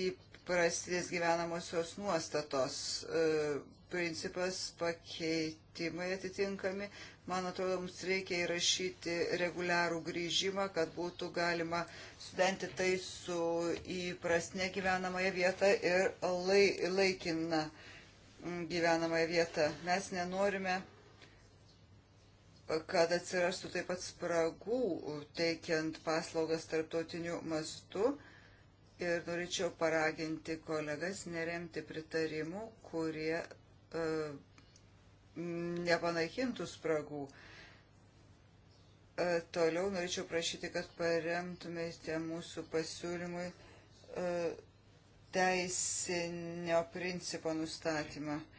įprastinės gyvenamosios nuostatos e, principas pakeitimai atitinkami. Man atrodo, mums reikia įrašyti reguliarų grįžimą, kad būtų galima sudenti tai su įprastinė gyvenamąją vietą ir lai, laikina gyvenamąją vietą. Mes nenorime kad atsirastų taip pat spragų teikiant paslaugas tarptautiniu mastu. Ir norėčiau paraginti kolegas neremti pritarimų, kurie e, nepanaikintų spragų. E, toliau norėčiau prašyti, kad paremtumėte mūsų pasiūlymui e, teisinio principo nustatymą. E,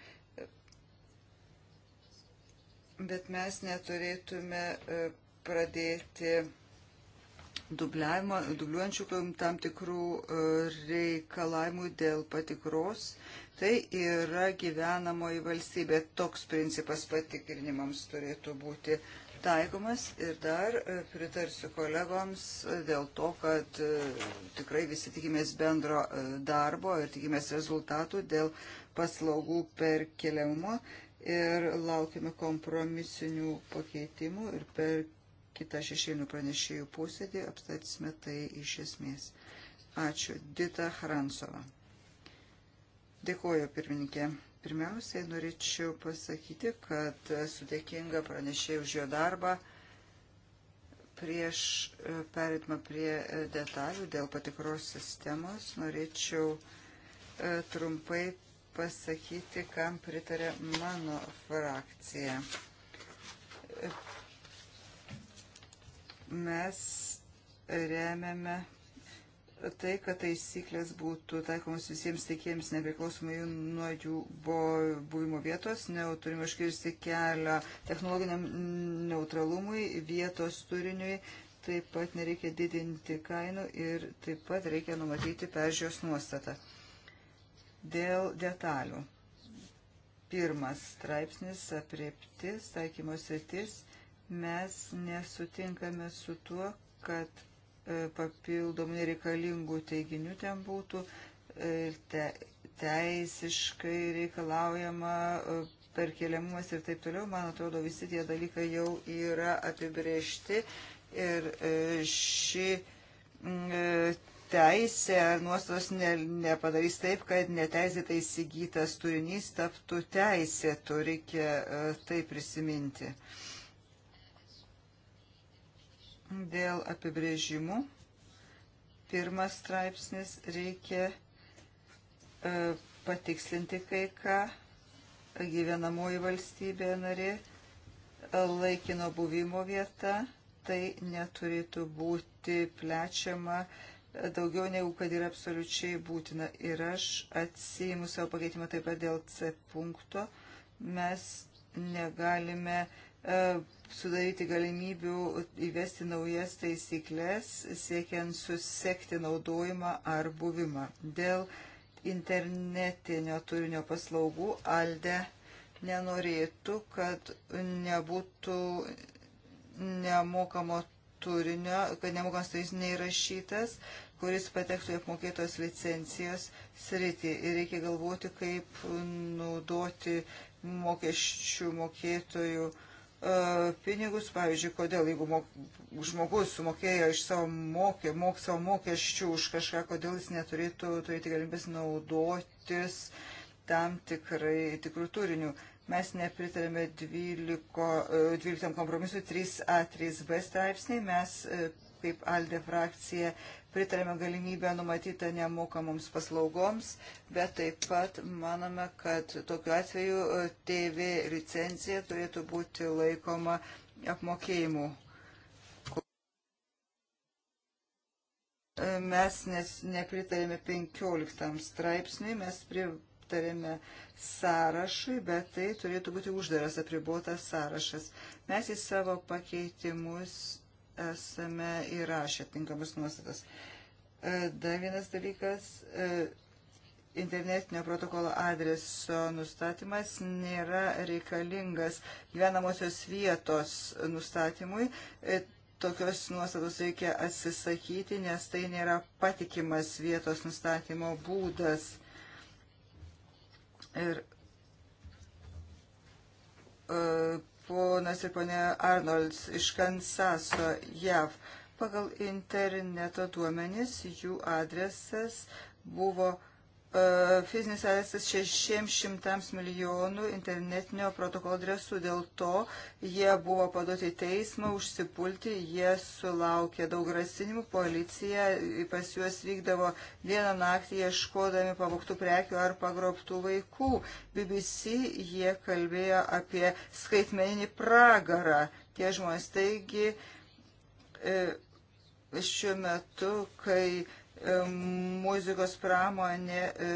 bet mes neturėtume e, pradėti dubliavimo, dubliuojančių tam tikrų e, reikalavimų dėl patikros. Tai yra gyvenamoji valstybė. Toks principas patikrinimams turėtų būti taikomas ir dar e, pritarsiu kolegoms dėl to, kad tikrai visi tikimės bendro darbo ir tikimės rezultatų dėl paslaugų perkeliamo ir laukiame kompromisinių pakeitimų ir per kitą šešėlinių pranešėjų posėdį aptarysime tai iš esmės. Ačiū. Dita Hransova. Dėkuoju, pirmininkė. Pirmiausiai norėčiau pasakyti, kad esu dėkinga pranešėjai už jo darbą. Prieš e, perėtumą prie e, detalių dėl patikros sistemos norėčiau e, trumpai pasakyti, kam pritarė mano frakcija. Mes remiame tai, kad taisyklės būtų taikomus visiems tiekėjams nepriklausomai nuo jų buvimo vietos, neturime iškirsti kelią technologiniam neutralumui, vietos turiniui, taip pat nereikia didinti kainų ir taip pat reikia numatyti peržiūros nuostatą. Dėl detalių. Pirmas straipsnis - apreptis, taikymo sritis. Mes nesutinkame su tuo, kad e, papildomų nereikalingų teiginių ten būtų ir e, te, teisiškai reikalaujama e, perkeliamumas ir taip toliau. Man atrodo, visi tie dalykai jau yra apibriežti ir ši mm, teisė ar nuostatos ne, nepadarys taip, kad neteisėtai įsigytas turinys taptų teisėtų, reikia e, tai prisiminti. Dėl apibrėžimų, pirmas straipsnis reikia e, patikslinti kai ką, gyvenamoji valstybė narė, e, laikino buvimo vieta, tai neturėtų būti plečiama daugiau negu kad yra absoliučiai būtina. Ir aš atsijimu savo pakeitimą taip pat dėl C punkto. Mes negalime e, sudaryti galimybių įvesti naujas taisyklės, siekiant susekti naudojimą ar buvimą. Dėl internetinio turinio paslaugų Alde nenorėtų, kad nebūtų nemokamo turinio, kad nemokamas turinys neįrašytas, kuris patektų į apmokėtos licencijos sritį. Ir reikia galvoti, kaip naudoti mokesčių mokėtojų uh, pinigus. Pavyzdžiui, kodėl, jeigu mok, žmogus sumokėjo iš savo mokė, mok, savo mokesčių už kažką, kodėl jis neturėtų turėti galimybės naudotis tam tikrai tikrų turinių mes nepritarėme 12, 12 e, kompromisui 3A, 3B straipsniai, mes e, kaip ALDE frakcija pritarėme galimybę numatytą nemokamoms paslaugoms, bet taip pat manome, kad tokiu atveju e, TV licencija turėtų būti laikoma apmokėjimu. E, mes nes nepritarėme 15 straipsniui, mes pritarėme sąrašui, bet tai turėtų būti uždaras apribuotas sąrašas. Mes į savo pakeitimus esame įrašę tinkamas nuostatas. E, dar vienas dalykas e, internetinio protokolo adreso nustatymas nėra reikalingas gyvenamosios vietos nustatymui. E, tokios nuostatos reikia atsisakyti, nes tai nėra patikimas vietos nustatymo būdas. Ir ponas ir ponė Arnolds iš Kansaso, JAV. Pagal interneto duomenis jų adresas buvo E, fizinis adresas 600 milijonų internetinio protokolo adresų. Dėl to jie buvo paduoti į teismą užsipulti, jie sulaukė daug grasinimų, policija pas juos vykdavo vieną naktį ieškodami pavoktų prekių ar pagrobtų vaikų. BBC jie kalbėjo apie skaitmeninį pragarą. Tie žmonės taigi e, šiuo metu, kai E, muzikos pramonė e,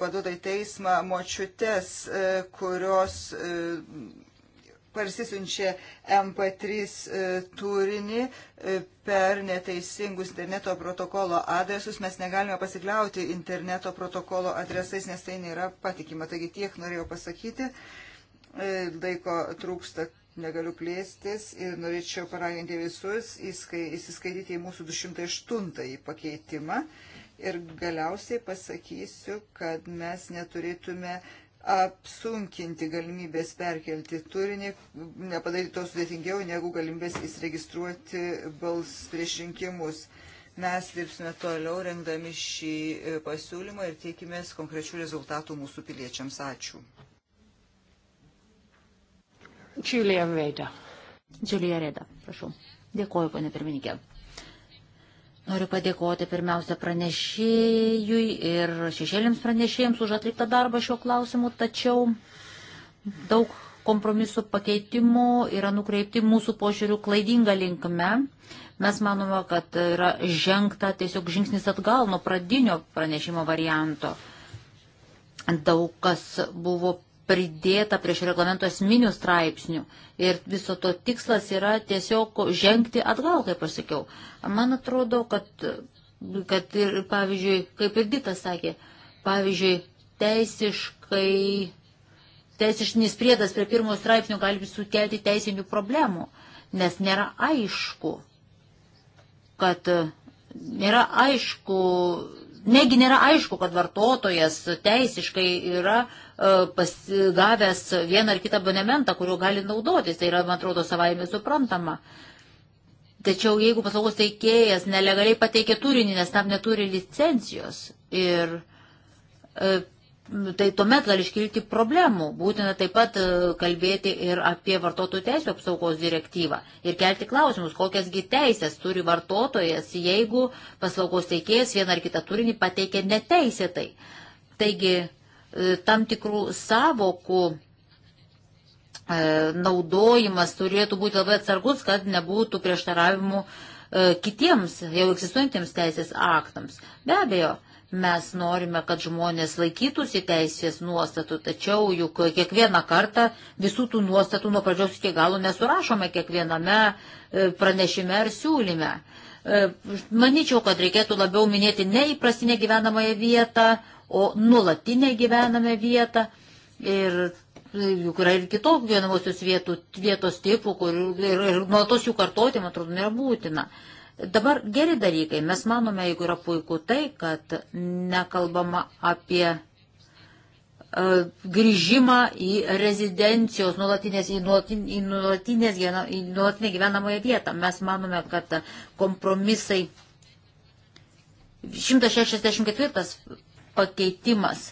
paduoda į teismą močiutes, e, kurios parsisunčia MP3 turinį per neteisingus interneto protokolo adresus. Mes negalime pasikliauti interneto protokolo adresais, nes tai nėra patikima. Taigi tiek norėjau pasakyti. Laiko trūksta negaliu plėstis ir norėčiau paraginti visus įskai, įsiskaityti į mūsų 208 pakeitimą. Ir galiausiai pasakysiu, kad mes neturėtume apsunkinti galimybės perkelti turinį, nepadaryti to sudėtingiau, negu galimybės įsiregistruoti bals prieš rinkimus. Mes dirbsime toliau, rengdami šį e, pasiūlymą ir tikimės konkrečių rezultatų mūsų piliečiams. Ačiū. Julia Reda. Julia Reda, prašau. Dėkoju, ponė pirmininkė. Noriu padėkoti pirmiausia pranešėjui ir šešėlėms pranešėjams už atliktą darbą šiuo klausimu, tačiau daug kompromisų pakeitimų yra nukreipti mūsų požiūrių klaidinga linkme. Mes manome, kad yra žengta tiesiog žingsnis atgal nuo pradinio pranešimo varianto. Daug kas buvo pridėta prieš reglamento esminių straipsnių. Ir viso to tikslas yra tiesiog žengti atgal, kaip aš sakiau. Man atrodo, kad, kad ir, pavyzdžiui, kaip ir Ditas sakė, pavyzdžiui, teisiškai, teisišinis priedas prie pirmojo straipsnio gali sukelti teisinių problemų, nes nėra aišku, kad nėra aišku, negi nėra aišku, kad vartotojas teisiškai yra e, pasigavęs vieną ar kitą abonementą, kuriuo gali naudotis. Tai yra, man atrodo, savaime suprantama. Tačiau jeigu paslaugos teikėjas nelegaliai pateikė turinį, nes tam neturi licencijos ir e, tai tuomet gali iškilti problemų. Būtina taip pat e, kalbėti ir apie vartotojų teisų apsaugos direktyvą ir kelti klausimus, kokiasgi teisės turi vartotojas, jeigu paslaugos teikėjas vieną ar kitą turinį pateikia neteisėtai. Taigi e, tam tikrų savokų e, naudojimas turėtų būti labai atsargus, kad nebūtų prieštaravimų kitiems jau egzistuojantiems teisės aktams. Be abejo, Mes norime, kad žmonės laikytųsi teisės nuostatų, tačiau juk kiekvieną kartą visų tų nuostatų nuo pradžios iki galo nesurašome kiekviename e, pranešime ar siūlyme. E, Maničiau, kad reikėtų labiau minėti neįprastinę gyvenamąją vietą, o nulatinę gyvenamą vietą. Ir e, juk yra ir kitokių gyvenamosios vietų, vietos tipų, kur ir, ir nuolatos jų kartoti, man atrodo, nėra būtina. Uh, Dabar geri dalykai. Mes manome, jeigu yra puiku tai, kad nekalbama apie e, grįžimą į rezidencijos, nuolatinės, į, nuolatin, į, nuolatinės, į nuolatinę gyvenamąją vietą. Mes manome, kad kompromisai 164 pakeitimas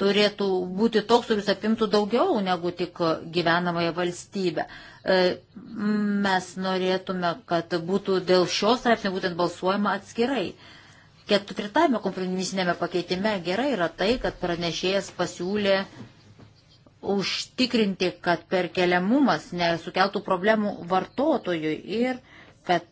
turėtų būti toks, kuris apimtų daugiau negu tik gyvenamąją valstybę. E, mes norėtume, kad būtų dėl šios straipsnio būtent balsuojama atskirai. Ketvirtame kompromisinėme pakeitime gerai yra tai, kad pranešėjas pasiūlė užtikrinti, kad perkeliamumas nesukeltų problemų vartotojui ir kad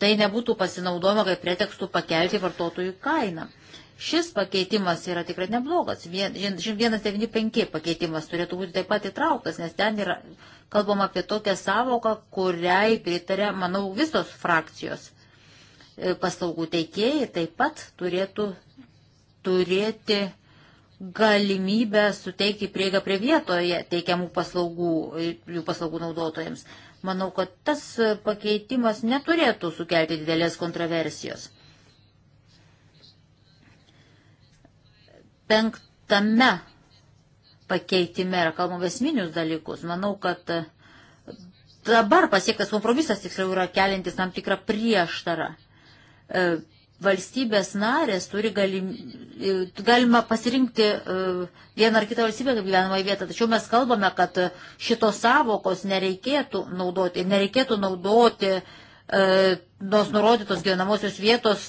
tai nebūtų pasinaudojama kaip pretekstų pakelti vartotojų kainą. E, Šis pakeitimas yra tikrai neblogas. 195 pakeitimas turėtų būti taip pat įtrauktas, nes ten yra kalbama apie tokią savoką, kuriai pritarė, manau, visos frakcijos. E, paslaugų teikėjai taip pat turėtų turėti galimybę suteikti prieigą prie vietoje teikiamų paslaugų, e, jų paslaugų naudotojams. Manau, kad tas pakeitimas neturėtų sukelti didelės kontroversijos. Penktame pakeitime yra kalbama esminius dalykus. Manau, kad e, dabar pasiektas kompromisas tiksliau yra kelintis tam tikrą prieštarą. E, valstybės narės turi galim, e, galima pasirinkti vieną ar kitą valstybę kaip gyvenamą vietą, tačiau mes kalbame, kad šitos savokos nereikėtų naudoti ir nereikėtų naudoti nors nurodytos gyvenamosios vietos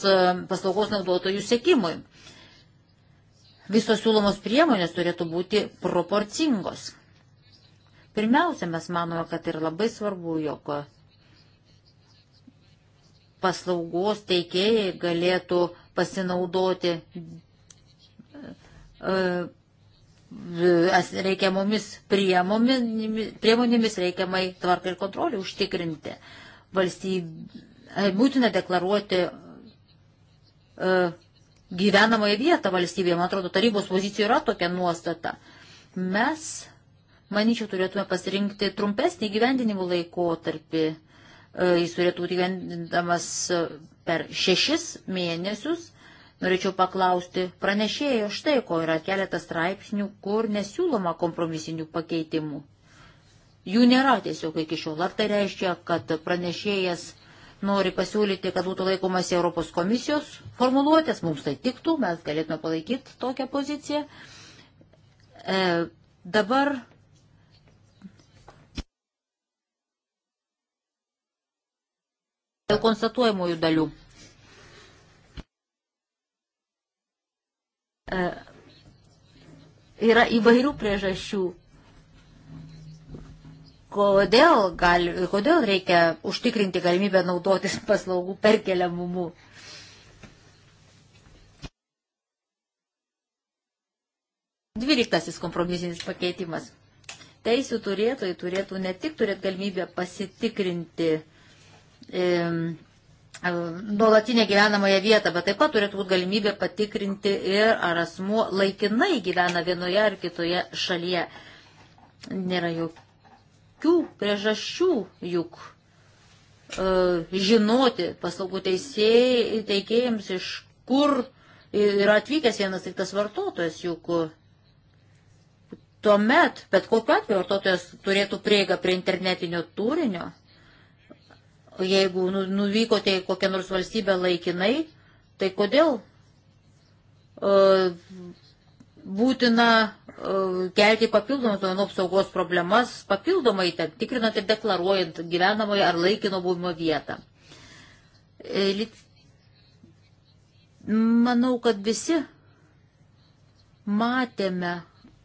paslaugos naudotojų sėkimui visos siūlomos priemonės turėtų būti proporcingos. Pirmiausia, mes manome, kad yra labai svarbu, jog paslaugos teikėjai galėtų pasinaudoti e, e, reikiamomis priemonėmis reikiamai tvarkai ir kontrolį užtikrinti. Valstybė e, būtina deklaruoti gyvenamąją vietą valstybėje. Man atrodo, tarybos pozicijoje yra tokia nuostata. Mes, manyčiau, turėtume pasirinkti trumpesnį gyvendinimo laikotarpį. E, jis turėtų būti gyvendinamas e, per šešis mėnesius. Norėčiau paklausti pranešėjo štai, ko yra keletas straipsnių, kur nesiūloma kompromisinių pakeitimų. Jų nėra tiesiog iki šiol. Ar tai reiškia, kad pranešėjas nori pasiūlyti, kad būtų laikomasi Europos komisijos formuluotės, mums tai tiktų, mes galėtume palaikyti tokią poziciją. E, dabar. Dėl konstatuojamųjų dalių. E, yra įvairių priežasčių kodėl, gali, kodėl reikia užtikrinti galimybę naudotis paslaugų perkeliamumu. Dvyliktasis kompromisinis pakeitimas. Teisių turėtojai turėtų ne tik turėti galimybę pasitikrinti e, nuolatinę gyvenamąją vietą, bet taip pat turėtų būti galimybė patikrinti ir ar asmuo laikinai gyvena vienoje ar kitoje šalyje. Nėra jokių kitokių priežasčių juk e, žinoti paslaugų teisėjai, teikėjams, iš kur yra atvykęs vienas tik tas vartotojas, juk e, tuomet, bet kokiu atveju vartotojas turėtų prieigą prie internetinio turinio, jeigu nu, nuvykote į kokią nors valstybę laikinai, tai kodėl e, būtina kelti papildomas duomenų apsaugos problemas, papildomai ten, tikrinant ir deklaruojant gyvenamąją ar laikino buvimo vietą. E, manau, kad visi matėme,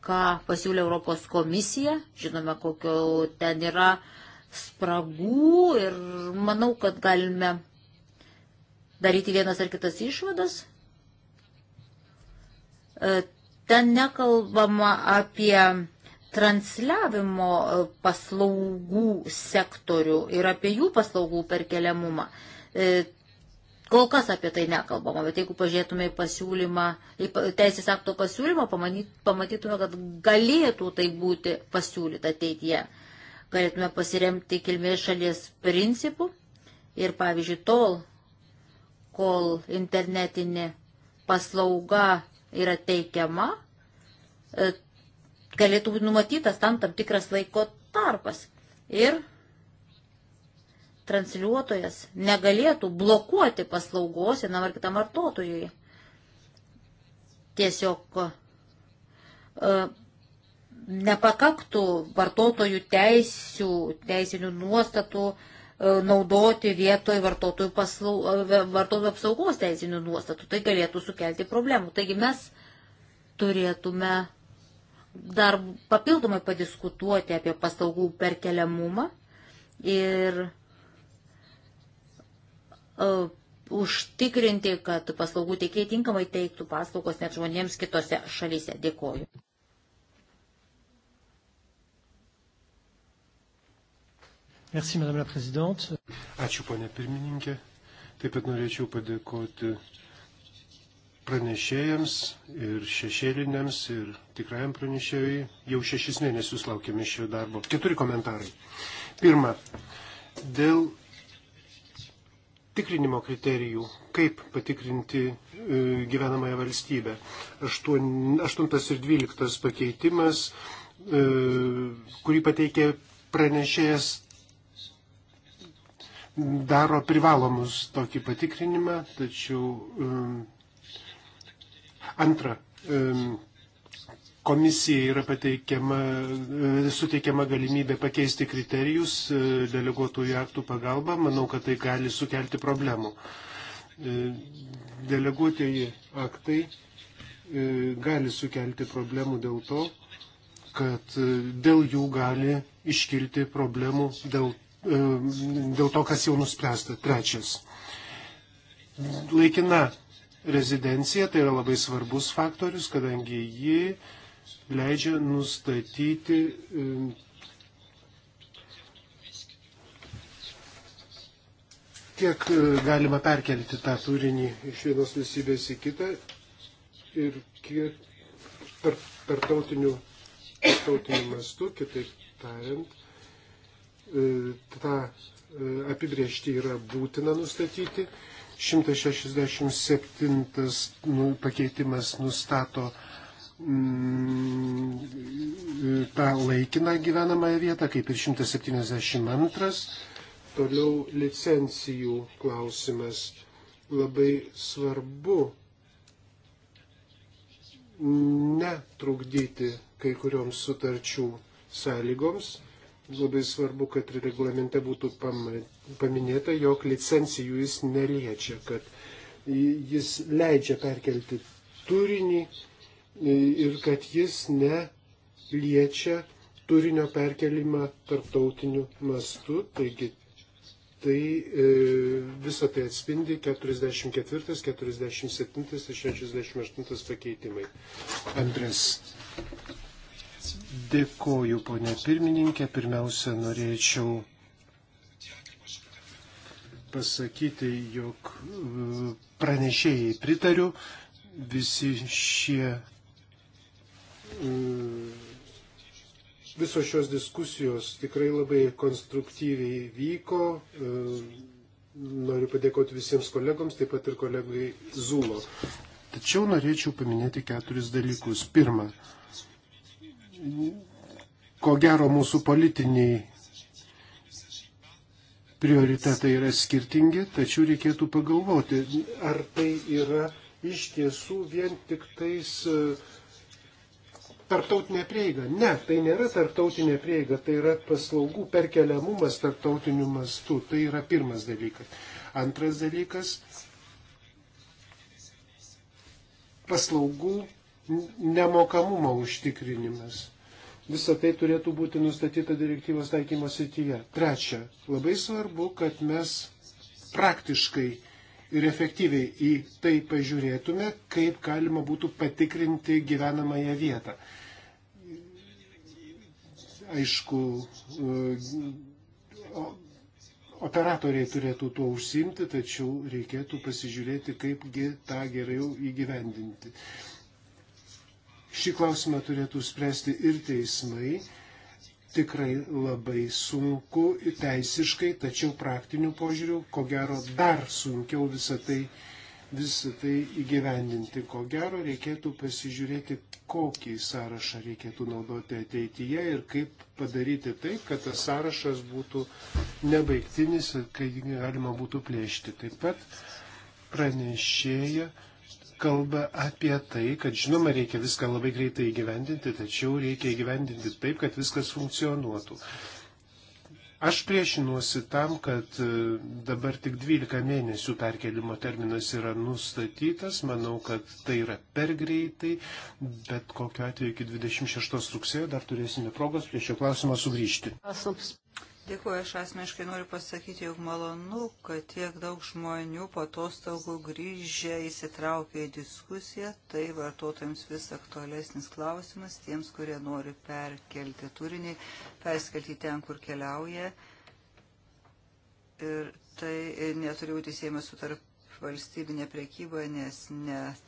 ką pasiūlė Europos komisija, žinome, kokio ten yra spragų ir manau, kad galime daryti vienas ar kitas išvadas e, Ten nekalbama apie transliavimo e, paslaugų sektorių ir apie jų paslaugų perkeliamumą. E, kol kas apie tai nekalbama, bet jeigu pažiūrėtume į pasiūlymą, į teisės akto pasiūlymą, pamatytume, kad galėtų tai būti pasiūlyta ateityje. Galėtume pasiremti kilmės šalies principų ir, pavyzdžiui, tol, kol internetinė paslauga yra teikiama, e, galėtų būti numatytas tam tam tikras laiko tarpas. Ir transliuotojas negalėtų blokuoti paslaugos vienam ar kitam vartotojui. Tiesiog e, nepakaktų vartotojų teisių, teisinių nuostatų uh, E, naudoti vietoj vartotojų, paslau, e, vartotojų apsaugos teisinių nuostatų. Tai galėtų sukelti problemų. Taigi mes turėtume dar papildomai padiskutuoti apie paslaugų perkeliamumą ir uh, užtikrinti, kad paslaugų teikiai tinkamai teiktų paslaugos net žmonėms kitose šalyse. Dėkoju. Merci, Madame la Présidente. Ačiū, ponė pirmininkė. Taip pat norėčiau padėkoti pranešėjams ir šešėliniams ir tikrajam pranešėjui. Jau šešis mėnesius laukiame šio darbo. Keturi komentarai. Pirma, dėl tikrinimo kriterijų, kaip patikrinti e, gyvenamąją valstybę. Aštuntas ir dvyliktas pakeitimas, e, kurį pateikė pranešėjas daro privalomus tokį patikrinimą, tačiau um, antra, um, komisijai yra pateikiama, uh, suteikiama galimybė pakeisti kriterijus uh, deleguotųjų aktų pagalba, manau, kad tai gali sukelti problemų. Uh, deleguotieji aktai gali sukelti problemų dėl to, kad dėl jų gali iškilti problemų dėl E, dėl to, kas jau nuspręsta. Trečias. Laikina rezidencija tai yra labai svarbus faktorius, kadangi ji leidžia nustatyti e, kiek e, galima perkelti tą turinį iš vienos valstybės į kitą ir kiek per, per tautinių, tautinių mastų, kitaip tariant, E, tą e, apibriežtį yra būtina nustatyti. 167 nu, pakeitimas nustato mm, e, tą laikiną gyvenamąją vietą, kaip ir 172. Toliau licencijų klausimas. Labai svarbu netrukdyti kai kurioms sutarčių sąlygoms, labai svarbu, kad ir reglamente būtų paminėta, jog licencijų jis neliečia, kad jis leidžia perkelti turinį ir kad jis neliečia turinio perkelimą tarptautiniu mastu. Taigi tai e, visą tai atspindi 44, 47 ir 68 pakeitimai. Andres. Dėkoju, ponė pirmininkė. Pirmiausia, norėčiau pasakyti, jog e, pranešėjai pritariu. Visi šie, e, visos šios diskusijos tikrai labai konstruktyviai vyko. E, noriu padėkoti visiems kolegoms, taip pat ir kolegai Zulo. Tačiau norėčiau paminėti keturis dalykus. Pirma, ko gero mūsų politiniai prioritetai yra skirtingi, tačiau reikėtų pagalvoti, ar tai yra iš tiesų vien tik tais e, tarptautinė prieiga. Ne, tai nėra tarptautinė prieiga, tai yra paslaugų perkeliamumas tarptautiniu mastu. Tai yra pirmas dalykas. Antras dalykas - paslaugų nemokamumo užtikrinimas. Visą tai turėtų būti nustatyta direktyvos taikymo srityje. Trečia, labai svarbu, kad mes praktiškai ir efektyviai į tai pažiūrėtume, kaip galima būtų patikrinti gyvenamąją vietą. Aišku, e, operatoriai turėtų tuo užsimti, tačiau reikėtų pasižiūrėti, kaipgi tą geriau įgyvendinti. Šį klausimą turėtų spręsti ir teismai. Tikrai labai sunku teisiškai, tačiau praktiniu požiūriu, ko gero, dar sunkiau visą tai, visą tai įgyvendinti. Ko gero, reikėtų pasižiūrėti, kokį sąrašą reikėtų naudoti ateityje ir kaip padaryti taip, kad tas sąrašas būtų nebaigtinis ir kad jį galima būtų plėšti. Taip pat pranešėja kalba apie tai, kad žinoma reikia viską labai greitai įgyvendinti, tačiau reikia įgyvendinti taip, kad viskas funkcionuotų. Aš priešinuosi tam, kad e, dabar tik 12 mėnesių perkelimo terminas yra nustatytas. Manau, kad tai yra per greitai, bet kokiu atveju iki 26 rugsėjo dar turėsime progos prie šio klausimo sugrįžti. Dėkuoju, aš asmeniškai noriu pasakyti, jog malonu, kad tiek daug žmonių po atostogų grįžę įsitraukia į diskusiją. Tai vartotojams vis aktualesnis klausimas, tiems, kurie nori perkelti turinį, perskelti ten, kur keliauja. Ir tai e, neturi būti siejama su tarp valstybinė prekyba, nes net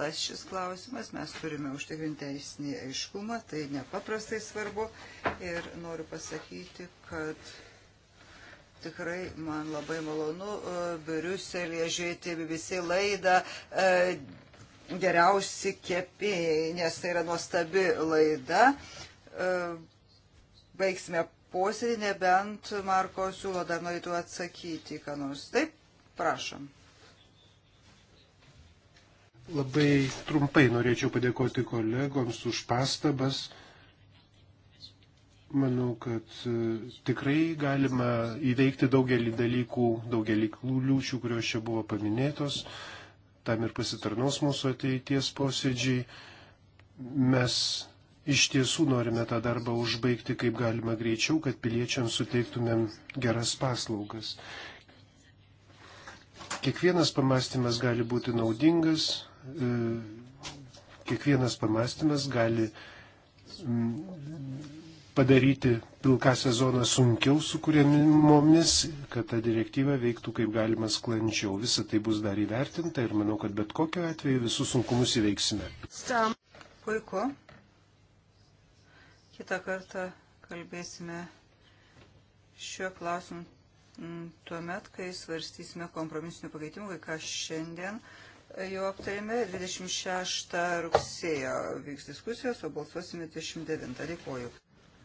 tas šis klausimas, mes turime užtikrinti teisinį aiškumą, tai nepaprastai svarbu ir noriu pasakyti, kad tikrai man labai malonu e, Briuselėje žiūrėti BBC laidą. E, geriausi kepėjai, nes tai yra nuostabi laida. E, baigsime posėdį, nebent Marko siūlo dar norėtų atsakyti, ką nors. Taip, prašom. Labai trumpai norėčiau padėkoti kolegoms už pastabas. Manau, kad e, tikrai galima įveikti daugelį dalykų, daugelį kliūčių, kurios čia buvo paminėtos. Tam ir pasitarnaus mūsų ateities posėdžiai. Mes iš tiesų norime tą darbą užbaigti kaip galima greičiau, kad piliečiams suteiktumėm geras paslaugas. Kiekvienas pamastymas gali būti naudingas, E, kiekvienas pamastymas gali padaryti pilkąsią zoną sunkiau sukūrėmomis, kad ta direktyva veiktų kaip galima sklandžiau. Visa tai bus dar įvertinta ir manau, kad bet kokiu atveju visus sunkumus įveiksime. Stam. Puiku. Kita kartą kalbėsime šiuo klausimu tuomet, kai svarstysime kompromisinių pakeitimų, kai ką šiandien jau aptarėme, 26 rugsėjo vyks diskusijos, o balsuosime 29. Dėkuoju.